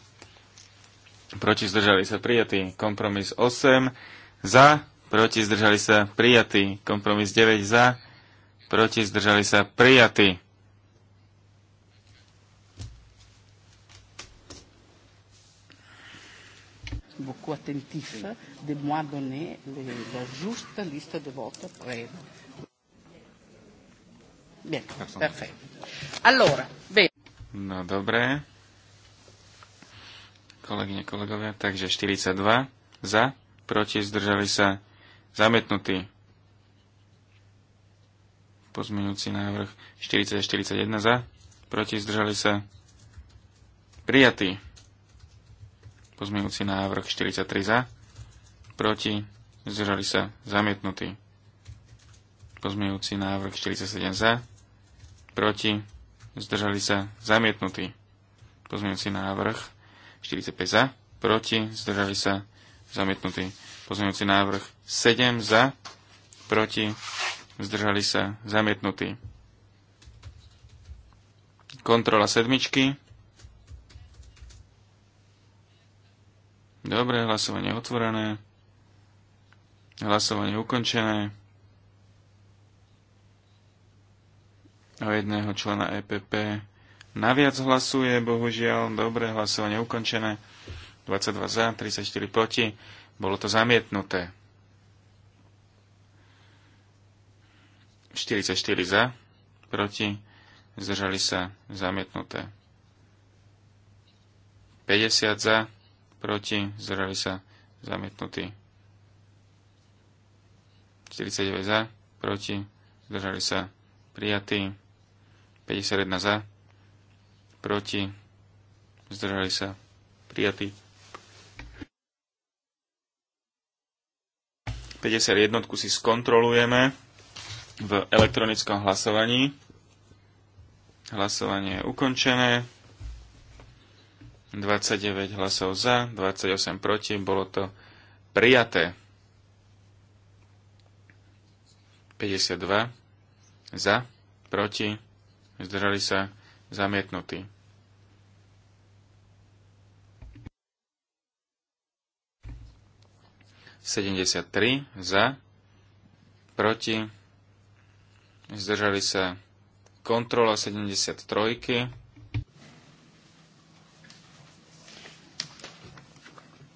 proti zdržali sa prijatý. Kompromis 8 za, proti zdržali sa prijatý. Kompromis 9 za, proti zdržali sa prijatý. beaucoup attentif de moi donner le, la juste liste de votes après. Bien, ah, parfait. Alors, bien. No dobré. Kolegyne, kolegovia, takže 42 za, proti, zdržali sa, zamietnutí. Pozmeňujúci návrh 40 41 za, proti, zdržali sa, prijatí pozmeňujúci návrh 43 za. Proti. Zdržali sa. Zamietnutý. Pozmeňujúci návrh 47 za. Proti. Zdržali sa. Zamietnutý. Pozmeňujúci návrh 45 za. Proti. Zdržali sa. Zamietnutý. Pozmeňujúci návrh 7 za. Proti. Zdržali sa. Zamietnutý. Kontrola sedmičky. Dobre, hlasovanie otvorené. Hlasovanie ukončené. A jedného člena EPP naviac hlasuje, bohužiaľ. Dobre, hlasovanie ukončené. 22 za, 34 proti. Bolo to zamietnuté. 44 za, proti. Zdržali sa zamietnuté. 50 za, proti, zdržali sa zamietnutí. 49 za, proti, zdržali sa prijatí. 51 za, proti, zdržali sa prijatí. 51 si skontrolujeme v elektronickom hlasovaní. Hlasovanie je ukončené. 29 hlasov za, 28 proti, bolo to prijaté. 52 za, proti, zdržali sa zamietnutí. tri za, proti, zdržali sa kontrola trojky.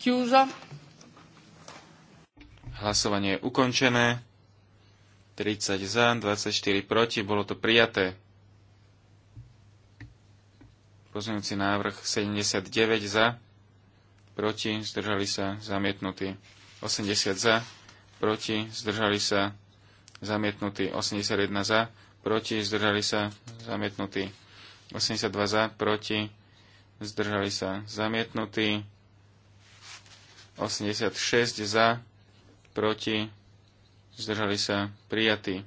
chiusa. Hlasovanie je ukončené. 30 za, 24 proti, bolo to prijaté. Pozmeňujúci návrh 79 za, proti, zdržali sa, zamietnutí. 80 za, proti, zdržali sa, zamietnutí. 81 za, proti, zdržali sa, zamietnutí. 82 za, proti, zdržali sa, zamietnutí. 86 za, proti, zdržali sa, prijatí.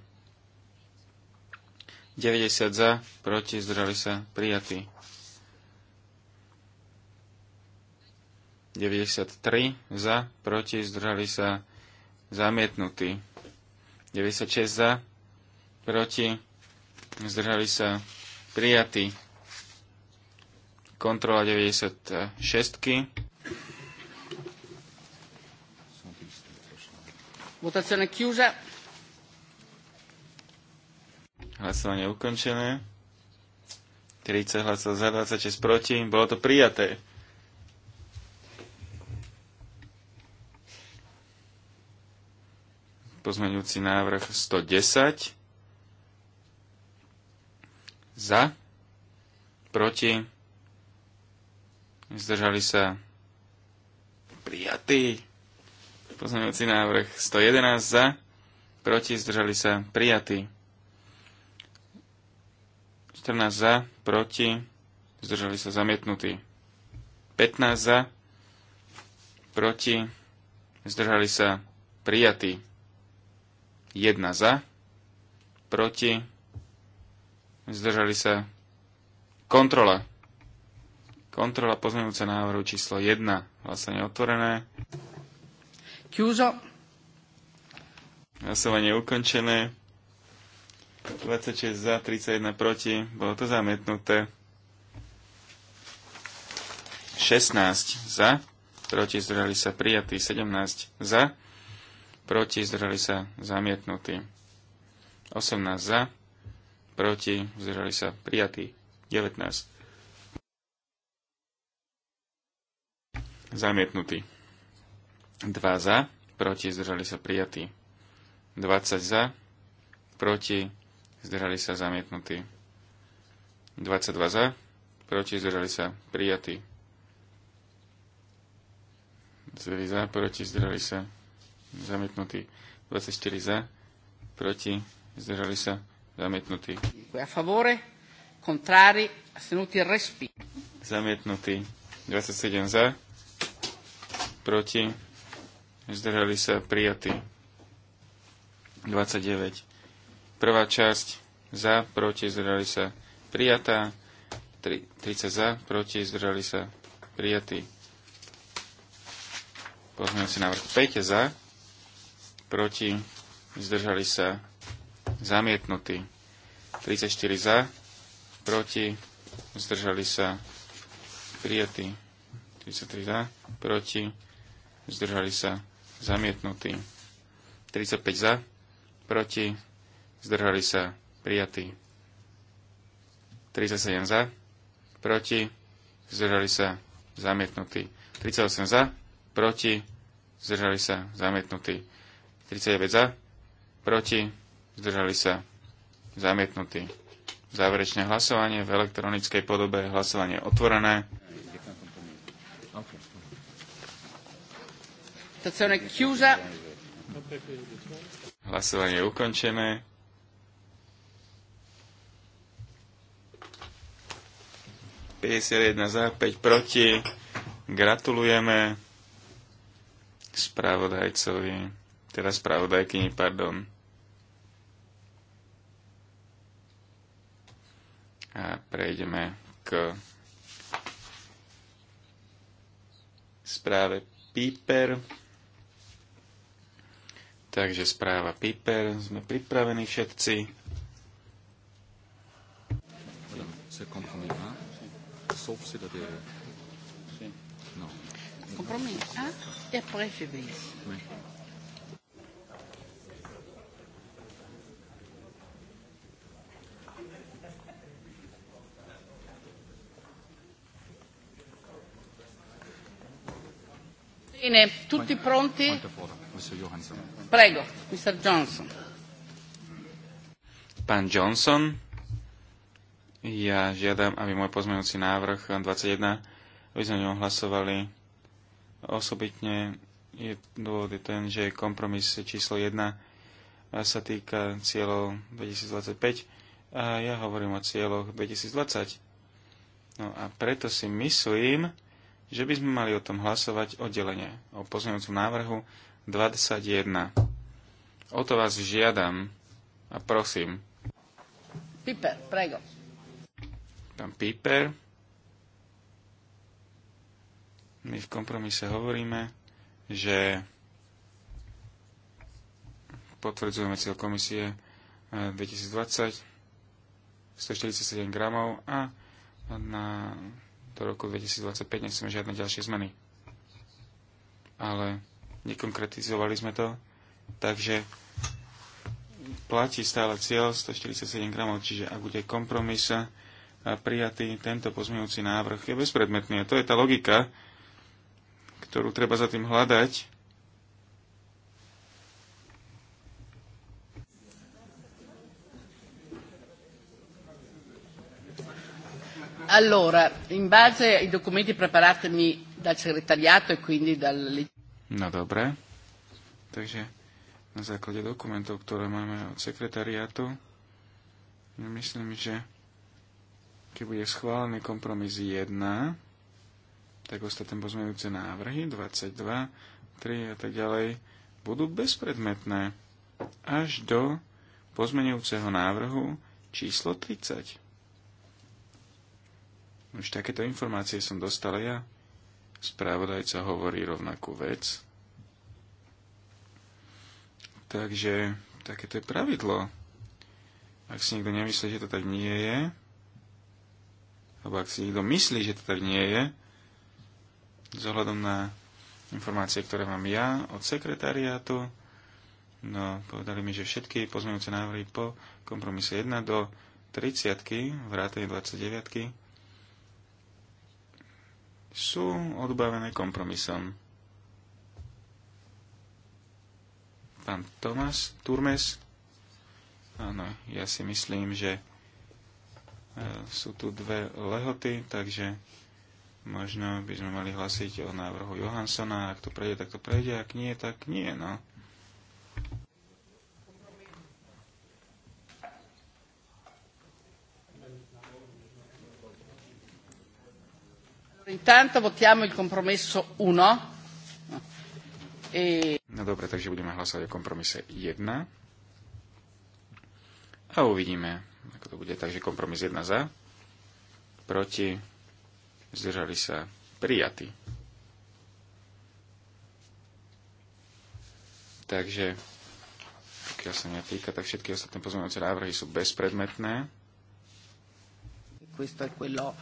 90 za, proti, zdržali sa, prijatí. 93 za, proti, zdržali sa, zamietnutí. 96 za, proti, zdržali sa, prijatí. Kontrola 96. -ky. Votazione chiusa. Hlasovanie ukončené. 30 hlasov za, 26 proti. Bolo to prijaté. Pozmeňujúci návrh 110. Za. Proti. Zdržali sa. Prijatý. Pozmeňujúci návrh 111 za, proti, zdržali sa, prijatý. 14 za, proti, zdržali sa, zamietnutý. 15 za, proti, zdržali sa, prijatý. 1 za, proti, zdržali sa, kontrola. Kontrola pozmeňujúca návrhu číslo 1. Hlasenie otvorené. Chiuso. Hlasovanie ukončené. 26 za, 31 proti. Bolo to zamietnuté. 16 za, proti zdrali sa prijatí, 17 za, proti zdrali sa zamietnutí, 18 za, proti zdrali sa prijatí, 19 zamietnutí. 2 za, proti, zdržali sa prijatí. 20 za, proti, zdržali sa zamietnutí. 22 za, proti, zdržali sa prijatí. 2 za, proti, zdržali sa zamietnutí. 24 za, proti, zdržali sa zamietnutí. A favore, kontrári, astenuti, e respi. Zamietnutí. 27 za, proti, zdržali sa prijatí. 29. Prvá časť za, proti, zdržali sa prijatá. 30 za, proti, zdržali sa prijatí. Pozmeňujúci návrh 5 za, proti, zdržali sa zamietnutí. 34 za, proti, zdržali sa prijatí. 33 za, proti, zdržali sa zamietnutý. 35 za, proti, zdržali sa, prijatý. 37 za, proti, zdržali sa, zamietnutý. 38 za, proti, zdržali sa, zamietnutý. 39 za, proti, zdržali sa, zamietnutý. Záverečné hlasovanie v elektronickej podobe, hlasovanie otvorené. Votazione chiusa. Hlasovanie je ukončené. za, 5 proti. Gratulujeme spravodajcovi, teda spravodajkyni, pardon. A prejdeme k správe Piper. Takže správa Piper, sme pripravení všetci. Bene, tutti pronti? Mr. Johansson. Prego, Mr. Johnson. Pán Johnson, ja žiadam, aby môj pozmeňujúci návrh 21, aby sme ňom hlasovali osobitne. Je, dôvod je ten, že kompromis číslo 1 sa týka cieľov 2025 a ja hovorím o cieľoch 2020. No a preto si myslím, že by sme mali o tom hlasovať oddelenie, o pozmeňujúcom návrhu 21. O to vás žiadam a prosím. Piper, prego. Pán Piper. My v kompromise hovoríme, že potvrdzujeme cieľ komisie 2020 eh, 147 gramov a na do roku 2025 nechceme žiadne ďalšie zmeny. Ale nekonkretizovali sme to, takže platí stále cieľ 147 gramov, čiže ak bude kompromis eh, prijatý, tento pozmeňujúci návrh je bezpredmetný. A to je tá logika, ktorú treba za tým hľadať. Allora, in base ai documenti preparatemi dal segretariato e quindi dal... No dobre. Takže na základe dokumentov, ktoré máme od sekretariátu, myslím, že keď bude schválený kompromis 1, tak ostatné pozmeňujúce návrhy 22, 3 a tak ďalej budú bezpredmetné až do pozmeňujúceho návrhu číslo 30. Už takéto informácie som dostal ja. Spravodajca hovorí rovnakú vec. Takže takéto je pravidlo. Ak si niekto nemyslí, že to tak nie je, alebo ak si niekto myslí, že to tak nie je, zohľadom na informácie, ktoré mám ja od sekretariátu, No, povedali mi, že všetky pozmeňujúce návrhy po kompromise 1 do 30, vrátane 29, sú odbavené kompromisom. Pán Tomás Turmes, áno, ja si myslím, že e, sú tu dve lehoty, takže možno by sme mali hlasiť o návrhu Johansona, ak to prejde, tak to prejde, ak nie, tak nie, no. Intanto votiamo il compromesso 1. E... No dobre, takže budeme hlasovať o kompromise 1. A uvidíme, ako to bude. Takže kompromis 1 za, proti, zdržali sa, prijatí. Takže, pokiaľ sa mňa týka, tak všetky ostatné pozmeňujúce návrhy sú bezpredmetné. Questo è quello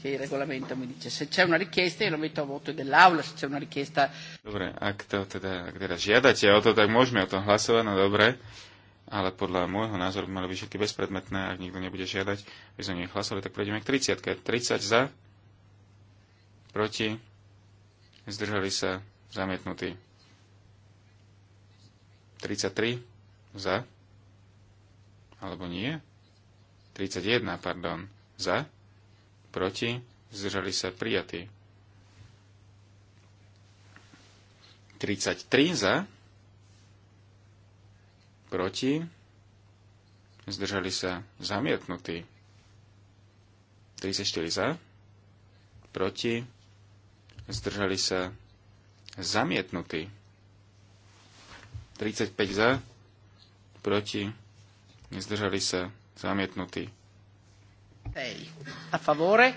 che il regolamento mi dice se c'è una richiesta io lo metto a voto dell'aula se c'è una richiesta dobre, ak to teda, ak teda žiadate o to, tak môžeme o tom hlasovať, no dobre ale podľa môjho názoru by mali byť všetky bezpredmetné, ak nikto nebude žiadať, by sme nech hlasovali, tak prejdeme k 30. 30 za, proti, zdržali sa, zamietnutí. 33 za, alebo nie? 31, pardon, za, proti, zdržali sa prijatí. 33 za, proti, zdržali sa zamietnutí. 34 za, proti, zdržali sa zamietnutí. 35 za, proti, zdržali sa zamietnutí. A favore.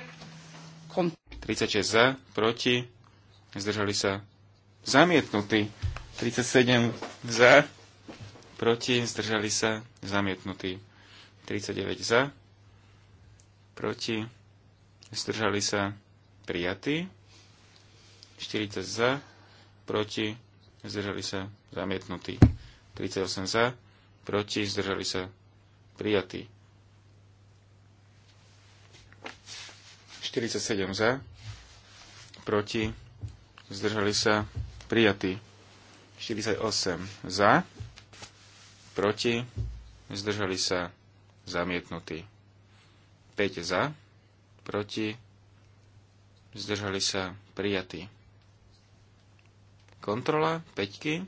36 za, proti. Zdržali sa zamietnutí. 37 za, proti. Zdržali sa zamietnutí. 39 za, proti. Zdržali sa prijatí. 40 za, proti. Zdržali sa zamietnutí. 38 za, proti. Zdržali sa prijatí. 47 za, proti, zdržali sa, prijatí. 48 za, proti, zdržali sa, zamietnutí. 5 za, proti, zdržali sa, prijatí. Kontrola, 5.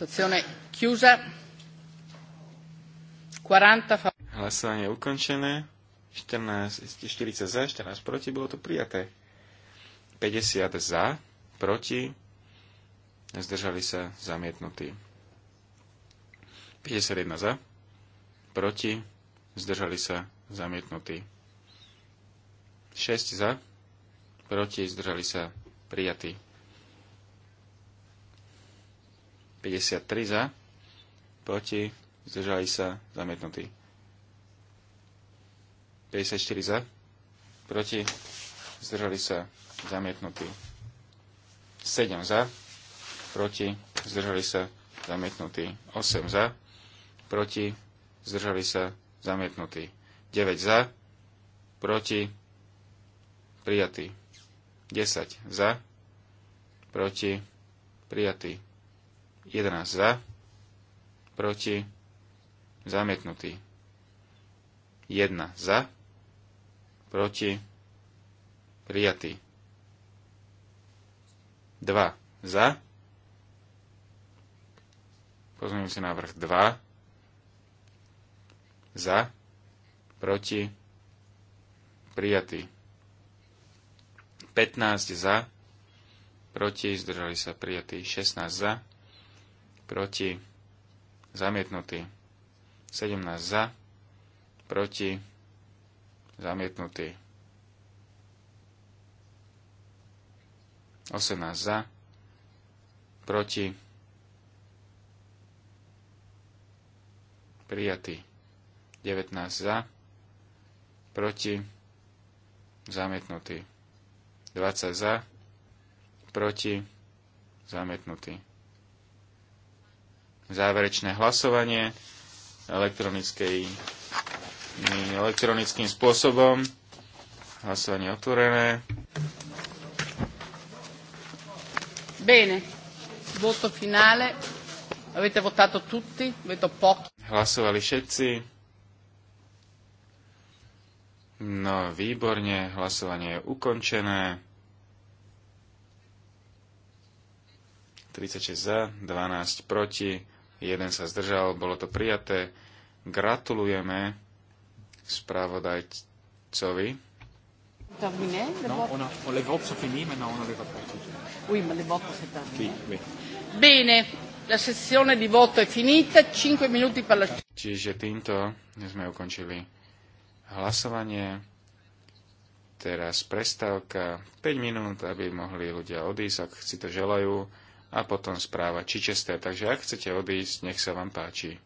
Stazione chiusa. Hlasovanie je ukončené. 14, 40 za, 14 proti, bolo to prijaté. 50 za, proti, zdržali sa zamietnutí. 51 za, proti, zdržali sa zamietnutí. 6 za, proti, zdržali sa prijatí. 53 za, proti, zdržali sa, zamietnutí. 54 za, proti, zdržali sa, zamietnutí. 7 za, proti, zdržali sa, zamietnutí. 8 za, proti, zdržali sa, zamietnutí. 9 za, proti, prijatý. 10 za, proti, prijatý. 11 za, proti, zamietnutý. 1 za, proti, prijatý. 2 za, si návrh 2, za, proti, prijatý. 15 za, proti, zdržali sa prijatý. 16 za, proti, zamietnutý. 17 za, proti, zamietnutý. 18 za, proti, prijatý. 19 za, proti, zamietnutý. 20 za, proti, zamietnutý. Záverečné hlasovanie elektronickým spôsobom. Hlasovanie otvorené. Bene. Voto finale. Avete votato tutti? Vedo pochi. Hlasovali všetci. No, výborne, hlasovanie je ukončené. 36 za, 12 proti jeden sa zdržal, bolo to prijaté. Gratulujeme spravodajcovi. Bene, la sessione di voto è finita, 5 minuti per la... Čiže týmto sme ukončili hlasovanie teraz prestávka 5 minút, aby mohli ľudia odísť, ak si to želajú a potom správa či čisté. Takže ak chcete odísť, nech sa vám páči.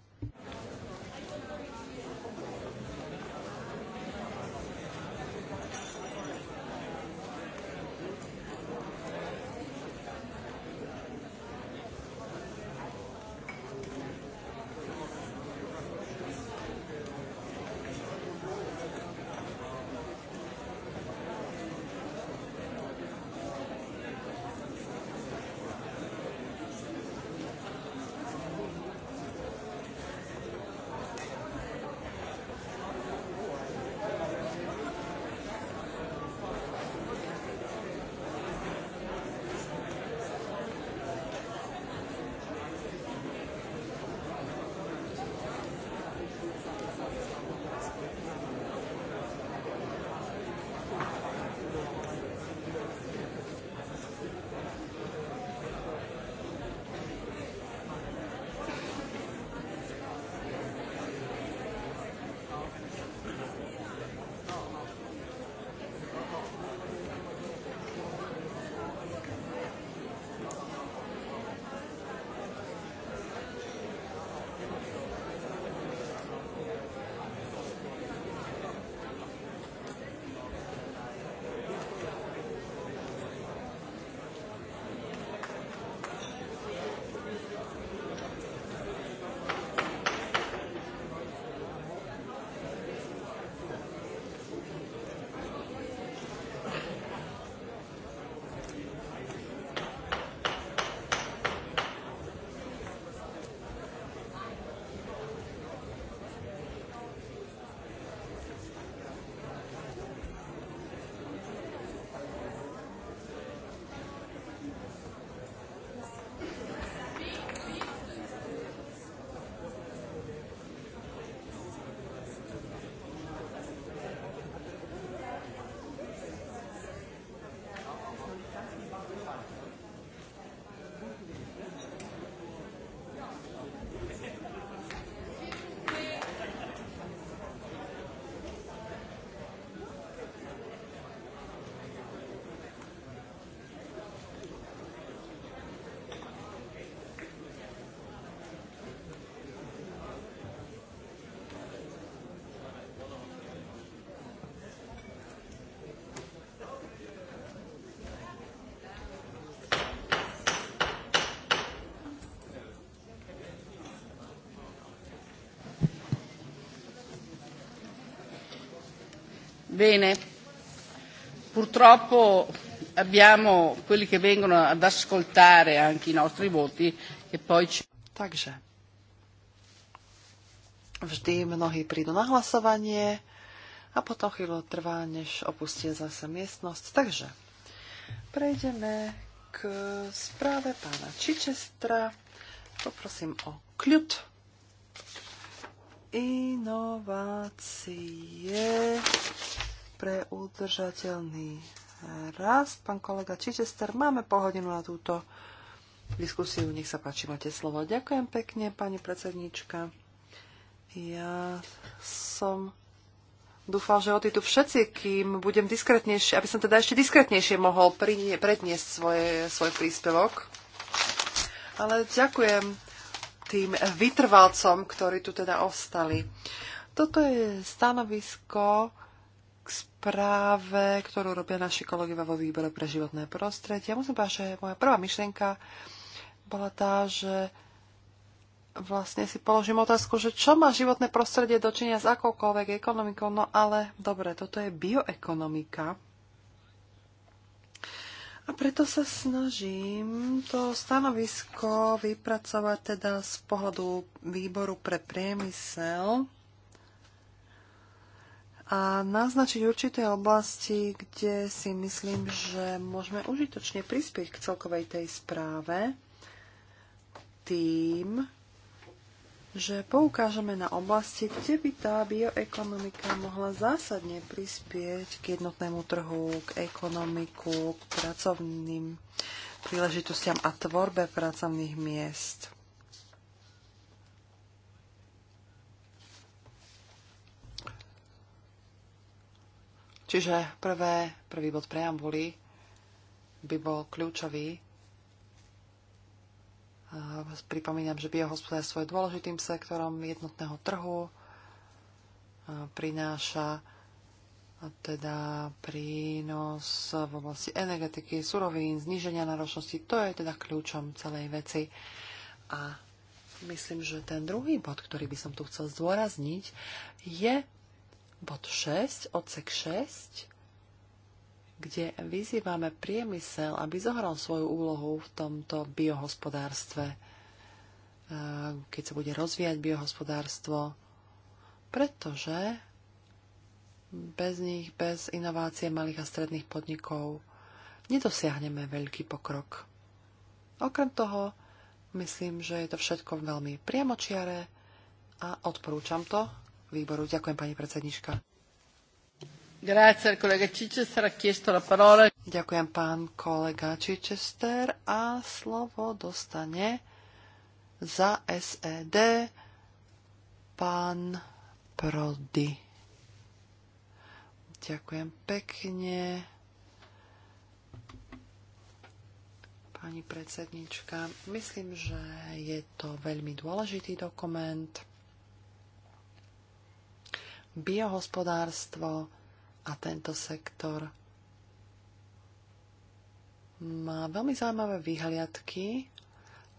Bene, purtroppo abbiamo quelli che vengono ad ascoltare anche i nostri voti e poi ci... Takže. Vždy mnohí prídu na hlasovanie a potom chvíľu trvá, než opustie zase miestnosť. Takže prejdeme k správe pána Čičestra. Poprosím o kľud. Inovácie pre udržateľný eh, rast. Pán kolega Čičester, máme pol hodinu na túto diskusiu. Nech sa páči, máte slovo. Ďakujem pekne, pani predsednička. Ja som dúfal, že tu všetci, kým budem diskretnejšie, aby som teda ešte diskretnejšie mohol predniesť svoje, svoj príspevok. Ale ďakujem tým vytrvalcom, ktorí tu teda ostali. Toto je stanovisko, k správe, ktorú robia naši kolegovia vo výbore pre životné prostredie. Ja musím povedať, že moja prvá myšlienka bola tá, že vlastne si položím otázku, že čo má životné prostredie dočinia s akoukoľvek ekonomikou, no ale dobre, toto je bioekonomika. A preto sa snažím to stanovisko vypracovať teda z pohľadu výboru pre priemysel a naznačiť určité oblasti, kde si myslím, že môžeme užitočne prispieť k celkovej tej správe tým, že poukážeme na oblasti, kde by tá bioekonomika mohla zásadne prispieť k jednotnému trhu, k ekonomiku, k pracovným príležitostiam a tvorbe pracovných miest. Čiže prvé, prvý bod preambuly by bol kľúčový. Ehm, pripomínam, že biohospodárstvo je dôležitým sektorom jednotného trhu. Ehm, prináša teda prínos v oblasti energetiky, surovín, zníženia náročnosti. To je teda kľúčom celej veci. A myslím, že ten druhý bod, ktorý by som tu chcel zdôrazniť, je bod 6, odsek 6, kde vyzývame priemysel, aby zohral svoju úlohu v tomto biohospodárstve, e, keď sa bude rozvíjať biohospodárstvo, pretože bez nich, bez inovácie malých a stredných podnikov nedosiahneme veľký pokrok. Okrem toho, myslím, že je to všetko veľmi priamočiare a odporúčam to výboru. Ďakujem, pani predsednička. Ďakujem, pán kolega Chichester. A slovo dostane za SED pán Prody. Ďakujem pekne. Pani predsednička, myslím, že je to veľmi dôležitý dokument biohospodárstvo a tento sektor má veľmi zaujímavé vyhliadky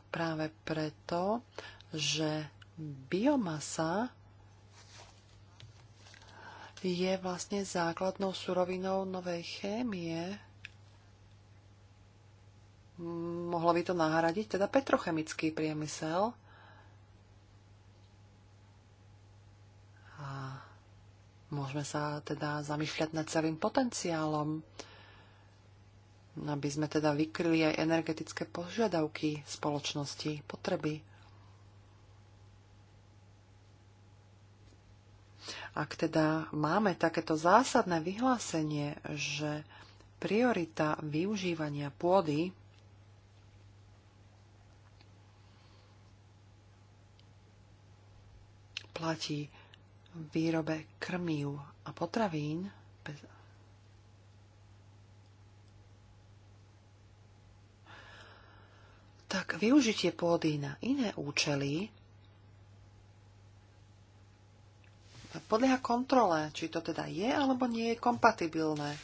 práve preto, že biomasa je vlastne základnou surovinou novej chémie. Mohlo by to nahradiť teda petrochemický priemysel, Môžeme sa teda zamýšľať nad celým potenciálom, aby sme teda vykryli aj energetické požiadavky spoločnosti, potreby. Ak teda máme takéto zásadné vyhlásenie, že priorita využívania pôdy platí výrobe krmív a potravín bez... tak využitie pôdy na iné účely podľa kontrole, či to teda je alebo nie je kompatibilné.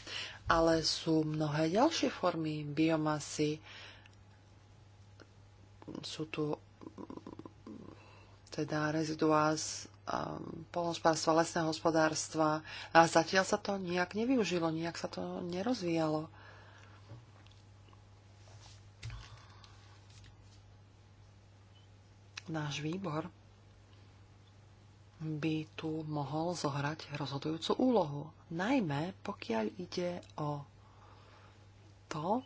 Ale sú mnohé ďalšie formy biomasy. Sú tu teda reziduá z Um, polnospodárstva, lesného hospodárstva a zatiaľ sa to nejak nevyužilo, nejak sa to nerozvíjalo. Náš výbor by tu mohol zohrať rozhodujúcu úlohu, najmä pokiaľ ide o to,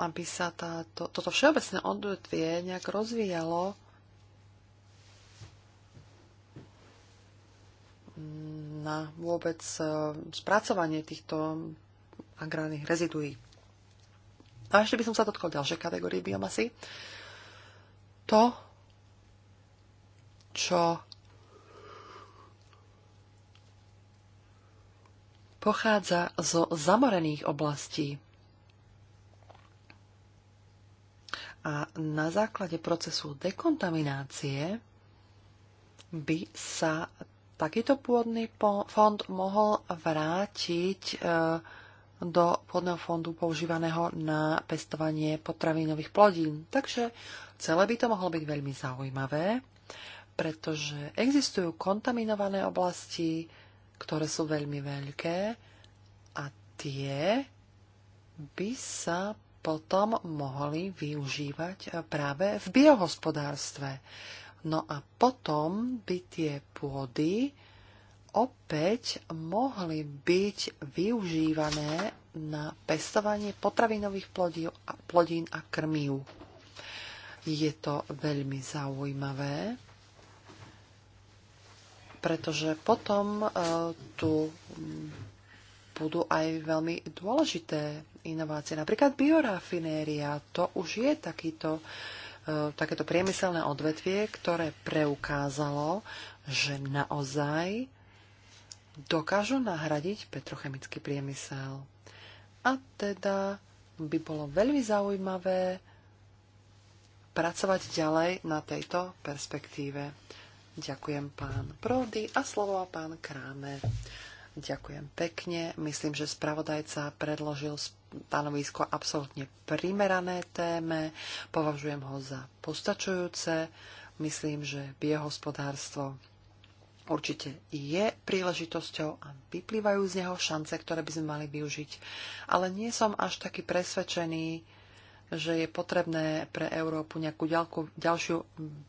aby sa táto, toto všeobecné odvetvie nejak rozvíjalo na vôbec e, spracovanie týchto agrárnych reziduí. A ešte by som sa dotkol ďalšej kategórie biomasy. To, čo pochádza zo zamorených oblastí. A na základe procesu dekontaminácie by sa takýto pôdny fond mohol vrátiť e, do pôdneho fondu používaného na pestovanie potravinových plodín. Takže celé by to mohlo byť veľmi zaujímavé, pretože existujú kontaminované oblasti, ktoré sú veľmi veľké a tie by sa potom mohli využívať e, práve v biohospodárstve. No a potom by tie pôdy opäť mohli byť využívané na pestovanie potravinových plodín a krmív. Je to veľmi zaujímavé, pretože potom e, tu mm, budú aj veľmi dôležité inovácie. Napríklad biorafinéria, to už je takýto uh, takéto priemyselné odvetvie, ktoré preukázalo, že naozaj dokážu nahradiť petrochemický priemysel. A teda by bolo veľmi zaujímavé pracovať ďalej na tejto perspektíve. Ďakujem pán Prody a slovo pán kráme. Ďakujem pekne. Myslím, že spravodajca predložil stanovisko absolútne primerané téme, považujem ho za postačujúce, myslím, že biohospodárstvo určite je príležitosťou a vyplývajú z neho šance, ktoré by sme mali využiť. Ale nie som až taký presvedčený, že je potrebné pre Európu nejakú ďalku, ďalšiu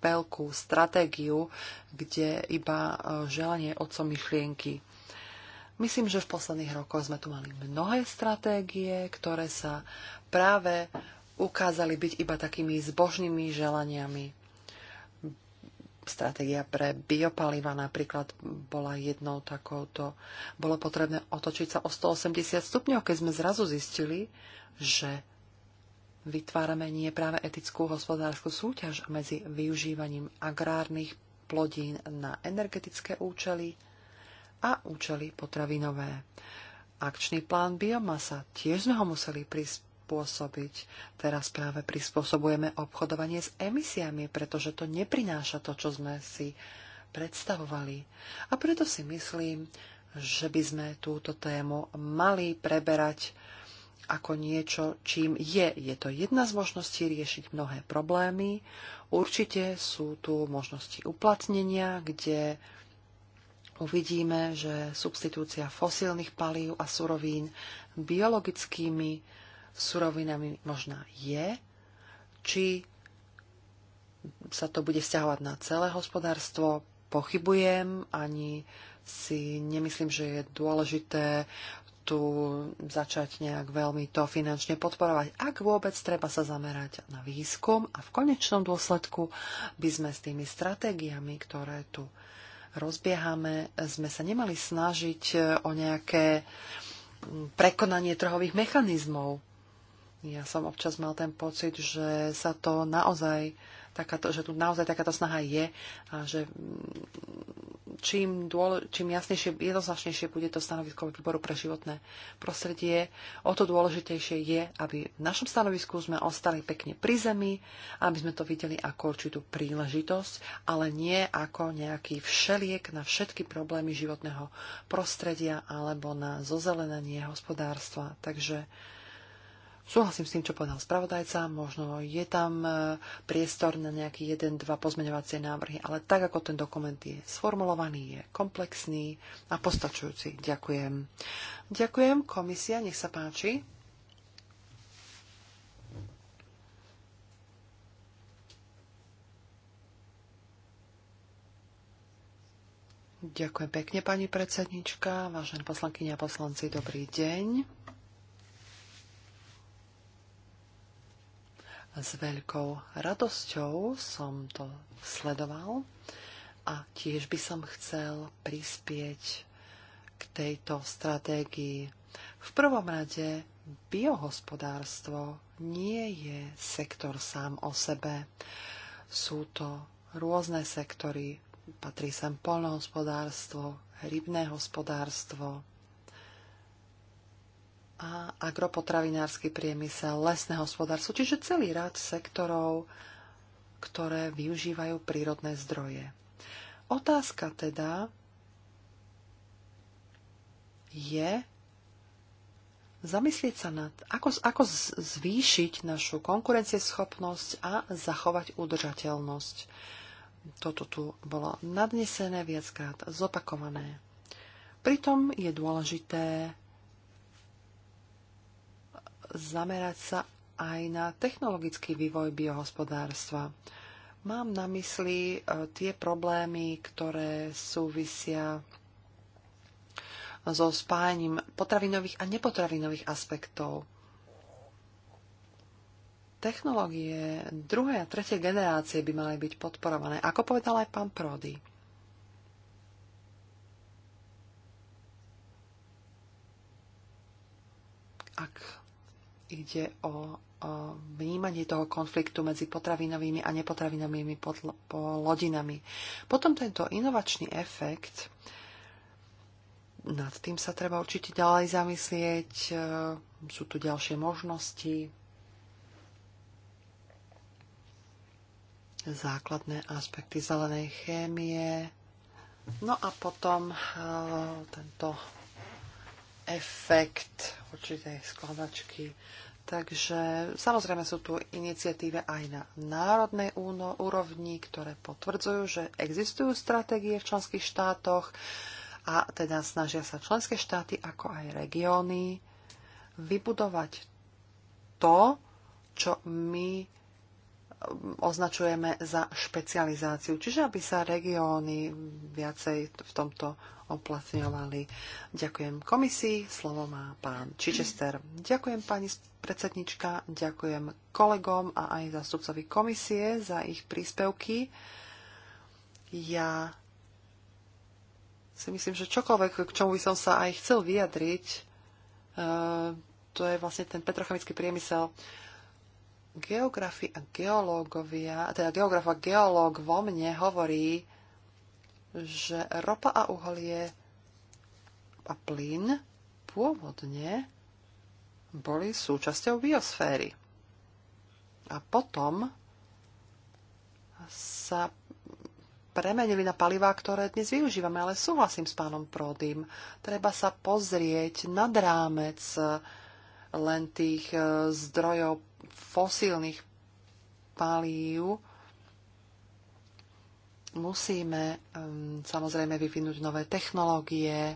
veľkú stratégiu, kde iba eh, želanie otcom myšlienky. Myslím, že v posledných rokoch sme tu mali mnohé stratégie, ktoré sa práve ukázali byť iba takými zbožnými želaniami. Stratégia pre biopaliva napríklad bola jednou takouto. Bolo potrebné otočiť sa o 180 stupňov, keď sme zrazu zistili, že vytvárame nie práve etickú hospodárskú súťaž medzi využívaním agrárnych plodín na energetické účely a účely potravinové. Akčný plán biomasa tiež sme ho museli prispôsobiť. Teraz práve prispôsobujeme obchodovanie s emisiami, pretože to neprináša to, čo sme si predstavovali. A preto si myslím, že by sme túto tému mali preberať ako niečo, čím je. Je to jedna z možností riešiť mnohé problémy. Určite sú tu možnosti uplatnenia, kde uvidíme, že substitúcia fosílnych palív a surovín biologickými surovinami možná je, či sa to bude vzťahovať na celé hospodárstvo, pochybujem, ani si nemyslím, že je dôležité tu začať nejak veľmi to finančne podporovať. Ak vôbec treba sa zamerať na výskum a v konečnom dôsledku by sme s tými stratégiami, ktoré tu rozbiehame, sme sa nemali snažiť e, o nejaké prekonanie trhových mechanizmov. Ja som občas mal ten pocit, že sa to naozaj takáto, že tu naozaj takáto snaha je a že mm, čím, dôle, čím jasnejšie, jednoznačnejšie bude to stanovisko výboru pre životné prostredie, o to dôležitejšie je, aby v našom stanovisku sme ostali pekne pri zemi, aby sme to videli ako určitú príležitosť, ale nie ako nejaký všeliek na všetky problémy životného prostredia alebo na zozelenanie hospodárstva. Takže Súhlasím s tým, čo povedal spravodajca, možno je tam e, priestor na nejaký jeden, dva pozmeňovacie návrhy, ale tak, ako ten dokument je sformulovaný, je komplexný a postačujúci. Ďakujem. Ďakujem, komisia, nech sa páči. Ďakujem pekne, pani predsednička, vážené poslankyne a poslanci, dobrý deň. S veľkou radosťou som to sledoval a tiež by som chcel prispieť k tejto stratégii. V prvom rade biohospodárstvo nie je sektor sám o sebe. Sú to rôzne sektory. Patrí sem polnohospodárstvo, rybné hospodárstvo, a agropotravinársky priemysel, lesné hospodárstvo, čiže celý rád sektorov, ktoré využívajú prírodné zdroje. Otázka teda je zamyslieť sa nad, ako, ako zvýšiť našu konkurencieschopnosť a zachovať udržateľnosť. Toto tu bolo nadnesené viackrát, zopakované. Pritom je dôležité zamerať sa aj na technologický vývoj biohospodárstva. Mám na mysli e, tie problémy, ktoré súvisia so spájaním potravinových a nepotravinových aspektov. Technológie druhej a tretej generácie by mali byť podporované, ako povedal aj pán Prody. Ak ide o, o vnímanie toho konfliktu medzi potravinovými a nepotravinovými plodinami. Potom tento inovačný efekt, nad tým sa treba určite ďalej zamyslieť, e, sú tu ďalšie možnosti, základné aspekty zelenej chémie, No a potom e, tento efekt určitej skladačky. Takže samozrejme sú tu iniciatíve aj na národnej úrovni, ktoré potvrdzujú, že existujú stratégie v členských štátoch a teda snažia sa členské štáty ako aj regióny vybudovať to, čo my označujeme za špecializáciu, čiže aby sa regióny viacej v tomto oplatňovali. Ďakujem komisii, slovo má pán Čičester. Ďakujem pani predsednička, ďakujem kolegom a aj zastupcovi komisie za ich príspevky. Ja si myslím, že čokoľvek, k čomu by som sa aj chcel vyjadriť, e, to je vlastne ten petrochemický priemysel, geografi a geológovia, teda geograf a geológ vo mne hovorí, že ropa a uholie a plyn pôvodne boli súčasťou biosféry. A potom sa premenili na palivá, ktoré dnes využívame, ale súhlasím s pánom Prodym. Treba sa pozrieť nad rámec len tých eh, zdrojov fosílnych palív, musíme um, samozrejme vyvinúť nové technológie,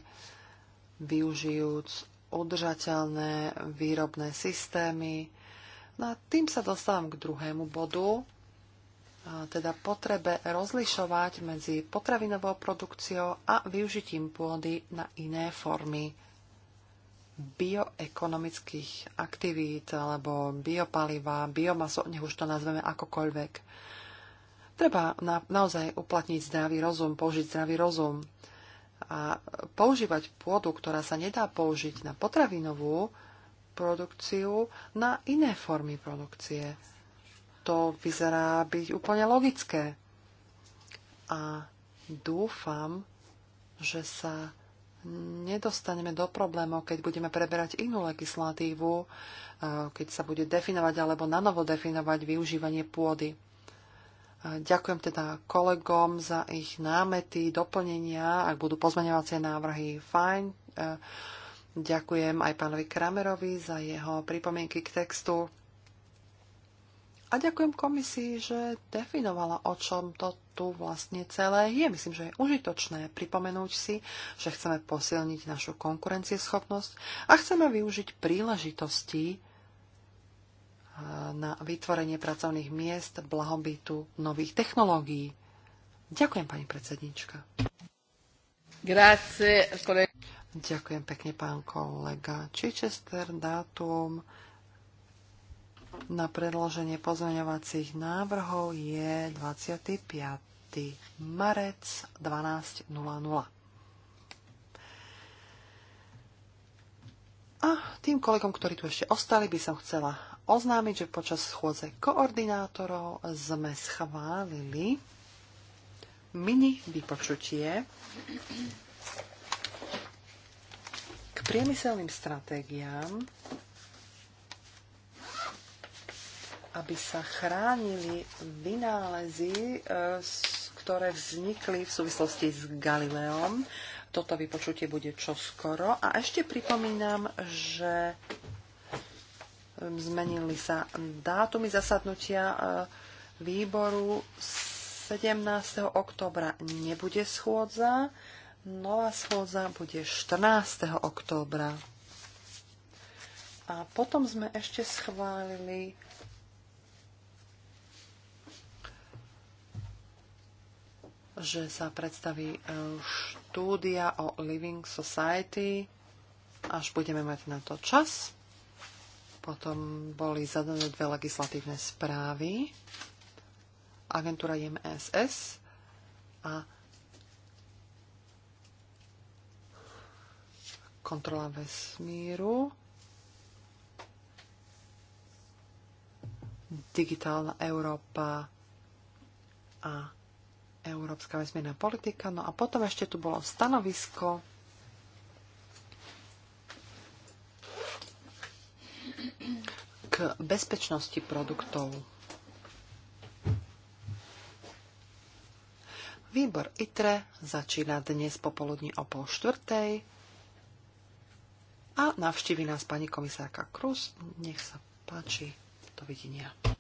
využijúc udržateľné výrobné systémy. No a tým sa dostávam k druhému bodu, a teda potrebe rozlišovať medzi potravinovou produkciou a využitím pôdy na iné formy bioekonomických aktivít alebo biopaliva, biomasu, nech už to nazveme akokoľvek. Treba na, naozaj uplatniť zdravý rozum, použiť zdravý rozum a používať pôdu, ktorá sa nedá použiť na potravinovú produkciu, na iné formy produkcie. To vyzerá byť úplne logické. A dúfam, že sa nedostaneme do problémov, keď budeme preberať inú legislatívu, eh, keď sa bude definovať alebo nanovo definovať využívanie pôdy. Eh, ďakujem teda kolegom za ich námety, doplnenia, ak budú pozmeňovacie návrhy, fajn. Eh, ďakujem aj pánovi Kramerovi za jeho pripomienky k textu. A ďakujem komisii, že definovala, o čom to tu vlastne celé je. Myslím, že je užitočné pripomenúť si, že chceme posilniť našu konkurencieschopnosť a chceme využiť príležitosti eh, na vytvorenie pracovných miest, blahobytu, nových technológií. Ďakujem, pani predsednička. Grazie, Ďakujem pekne, pán kolega Chichester. Dátum na predloženie pozmeňovacích návrhov je 25. marec 12.00. A tým kolegom, ktorí tu ešte ostali, by som chcela oznámiť, že počas schôdze koordinátorov sme schválili mini vypočutie k priemyselným stratégiám aby sa chránili vynálezy, e, ktoré vznikli v súvislosti s Galileom. Toto vypočutie bude čoskoro. A ešte pripomínam, že zmenili sa dátumy zasadnutia e, výboru 17. oktobra nebude schôdza, nová schôdza bude 14. oktobra. A potom sme ešte schválili že sa predstaví e, štúdia o Living Society, až budeme mať na to čas. Potom boli zadané dve legislatívne správy. Agentúra IMSS a kontrola vesmíru. Digitálna Európa a Európska vesmírna politika. No a potom ešte tu bolo stanovisko k bezpečnosti produktov. Výbor ITRE začína dnes popoludní o pol štvrtej a navštívi nás pani komisárka Krus. Nech sa páči, dovidenia.